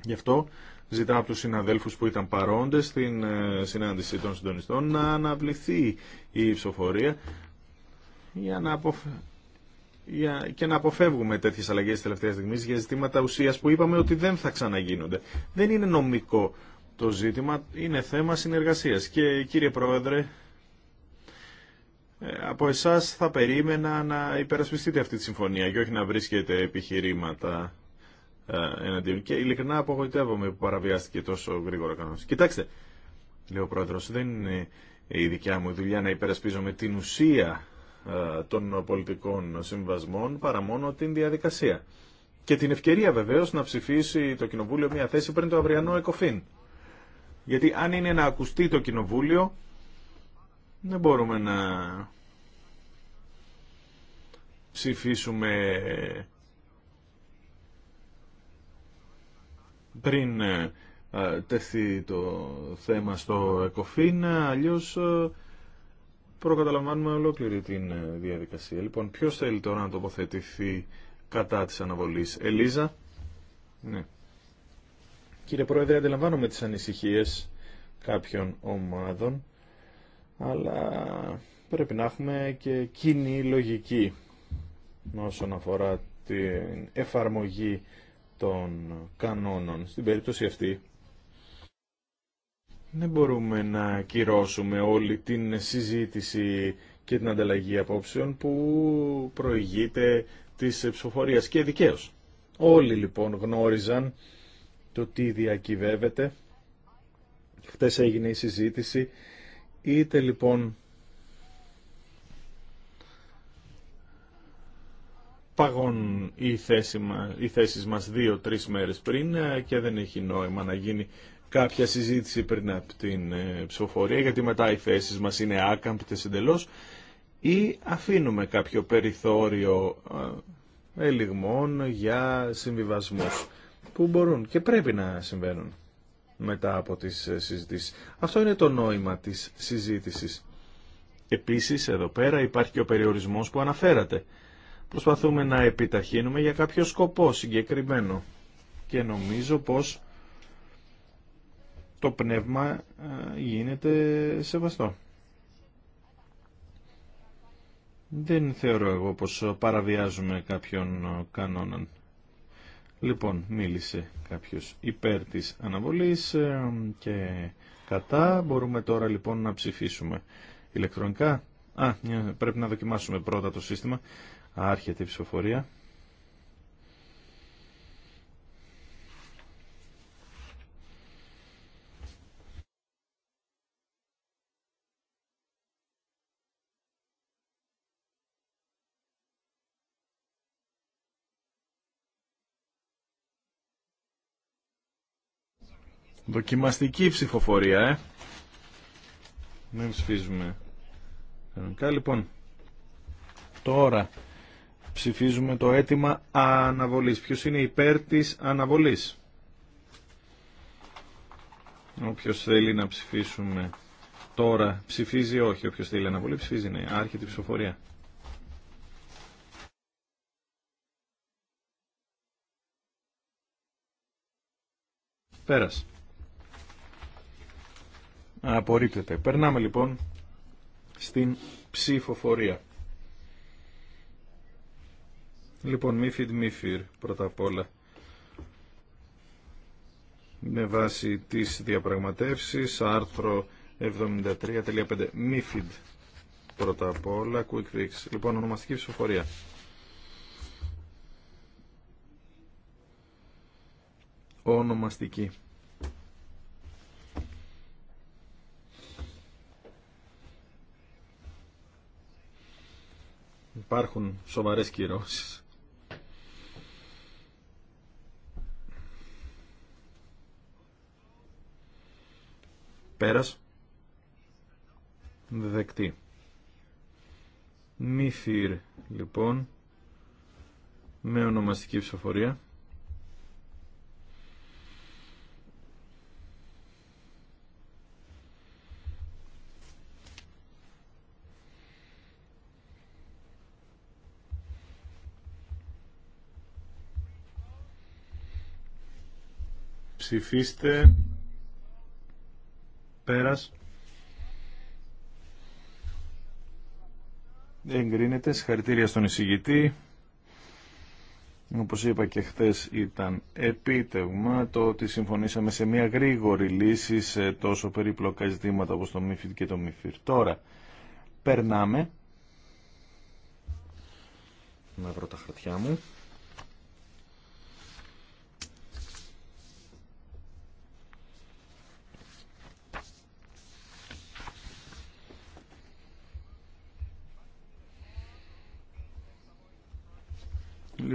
Γι' αυτό ζητά από τους συναδέλφους που ήταν παρόντες στην ε, συνάντηση των συντονιστών να αναβληθεί η ψηφοφορία για να και να αποφεύγουμε τέτοιες αλλαγές τελευταία τελευταίας για ζητήματα ουσίας που είπαμε ότι δεν θα ξαναγίνονται. Δεν είναι νομικό το ζήτημα, είναι θέμα συνεργασίας. Και κύριε Πρόεδρε, ε, από εσάς θα περίμενα να υπερασπιστείτε αυτή τη συμφωνία και όχι να βρίσκετε επιχειρήματα ε, εναντίον. Και ειλικρινά απογοητεύομαι που παραβιάστηκε τόσο γρήγορα κανόνα. Κοιτάξτε, λέει ο πρόεδρο, δεν είναι η δικιά μου δουλειά να υπερασπίζομαι την ουσία ε, των πολιτικών συμβασμών παρά μόνο την διαδικασία. Και την ευκαιρία βεβαίω να ψηφίσει το Κοινοβούλιο μια θέση πριν το αυριανό ΕΚΟΦΗΝ. Γιατί αν είναι να ακουστεί το Κοινοβούλιο, δεν μπορούμε να ψηφίσουμε πριν ε, τεθεί το θέμα στο ΕΚΟΦΗΝ, αλλιώς ε, προκαταλαμβάνουμε ολόκληρη την ε, διαδικασία. Λοιπόν, ποιος θέλει τώρα να τοποθετηθεί κατά της αναβολής. Ελίζα. Ναι. Κύριε Πρόεδρε, αντιλαμβάνομαι τις ανησυχίες κάποιων ομάδων, αλλά πρέπει να έχουμε και κοινή λογική όσον αφορά την εφαρμογή των κανόνων. Στην περίπτωση αυτή δεν μπορούμε να κυρώσουμε όλη την συζήτηση και την ανταλλαγή απόψεων που προηγείται της ψηφοφορία και δικαίως. Όλοι λοιπόν γνώριζαν το τι διακυβεύεται. Χθες έγινε η συζήτηση. Είτε λοιπόν παγων οι, θέση μας, θέσεις μας δύο-τρεις μέρες πριν ε, και δεν έχει νόημα να γίνει κάποια συζήτηση πριν από την ε, ψηφοφορία γιατί μετά οι θέσεις μας είναι άκαμπτες εντελώς ή αφήνουμε κάποιο περιθώριο ε, ελιγμών για συμβιβασμούς που μπορούν και πρέπει να συμβαίνουν μετά από τις συζητήσεις. Αυτό είναι το νόημα της συζήτησης. Επίσης εδώ πέρα υπάρχει και ο περιορισμός που αναφέρατε προσπαθούμε να επιταχύνουμε για κάποιο σκοπό συγκεκριμένο και νομίζω πως το πνεύμα ε, γίνεται σεβαστό. Δεν θεωρώ εγώ πως παραβιάζουμε κάποιον ε, κανόναν. Λοιπόν, μίλησε κάποιος υπέρ της αναβολής ε, και κατά. Μπορούμε τώρα λοιπόν να ψηφίσουμε ηλεκτρονικά. Α, πρέπει να δοκιμάσουμε πρώτα το σύστημα. Άρχεται η ψηφοφορία. Δοκιμαστική ψηφοφορία, ε. Δεν ψηφίζουμε. λοιπόν, τώρα Ψηφίζουμε το αίτημα αναβολής. Ποιος είναι υπέρ της αναβολής. Όποιος θέλει να ψηφίσουμε τώρα ψηφίζει όχι. Όποιος θέλει αναβολή ψηφίζει ναι. Άρχεται η ψηφοφορία. Πέρας. Απορρίπτεται. Περνάμε λοιπόν στην ψηφοφορία. Λοιπόν, μη φιρ, πρώτα απ' όλα. Με βάση τις διαπραγματεύσεις, άρθρο 73.5. φιντ, πρώτα απ' όλα, Quick Fix. Λοιπόν, ονομαστική ψηφοφορία. Ονομαστική. Υπάρχουν σοβαρές κυρώσεις. Πέρας. Δεκτή. Μη λοιπόν, με ονομαστική ψηφοφορία. Ψηφίστε Πέρας. Εγκρίνεται. Συγχαρητήρια στον εισηγητή. Όπως είπα και χθες ήταν επίτευγμα το ότι συμφωνήσαμε σε μια γρήγορη λύση σε τόσο περίπλοκα ζητήματα όπως το ΜΥΦΙΤ και το ΜΥΦΙΡ. Τώρα περνάμε. Να βρω τα χαρτιά μου.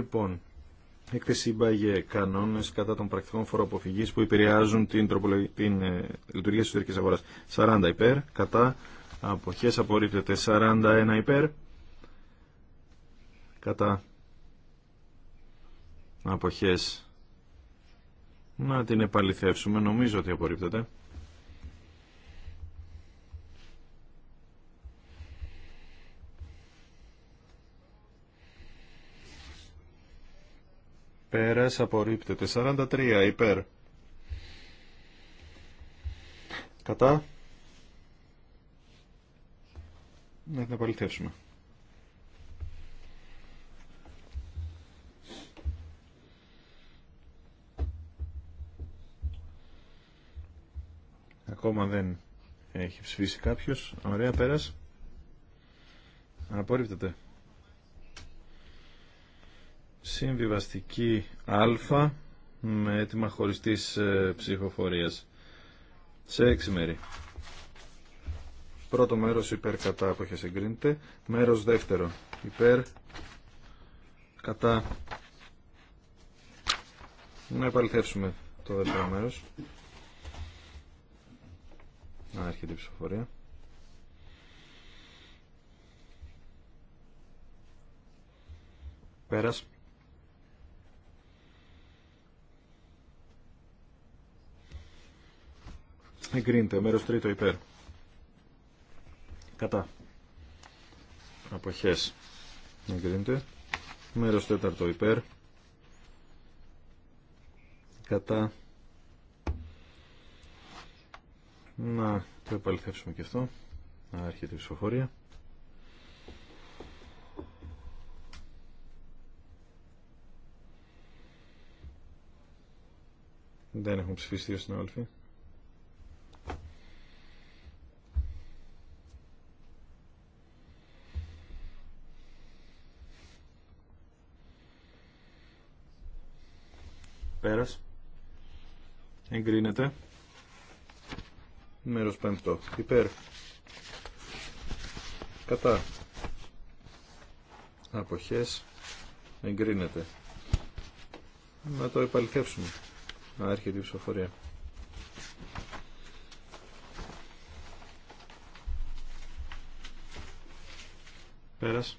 λοιπόν, έκθεση κανόνες κατά των πρακτικών φοροαποφυγής που επηρεάζουν την, την ε, λειτουργία της ειδικής αγοράς. 40 υπέρ, κατά, αποχές απορρίπτεται 41 υπέρ, κατά, αποχές, να την επαληθεύσουμε, νομίζω ότι απορρίπτεται. Πέρας απορρίπτεται. 43 υπέρ. Κατά. Να την απολυθεύσουμε. Ακόμα δεν έχει ψηφίσει κάποιος. Ωραία, πέρας. Απορρίπτεται. Συμβιβαστική Α με έτοιμα χωριστής ε, ψηφοφορίας σε έξι μέρη. Πρώτο μέρος υπέρ κατά έχει συγκρίνεται. Μέρος δεύτερο υπέρ κατά να επαληθεύσουμε το δεύτερο μέρος. Να έρχεται η ψηφοφορία. Πέρας. εγκρίνεται. Μέρος τρίτο υπέρ. Κατά. Αποχές εγκρίνεται. Μέρος τέταρτο υπέρ. Κατά. Να το επαληθεύσουμε και αυτό. Να έρχεται η ψηφοφορία. Δεν έχουν ψηφίσει δύο συνάδελφοι. Εγκρίνεται. Μέρος πέμπτο. Υπέρ. Κατά. Αποχές. Εγκρίνεται. Να το επαληθεύσουμε. Να έρχεται η ψηφοφορία. Πέρας.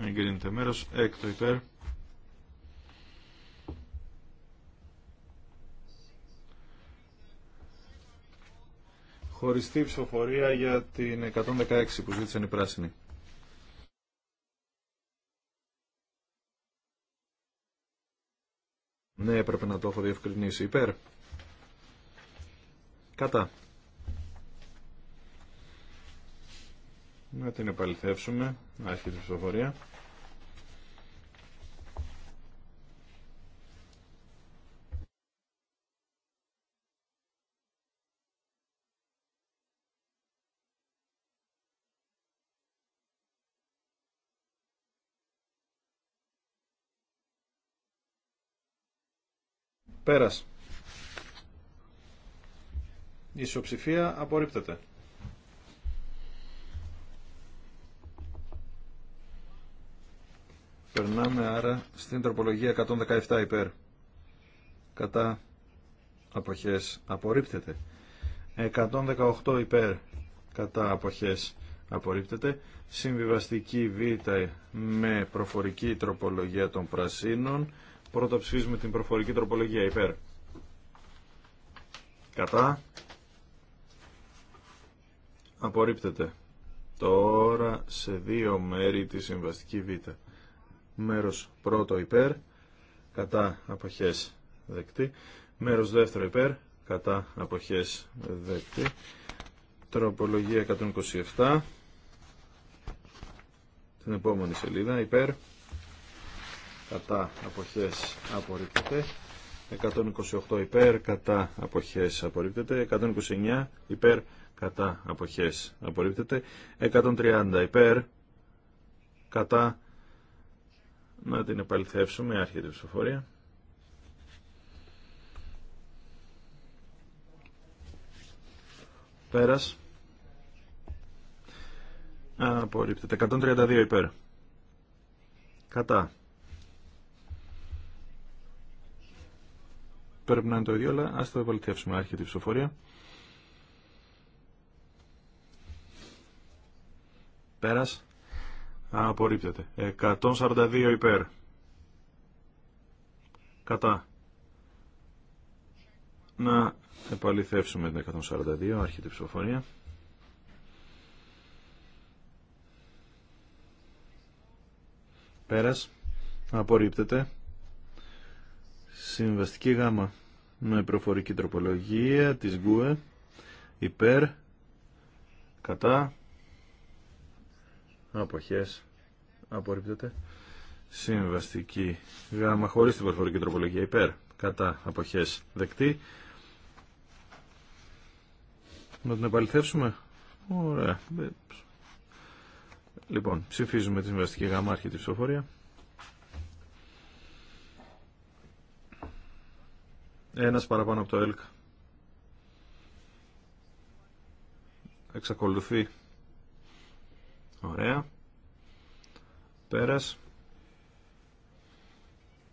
Εγκρίνεται μέρος. Έκτο υπέρ. χωριστή ψηφοφορία για την 116 που ζήτησαν οι πράσινοι. Ναι, έπρεπε να το έχω διευκρινίσει. Υπέρ. Κατά. Να την επαληθεύσουμε. έχει την ψηφοφορία. Πέρας. Η ισοψηφία απορρίπτεται. Περνάμε άρα στην τροπολογία 117 υπέρ. Κατά αποχές απορρίπτεται. 118 υπέρ. Κατά αποχές απορρίπτεται. Συμβιβαστική β με προφορική τροπολογία των πρασίνων πρώτο ψηφίζουμε την προφορική τροπολογία υπέρ. Κατά. Απορρίπτεται. Τώρα σε δύο μέρη τη συμβαστική β. Μέρος πρώτο υπέρ. Κατά αποχές δεκτή. Μέρος δεύτερο υπέρ. Κατά αποχές δεκτή. Τροπολογία 127. Την επόμενη σελίδα υπέρ κατά αποχές απορρίπτεται 128 υπέρ κατά αποχές απορρίπτεται 129 υπέρ κατά αποχές απορρίπτεται 130 υπέρ κατά να την επαληθεύσουμε άρχεται η ψηφοφορία πέρας απορρίπτεται 132 υπέρ κατά πρέπει να είναι το ίδιο, αλλά ας το επαληθεύσουμε. Άρχεται ψηφοφορία. Πέρας. Α, απορρίπτεται. 142 υπέρ. Κατά. Να επαληθεύσουμε την 142, άρχεται ψηφοφορία. Πέρας. Απορρίπτεται. Συμβαστική γάμα με προφορική τροπολογία της ΓΚΟΕ υπέρ κατά αποχές απορρίπτεται συμβαστική γάμα χωρίς την προφορική τροπολογία υπέρ κατά αποχές δεκτή να την επαληθεύσουμε ωραία λοιπόν ψηφίζουμε τη συμβαστική γάμα αρχή τη ψηφοφορία Ένας παραπάνω από το ΕΛΚ. Εξακολουθεί. Ωραία. Πέρας.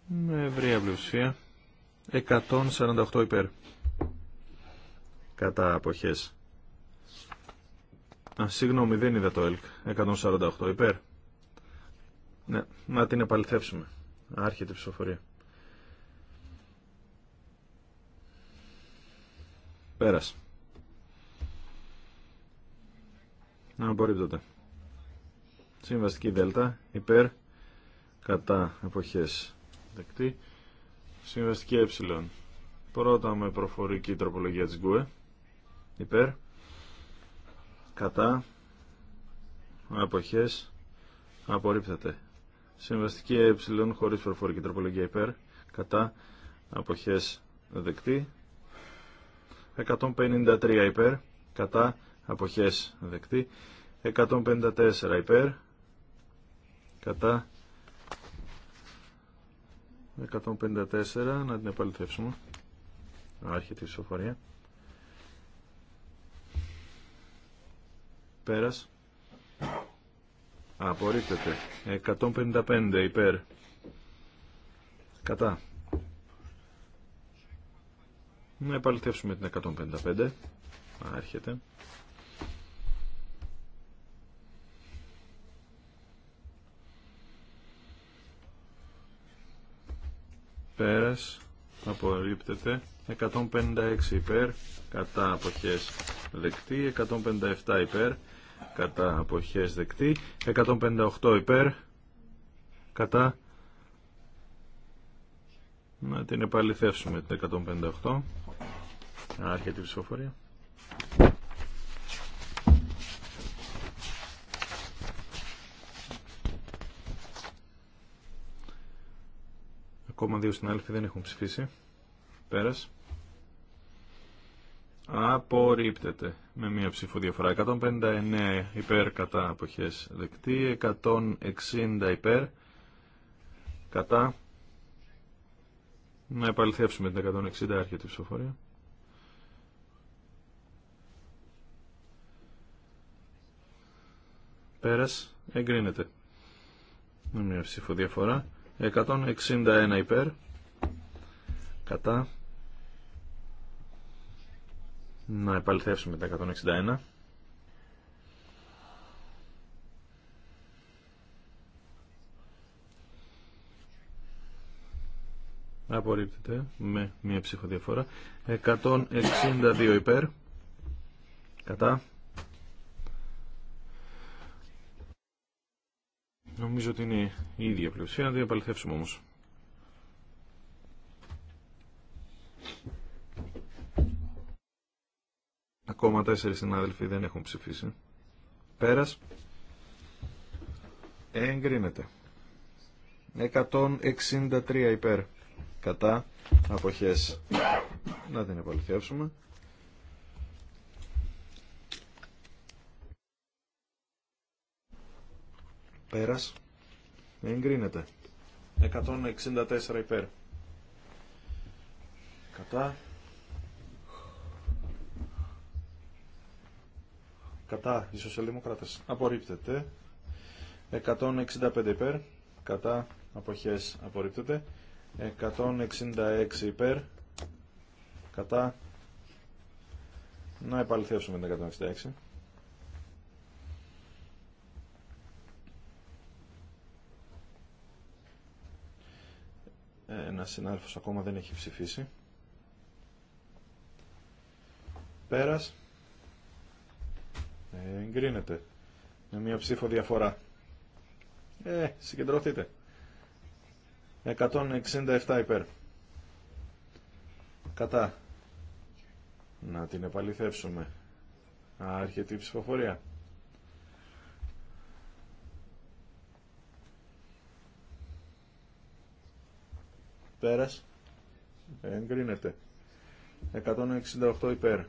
Με ευρία πλειοψηφία. 148 υπέρ. Κατά αποχές. Α, συγγνώμη, δεν είδα το ΕΛΚ. 148 υπέρ. Ναι, να την επαληθεύσουμε. Άρχεται η ψηφοφορία. Πέρας. Απορρίπτεται. Συμβαστική δέλτα υπέρ κατά εποχές δεκτή. Συμβαστική ε. Πρώτα με προφορική τροπολογία της ΓΚΟΕ. Υπέρ. Κατά. Αποχές. Απορρίπτεται. Συμβαστική ε χωρίς προφορική τροπολογία υπέρ. Κατά. εποχές δεκτή. 153 υπέρ, κατά, αποχές δεκτή, 154 υπέρ, κατά, 154, να την επαληθεύσουμε, άρχεται η ψηφοφορία. Πέρας. Απορρίπτεται. 155 υπέρ. Κατά. Να επαληθεύσουμε την 155. Άρχεται. Πέρας. Απορρίπτεται. 156 υπέρ. Κατά αποχές δεκτή. 157 υπέρ. Κατά αποχές δεκτή. 158 υπέρ. Κατά. Να την επαληθεύσουμε την 158. Άρχεται η ψηφοφορία. Ακόμα δύο συνάδελφοι δεν έχουν ψηφίσει. Πέρας. Απορρίπτεται με μία ψήφο διαφορά. 159 υπέρ κατά αποχές δεκτή, 160 υπέρ κατά. Να επαληθεύσουμε την 160 αρχιετή ψηφοφορία. Πέρας. Εγκρίνεται. Με μια ψηφοδιαφορά. 161 υπέρ. Κατά. Να επαληθεύσουμε τα 161. Απορρίπτεται με μία ψηφοδιαφορά. 162 υπέρ. Κατά. Νομίζω ότι είναι η ίδια πλειοψηφία, να την επαληθεύσουμε όμως. Ακόμα τέσσερις συνάδελφοι δεν έχουν ψηφίσει. Πέρας. Εγκρίνεται. 163 υπέρ. Κατά. Αποχές. Να την επαληθεύσουμε. Πέρας. Εγκρίνεται. 164 υπέρ. Κατά. Κατά οι σοσιαλδημοκράτες. Απορρίπτεται. 165 υπέρ. Κατά αποχές απορρίπτεται. 166 υπέρ. Κατά. Να επαληθεύσουμε την 166. ένας συνάδελφος ακόμα δεν έχει ψηφίσει. Πέρας. Ε, εγκρίνεται. Με μία ψήφο διαφορά. Ε, συγκεντρωθείτε. 167 υπέρ. Κατά. Να την επαληθεύσουμε. Άρχεται η ψηφοφορία. Πέρας. Εγκρίνεται. 168 υπέρ.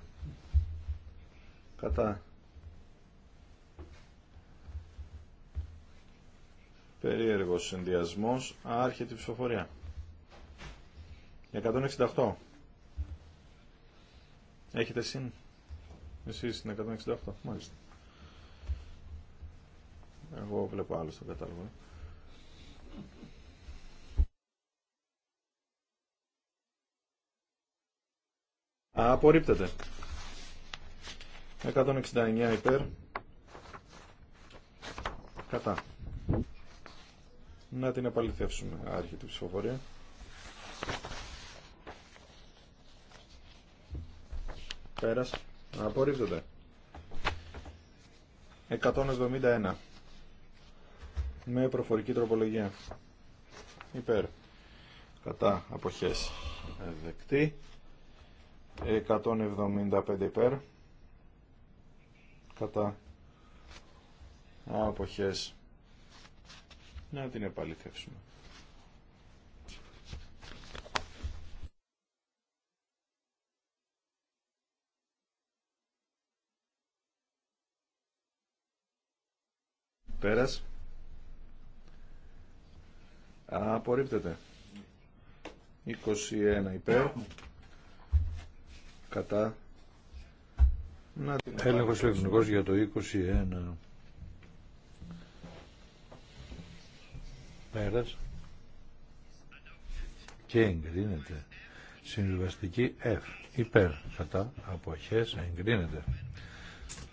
Κατά. Περίεργος συνδυασμός. Άρχεται η ψηφοφορία. 168. Έχετε συν. Εσείς στην 168. Μάλιστα. Εγώ βλέπω άλλο στο κατάλογο. Απορρίπτεται. 169 υπέρ. Κατά. Να την επαληθεύσουμε. Άρχη ψηφοφορία. Πέρας. Απορρίπτεται. 171. Με προφορική τροπολογία. Υπέρ. Κατά. Αποχές. Δεκτή. 175 υπέρ κατά αποχές να την επαληθεύσουμε. Πέρας. Απορρίπτεται. 21 υπέρ κατά να έλεγχος για το 21 πέρας και εγκρίνεται συμβιβαστική F υπέρ κατά αποχές εγκρίνεται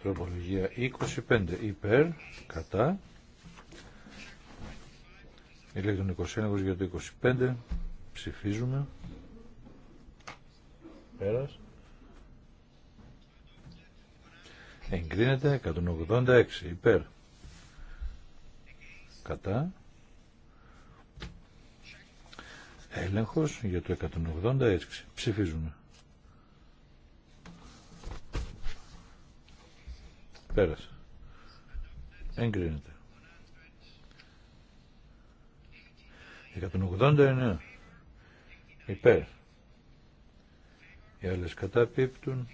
τροπολογία 25 υπέρ κατά ηλεκτρονικός έλεγχος για το 25 ψηφίζουμε πέρας Εγκρίνεται 186 υπέρ. Κατά. Έλεγχος για το 186. Ψηφίζουμε. Πέρασε. Εγκρίνεται. 189. Υπέρ. Οι άλλες πίπτουν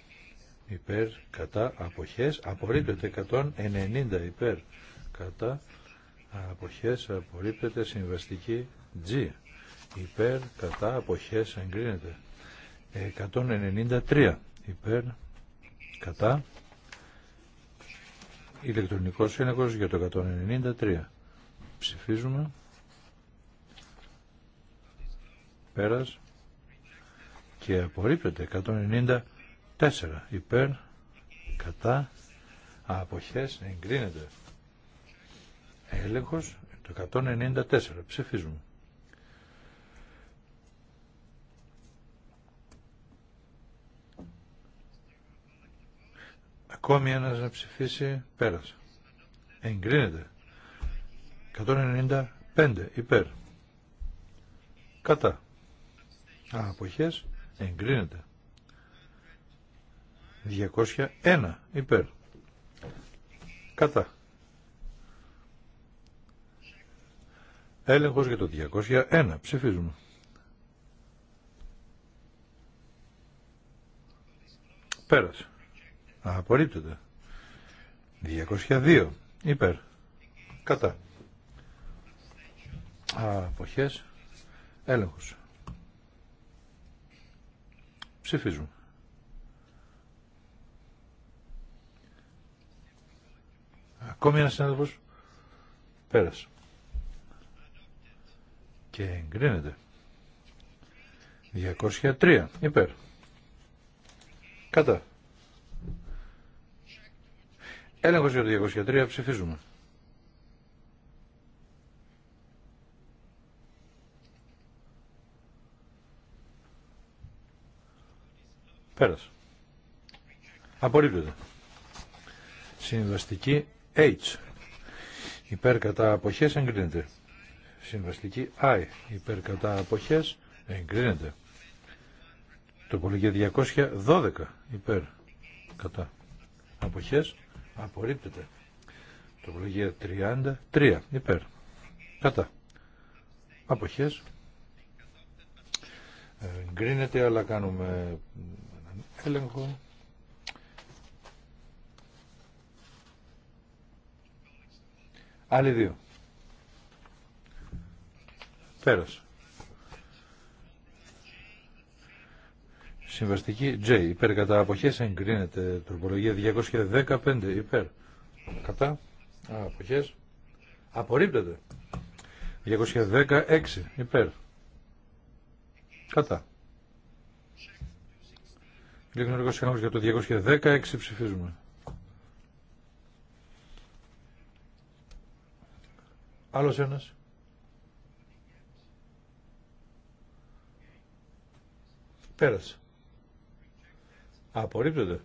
υπέρ κατά αποχές απορρίπτεται 190 υπέρ κατά αποχές απορρίπτεται συμβαστική G υπέρ κατά αποχές εγκρίνεται 193 υπέρ κατά ηλεκτρονικός σύνεχος για το 193 ψηφίζουμε πέρας και απορρίπτεται Τέσσερα υπέρ κατά αποχές εγκρίνεται έλεγχος το 194 ψηφίζουμε ακόμη ένας να ψηφίσει πέρασε εγκρίνεται 195 υπέρ κατά αποχές εγκρίνεται 201 υπέρ. Κατά. Έλεγχος για το 201. Ψηφίζουμε. Πέρασε. Απορρίπτεται. 202 υπέρ. Κατά. Αποχές. Έλεγχος. Ψηφίζουμε. Ακόμη ένας συνάδελφος. Πέρασε. Και εγκρίνεται. 203. Υπέρ. Κατά. Έλεγχος για το 203. Ψηφίζουμε. Πέρασε. Απορρίπτεται. Συμβαστική H. Υπέρ κατά αποχές εγκρίνεται. Συμβαστική I. Υπέρ κατά αποχές εγκρίνεται. Τοπολογία 212. Υπέρ κατά αποχές απορρίπτεται. Τοπολογία 33. Υπέρ κατά αποχές εγκρίνεται αλλά κάνουμε έλεγχο Άλλοι δύο. Πέρασε. Συμβαστική J. Υπέρ κατά αποχές εγκρίνεται. Τροπολογία 215. Υπέρ. Κατά. Αποχές. Απορρίπτεται. 216. Υπέρ. Κατά. Λίγο για το 216 ψηφίζουμε. Άλλος ένας. Πέρασε. Απορρίπτεται.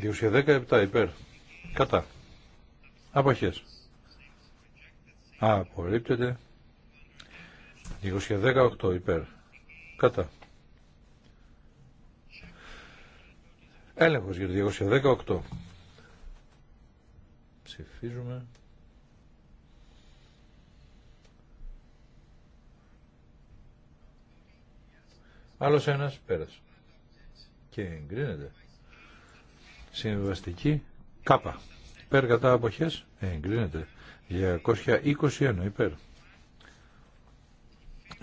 217 υπέρ. Κατά. Αποχές. Απορρίπτεται. 218 υπέρ. Κατά. Έλεγχος για το 218. Ψηφίζουμε. Άλλος ένας πέρασε. Και εγκρίνεται. Συμβαστική κάπα. Υπέρ κατά αποχές εγκρίνεται. 221 υπέρ.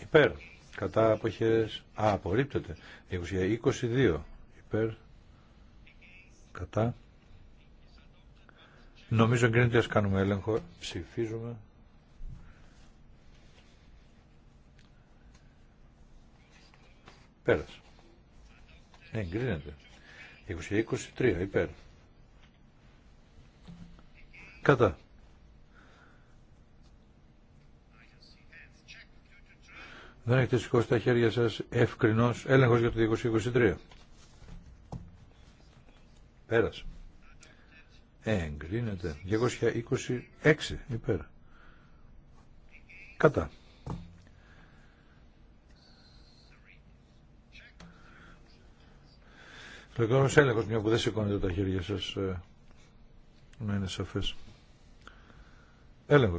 Υπέρ κατά αποχές α, απορρίπτεται. 22 υπέρ κατά. Νομίζω εγκρίνεται ας κάνουμε έλεγχο. Ψηφίζουμε. Πέρασε. εγκρινεται 223. υπέρ. Κατά. Δεν έχετε σηκώσει τα χέρια σας εύκρινος έλεγχος για το 2023. Πέρασε. Εγκρίνεται. 226 υπέρ. Κατά. Ηλεκτρονικό έλεγχο, μια που δεν σηκώνετε τα χέρια σα, ε, να είναι σαφέ. Έλεγχο.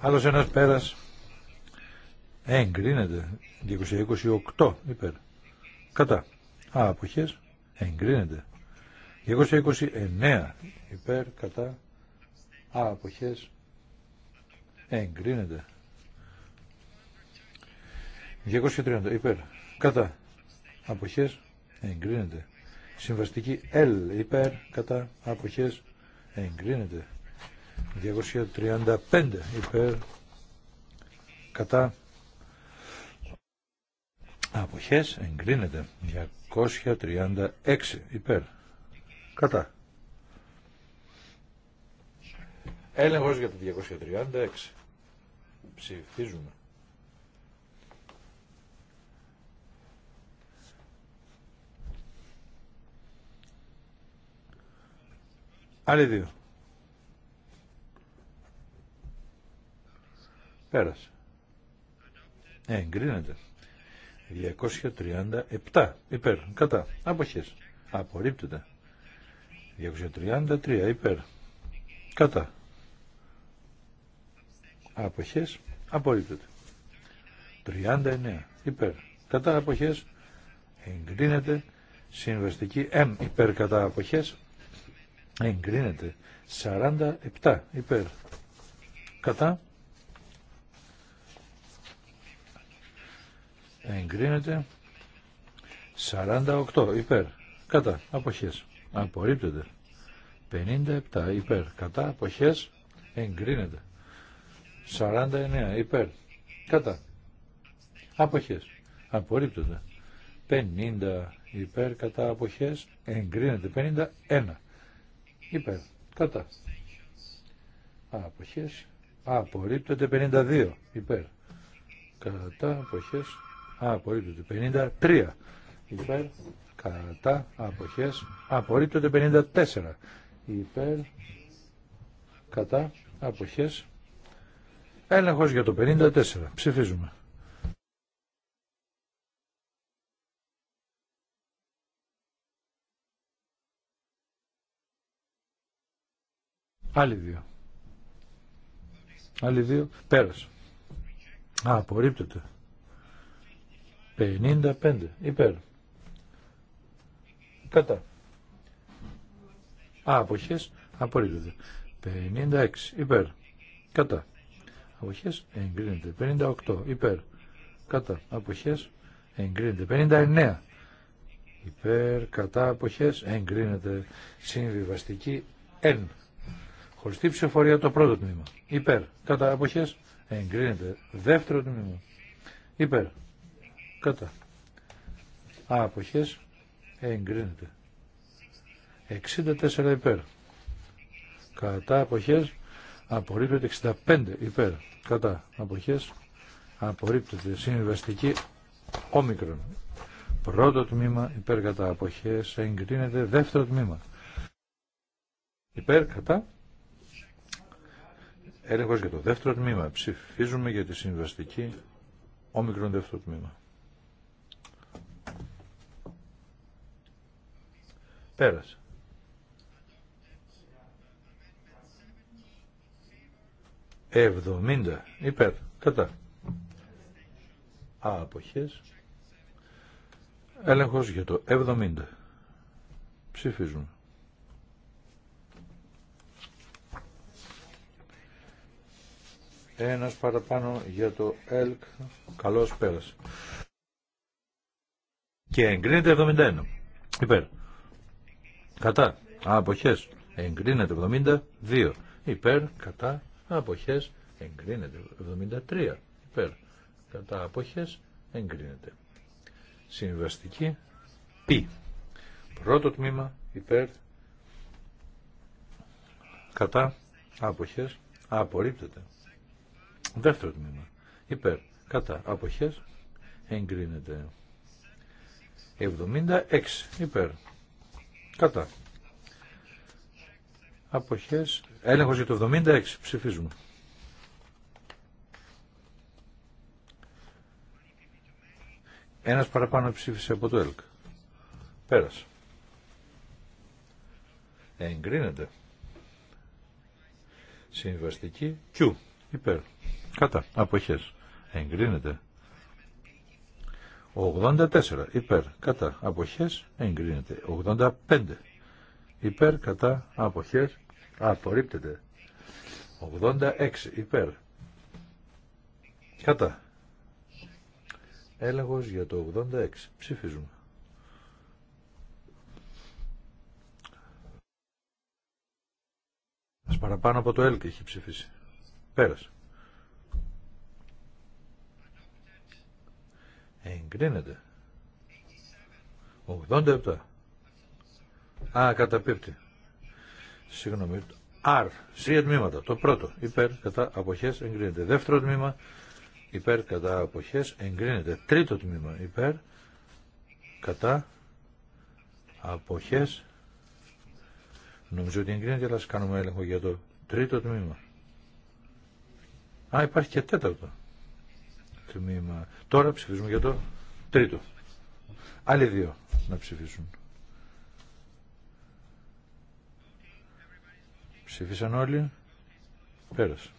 Άλλο ένα πέρα. Ε, εγκρίνεται. 228 υπέρ. Κατά. Α, αποχές. Ε, εγκρίνεται. 229 υπέρ. Κατά. Α, αποχές. Εγκρίνεται. 230 υπέρ. Κατά. Αποχές. Εγκρίνεται. Συμβαστική L υπέρ. Κατά. Αποχές. Εγκρίνεται. 235 υπέρ. Κατά. Αποχές. Εγκρίνεται. 236 υπέρ. Κατά. Έλεγχος για το 236. Ψηφίζουμε. Άλλοι δύο. Πέρασε. Ε, εγκρίνεται. 237 υπέρ, κατά, αποχές. Απορρίπτεται. 233 υπέρ, κατά. Αποχές, απορρίπτεται. 39 υπέρ, κατά αποχές, εγκρίνεται. Συμβαστική M υπέρ κατά αποχές, εγκρίνεται 47 υπέρ κατά εγκρίνεται 48 υπέρ κατά αποχές απορρίπτεται 57 υπέρ κατά αποχές εγκρίνεται 49 υπέρ κατά αποχές απορρίπτεται 50 υπέρ κατά αποχές εγκρίνεται 51 υπέρ, κατά. Αποχές, απορρίπτεται 52, υπέρ, κατά, αποχές, απορρίπτεται 53, υπέρ, κατά, αποχές, απορρίπτεται 54, υπέρ, κατά, αποχές, έλεγχος για το 54, ψηφίζουμε. Άλλοι δύο. Άλλοι δύο. Πέρασε. Α, απορρίπτεται. 55. Υπέρ. Κατά. Α, αποχές. Απορρίπτεται. 56. Υπέρ. Κατά. Αποχές. Εγκρίνεται. 58. Υπέρ. Κατά. Αποχές. Εγκρίνεται. 59. Υπέρ, κατά, αποχές, εγκρίνεται, συμβιβαστική, 1. Χωριστή ψηφοφορία το πρώτο τμήμα. Υπέρ. Κατά αποχές εγκρίνεται. Δεύτερο τμήμα. Υπέρ. Κατά. Αποχές εγκρίνεται. 64 υπέρ. Κατά αποχές απορρίπτεται 65 υπέρ. Κατά αποχές απορρίπτεται συμβιβαστική όμικρον. Πρώτο τμήμα υπέρ κατά αποχές εγκρίνεται δεύτερο τμήμα. Υπέρ κατά Έλεγχος για το δεύτερο τμήμα. Ψηφίζουμε για τη συμβαστική όμικρον δεύτερο τμήμα. Πέρασε. Εβδομήντα υπέρ. Κατά. Α, αποχές. Έλεγχος για το εβδομήντα. Ψηφίζουμε. Ένας παραπάνω για το ΕΛΚ. Καλώς πέρασε. Και εγκρίνεται 71. Υπέρ. Κατά. Αποχές. Εγκρίνεται 72. Υπέρ. Κατά. Αποχές. Εγκρίνεται 73. Υπέρ. Κατά. Αποχές. Εγκρίνεται. Συμβαστική. Π. Πρώτο τμήμα. Υπέρ. Κατά. Αποχές. Απορρίπτεται. Δεύτερο τμήμα. Υπέρ. Κατά. Αποχές. Εγκρίνεται. 76. Υπέρ. Κατά. Αποχές. Έλεγχος για το 76. Ψηφίζουμε. Ένας παραπάνω ψήφισε από το ΕΛΚ. Πέρασε. Εγκρίνεται. Συμβαστική Κιού υπέρ. Κατά. Αποχές. Εγκρίνεται. 84 υπέρ. Κατά. Αποχές. Εγκρίνεται. 85 υπέρ. Κατά. Αποχές. Απορρίπτεται. 86 υπέρ. Κατά. έλεγος για το 86. Ψηφίζουμε. Ας παραπάνω από το ΕΛΚ έχει ψηφίσει. Πέρασε. Εγκρίνεται. 87. Α, καταπίπτει. Συγγνώμη. Αρ. σύγε τμήματα. Το πρώτο. Υπέρ κατά αποχές εγκρίνεται. Δεύτερο τμήμα. Υπέρ κατά αποχές εγκρίνεται. Τρίτο τμήμα. Υπέρ κατά αποχές. Νομίζω ότι εγκρίνεται, αλλά κάνουμε έλεγχο για το τρίτο τμήμα. Α, υπάρχει και τέταρτο τμήμα. Τώρα ψηφίζουμε για το τρίτο. Άλλοι δύο να ψηφίσουν. Ψήφισαν όλοι. Πέρασε.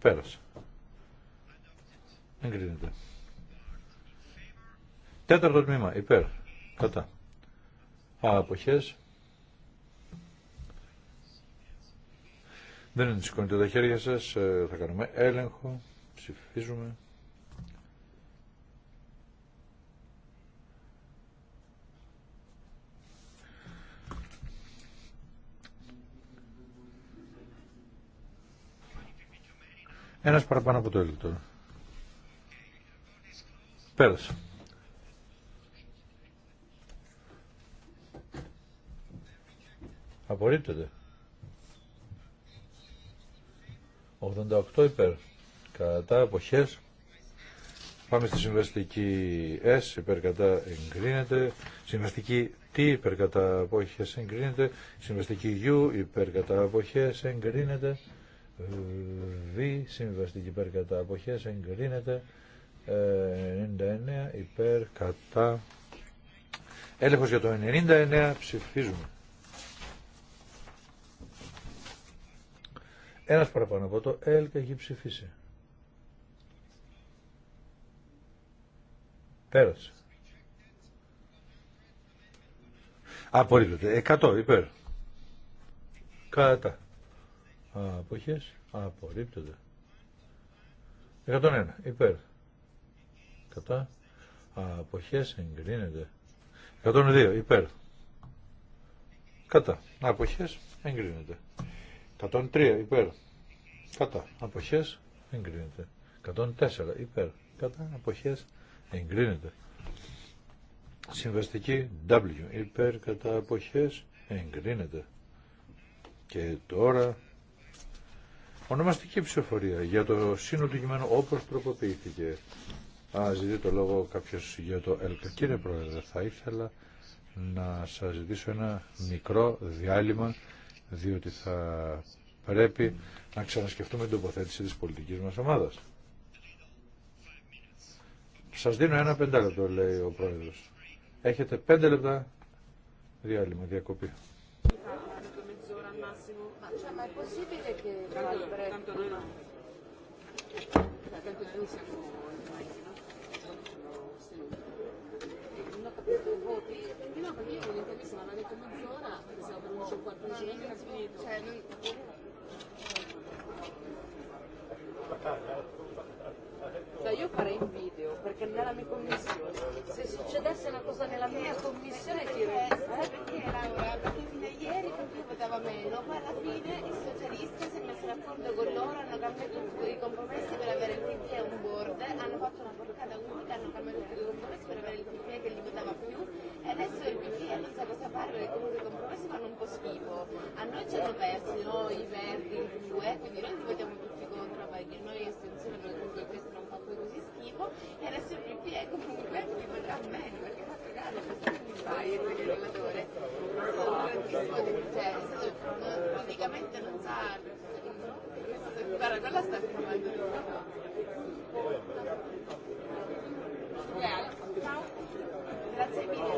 Πέρασε. Εγκρίνεται. Τέταρτο τμήμα. Υπέρ. Κατά. Αποχές. Δεν σηκώνετε τα χέρια σας. Ε, θα κάνουμε έλεγχο. Ψηφίζουμε. Ένας παραπάνω από το έλεγχο Πέρασε. Απορρίπτεται. 88 υπέρ. Κατά αποχές. Πάμε στη συμβαστική S, υπέρ κατά εγκρίνεται. Συμβαστική T, υπέρ κατά αποχές εγκρίνεται. Συμβαστική U, υπέρ κατά αποχές εγκρίνεται. V συμβαστική υπέρ κατά αποχές εγκρίνεται. 99 ε, υπέρ κατά έλεγχος για το 99 ψηφίζουμε Ένας παραπάνω από το ΕΛΚ έχει ψηφίσει. Πέρασε. Απορρίπτεται. 100 υπέρ. Κατά. Αποχές. Απορρίπτεται. 101 υπέρ. Κατά. Αποχές εγκρίνεται. 102 υπέρ. Κατά. Αποχές εγκρίνεται. 103 υπέρ. Κατά. Αποχές εγκρίνεται. 104 υπέρ. Κατά. Αποχές εγκρίνεται. Συμβαστική W υπέρ. Κατά. Αποχές εγκρίνεται. Και τώρα ονομαστική ψηφοφορία για το σύνολο του κειμένου όπως τροποποιήθηκε. Α, ζητεί το λόγο κάποιος για το ΕΛΚΑ. Κύριε Πρόεδρε, θα ήθελα να σας ζητήσω ένα μικρό διάλειμμα διότι θα πρέπει να ξανασκεφτούμε την τοποθέτηση της πολιτικής μας ομάδας. Σας δίνω ένα πεντάλεπτο, λέει ο πρόεδρος. Έχετε πέντε λεπτά διάλειμμα, διακοπή. Grazie no, perché io mezz'ora, per un Cioè, non... Cioè io farei un video, perché nella mia commissione, se succedesse una cosa nella mia commissione ti Perché Laura? Perché fino a ieri tutti votava meno, poi alla fine i socialisti si è messo d'accordo con loro, hanno cambiato i compromessi per avere il PP e un board, hanno fatto una porcata unica, hanno cambiato i compromessi per avere il PP che li votava più adesso il PD non sa cosa fare comunque i compromessi fanno un po' schifo. A noi ci hanno persi, no? I verdi, il due, quindi noi li votiamo tutti contro perché noi estensione per comunque questo non fa poi così schifo e adesso il PP è comunque mi vorrà meno perché fa cagare questo mi fai, il relatore. praticamente non sa guarda quella sta filmando grazie mille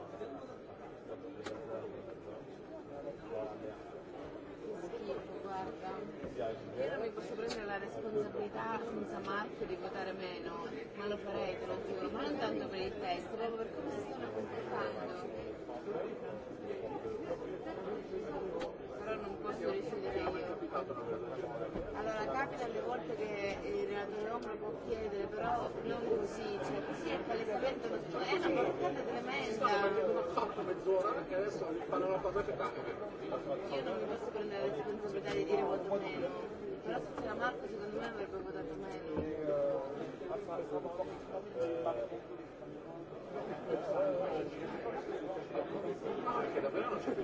Io mi posso prendere la responsabilità senza marchio di votare meno, ma lo farei, te lo ma non tanto per il test, proprio per come si stanno comportando. Però non posso decidere io. Allora capita le volte che il relatore ombra può chiedere, però non così, cioè così è palesemente una è una portata tremenda. Io non mi posso prendere la responsabilità di dire voto meno, però se c'era Marco secondo me avrebbe votato meno che davvero non c'è più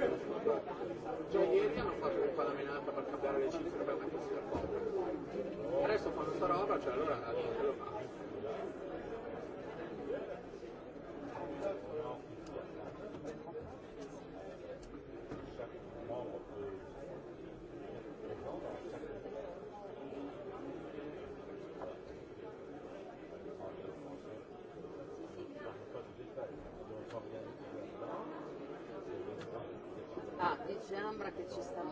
già ieri hanno fatto un menata per cambiare le cifre per mettersi d'accordo adesso fanno sta roba cioè allora lo fa Ευχαριστώ.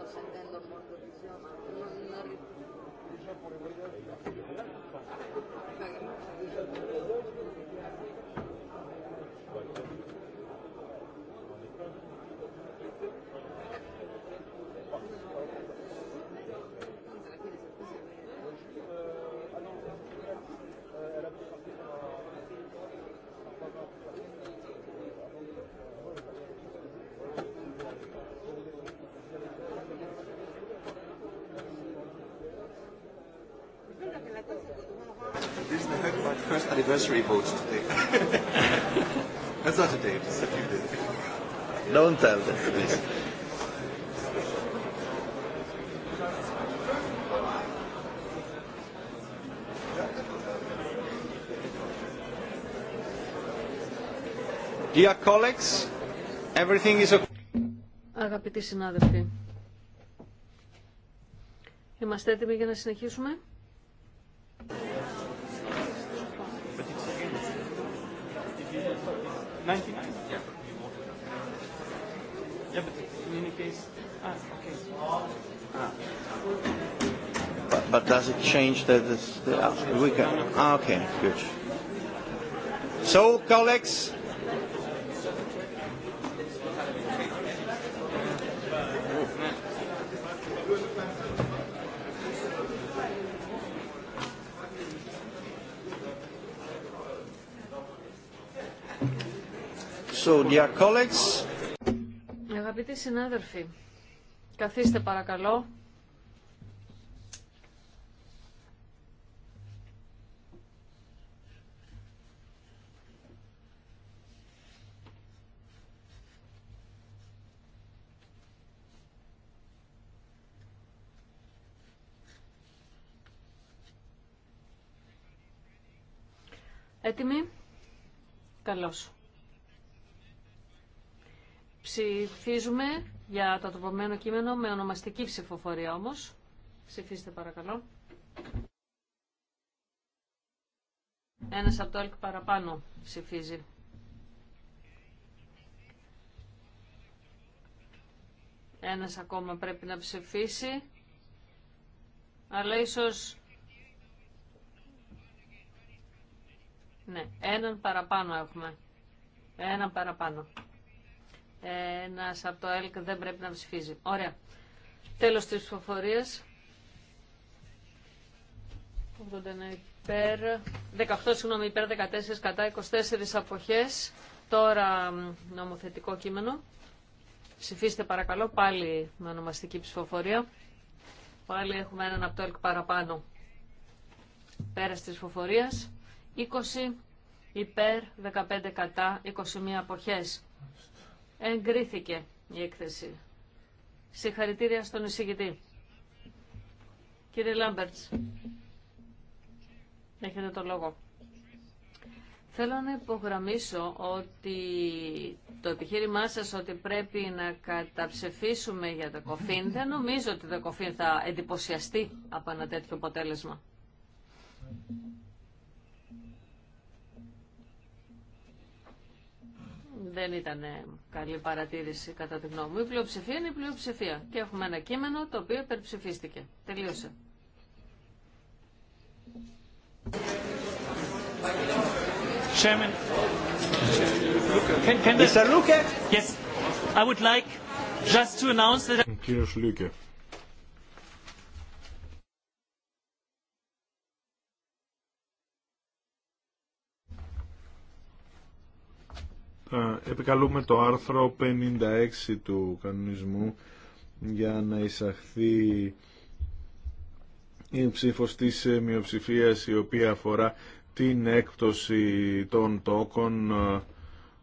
anniversary vote today. That's not a date, it's a few days. Don't tell them, Dear colleagues, everything is okay. Αγαπητοί συνάδελφοι, είμαστε έτοιμοι για να συνεχίσουμε. does it change the, the, the uh, we can, ah, okay, good. So, colleagues, So, dear colleagues. Αγαπητοί συνάδελφοι, καθίστε παρακαλώ. έτοιμοι. καλώ. Ψηφίζουμε για το τοπομένο κείμενο με ονομαστική ψηφοφορία όμως. Ψηφίστε παρακαλώ. Ένας από το ΕΛΚ παραπάνω ψηφίζει. Ένας ακόμα πρέπει να ψηφίσει. Αλλά ίσως Ναι, έναν παραπάνω έχουμε. Έναν παραπάνω. Ένα από το ΕΛΚ δεν πρέπει να ψηφίζει. Ωραία. Τέλος τη ψηφοφορία. 18 συγγνώμη υπέρ, 14 κατά, 24 αποχέ. Τώρα νομοθετικό κείμενο. Ψηφίστε παρακαλώ πάλι με ονομαστική ψηφοφορία. Πάλι έχουμε έναν από το ΕΛΚ παραπάνω. Πέρα τη ψηφοφορία. 20 υπέρ, 15 κατά, 21 αποχές. Εγκρίθηκε η έκθεση. Συγχαρητήρια στον εισηγητή. Κύριε Λάμπερτς, έχετε το λόγο. Θέλω να υπογραμμίσω ότι το επιχείρημά σας ότι πρέπει να καταψεφίσουμε για το κοφίν, δεν νομίζω ότι το κοφίν θα εντυπωσιαστεί από ένα τέτοιο αποτέλεσμα. Δεν ήταν ε, καλή παρατήρηση κατά τη γνώμη μου. Η πλειοψηφία είναι η πλειοψηφία. Και έχουμε ένα κείμενο το οποίο υπερψηφίστηκε. Τελείωσε. Chairman. Mr. Luke? Yes. I would like just to announce that... Κύριος Λούκε. Ε, επικαλούμε το άρθρο 56 του κανονισμού για να εισαχθεί η ψήφος της μειοψηφίας η οποία αφορά την έκπτωση των τόκων ε,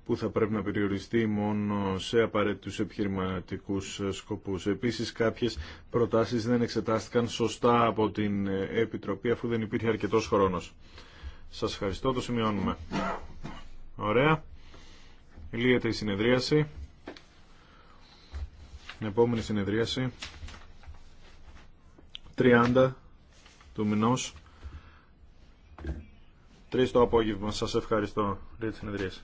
που θα πρέπει να περιοριστεί μόνο σε απαραίτητους επιχειρηματικούς σκοπούς. Επίσης κάποιες προτάσεις δεν εξετάστηκαν σωστά από την Επιτροπή αφού δεν υπήρχε αρκετός χρόνος. Σας ευχαριστώ, το σημειώνουμε. Ωραία. Λύεται η συνεδρίαση. Η επόμενη συνεδρίαση 30 του μηνός 3 το απόγευμα. Σας ευχαριστώ για τη συνεδρίαση.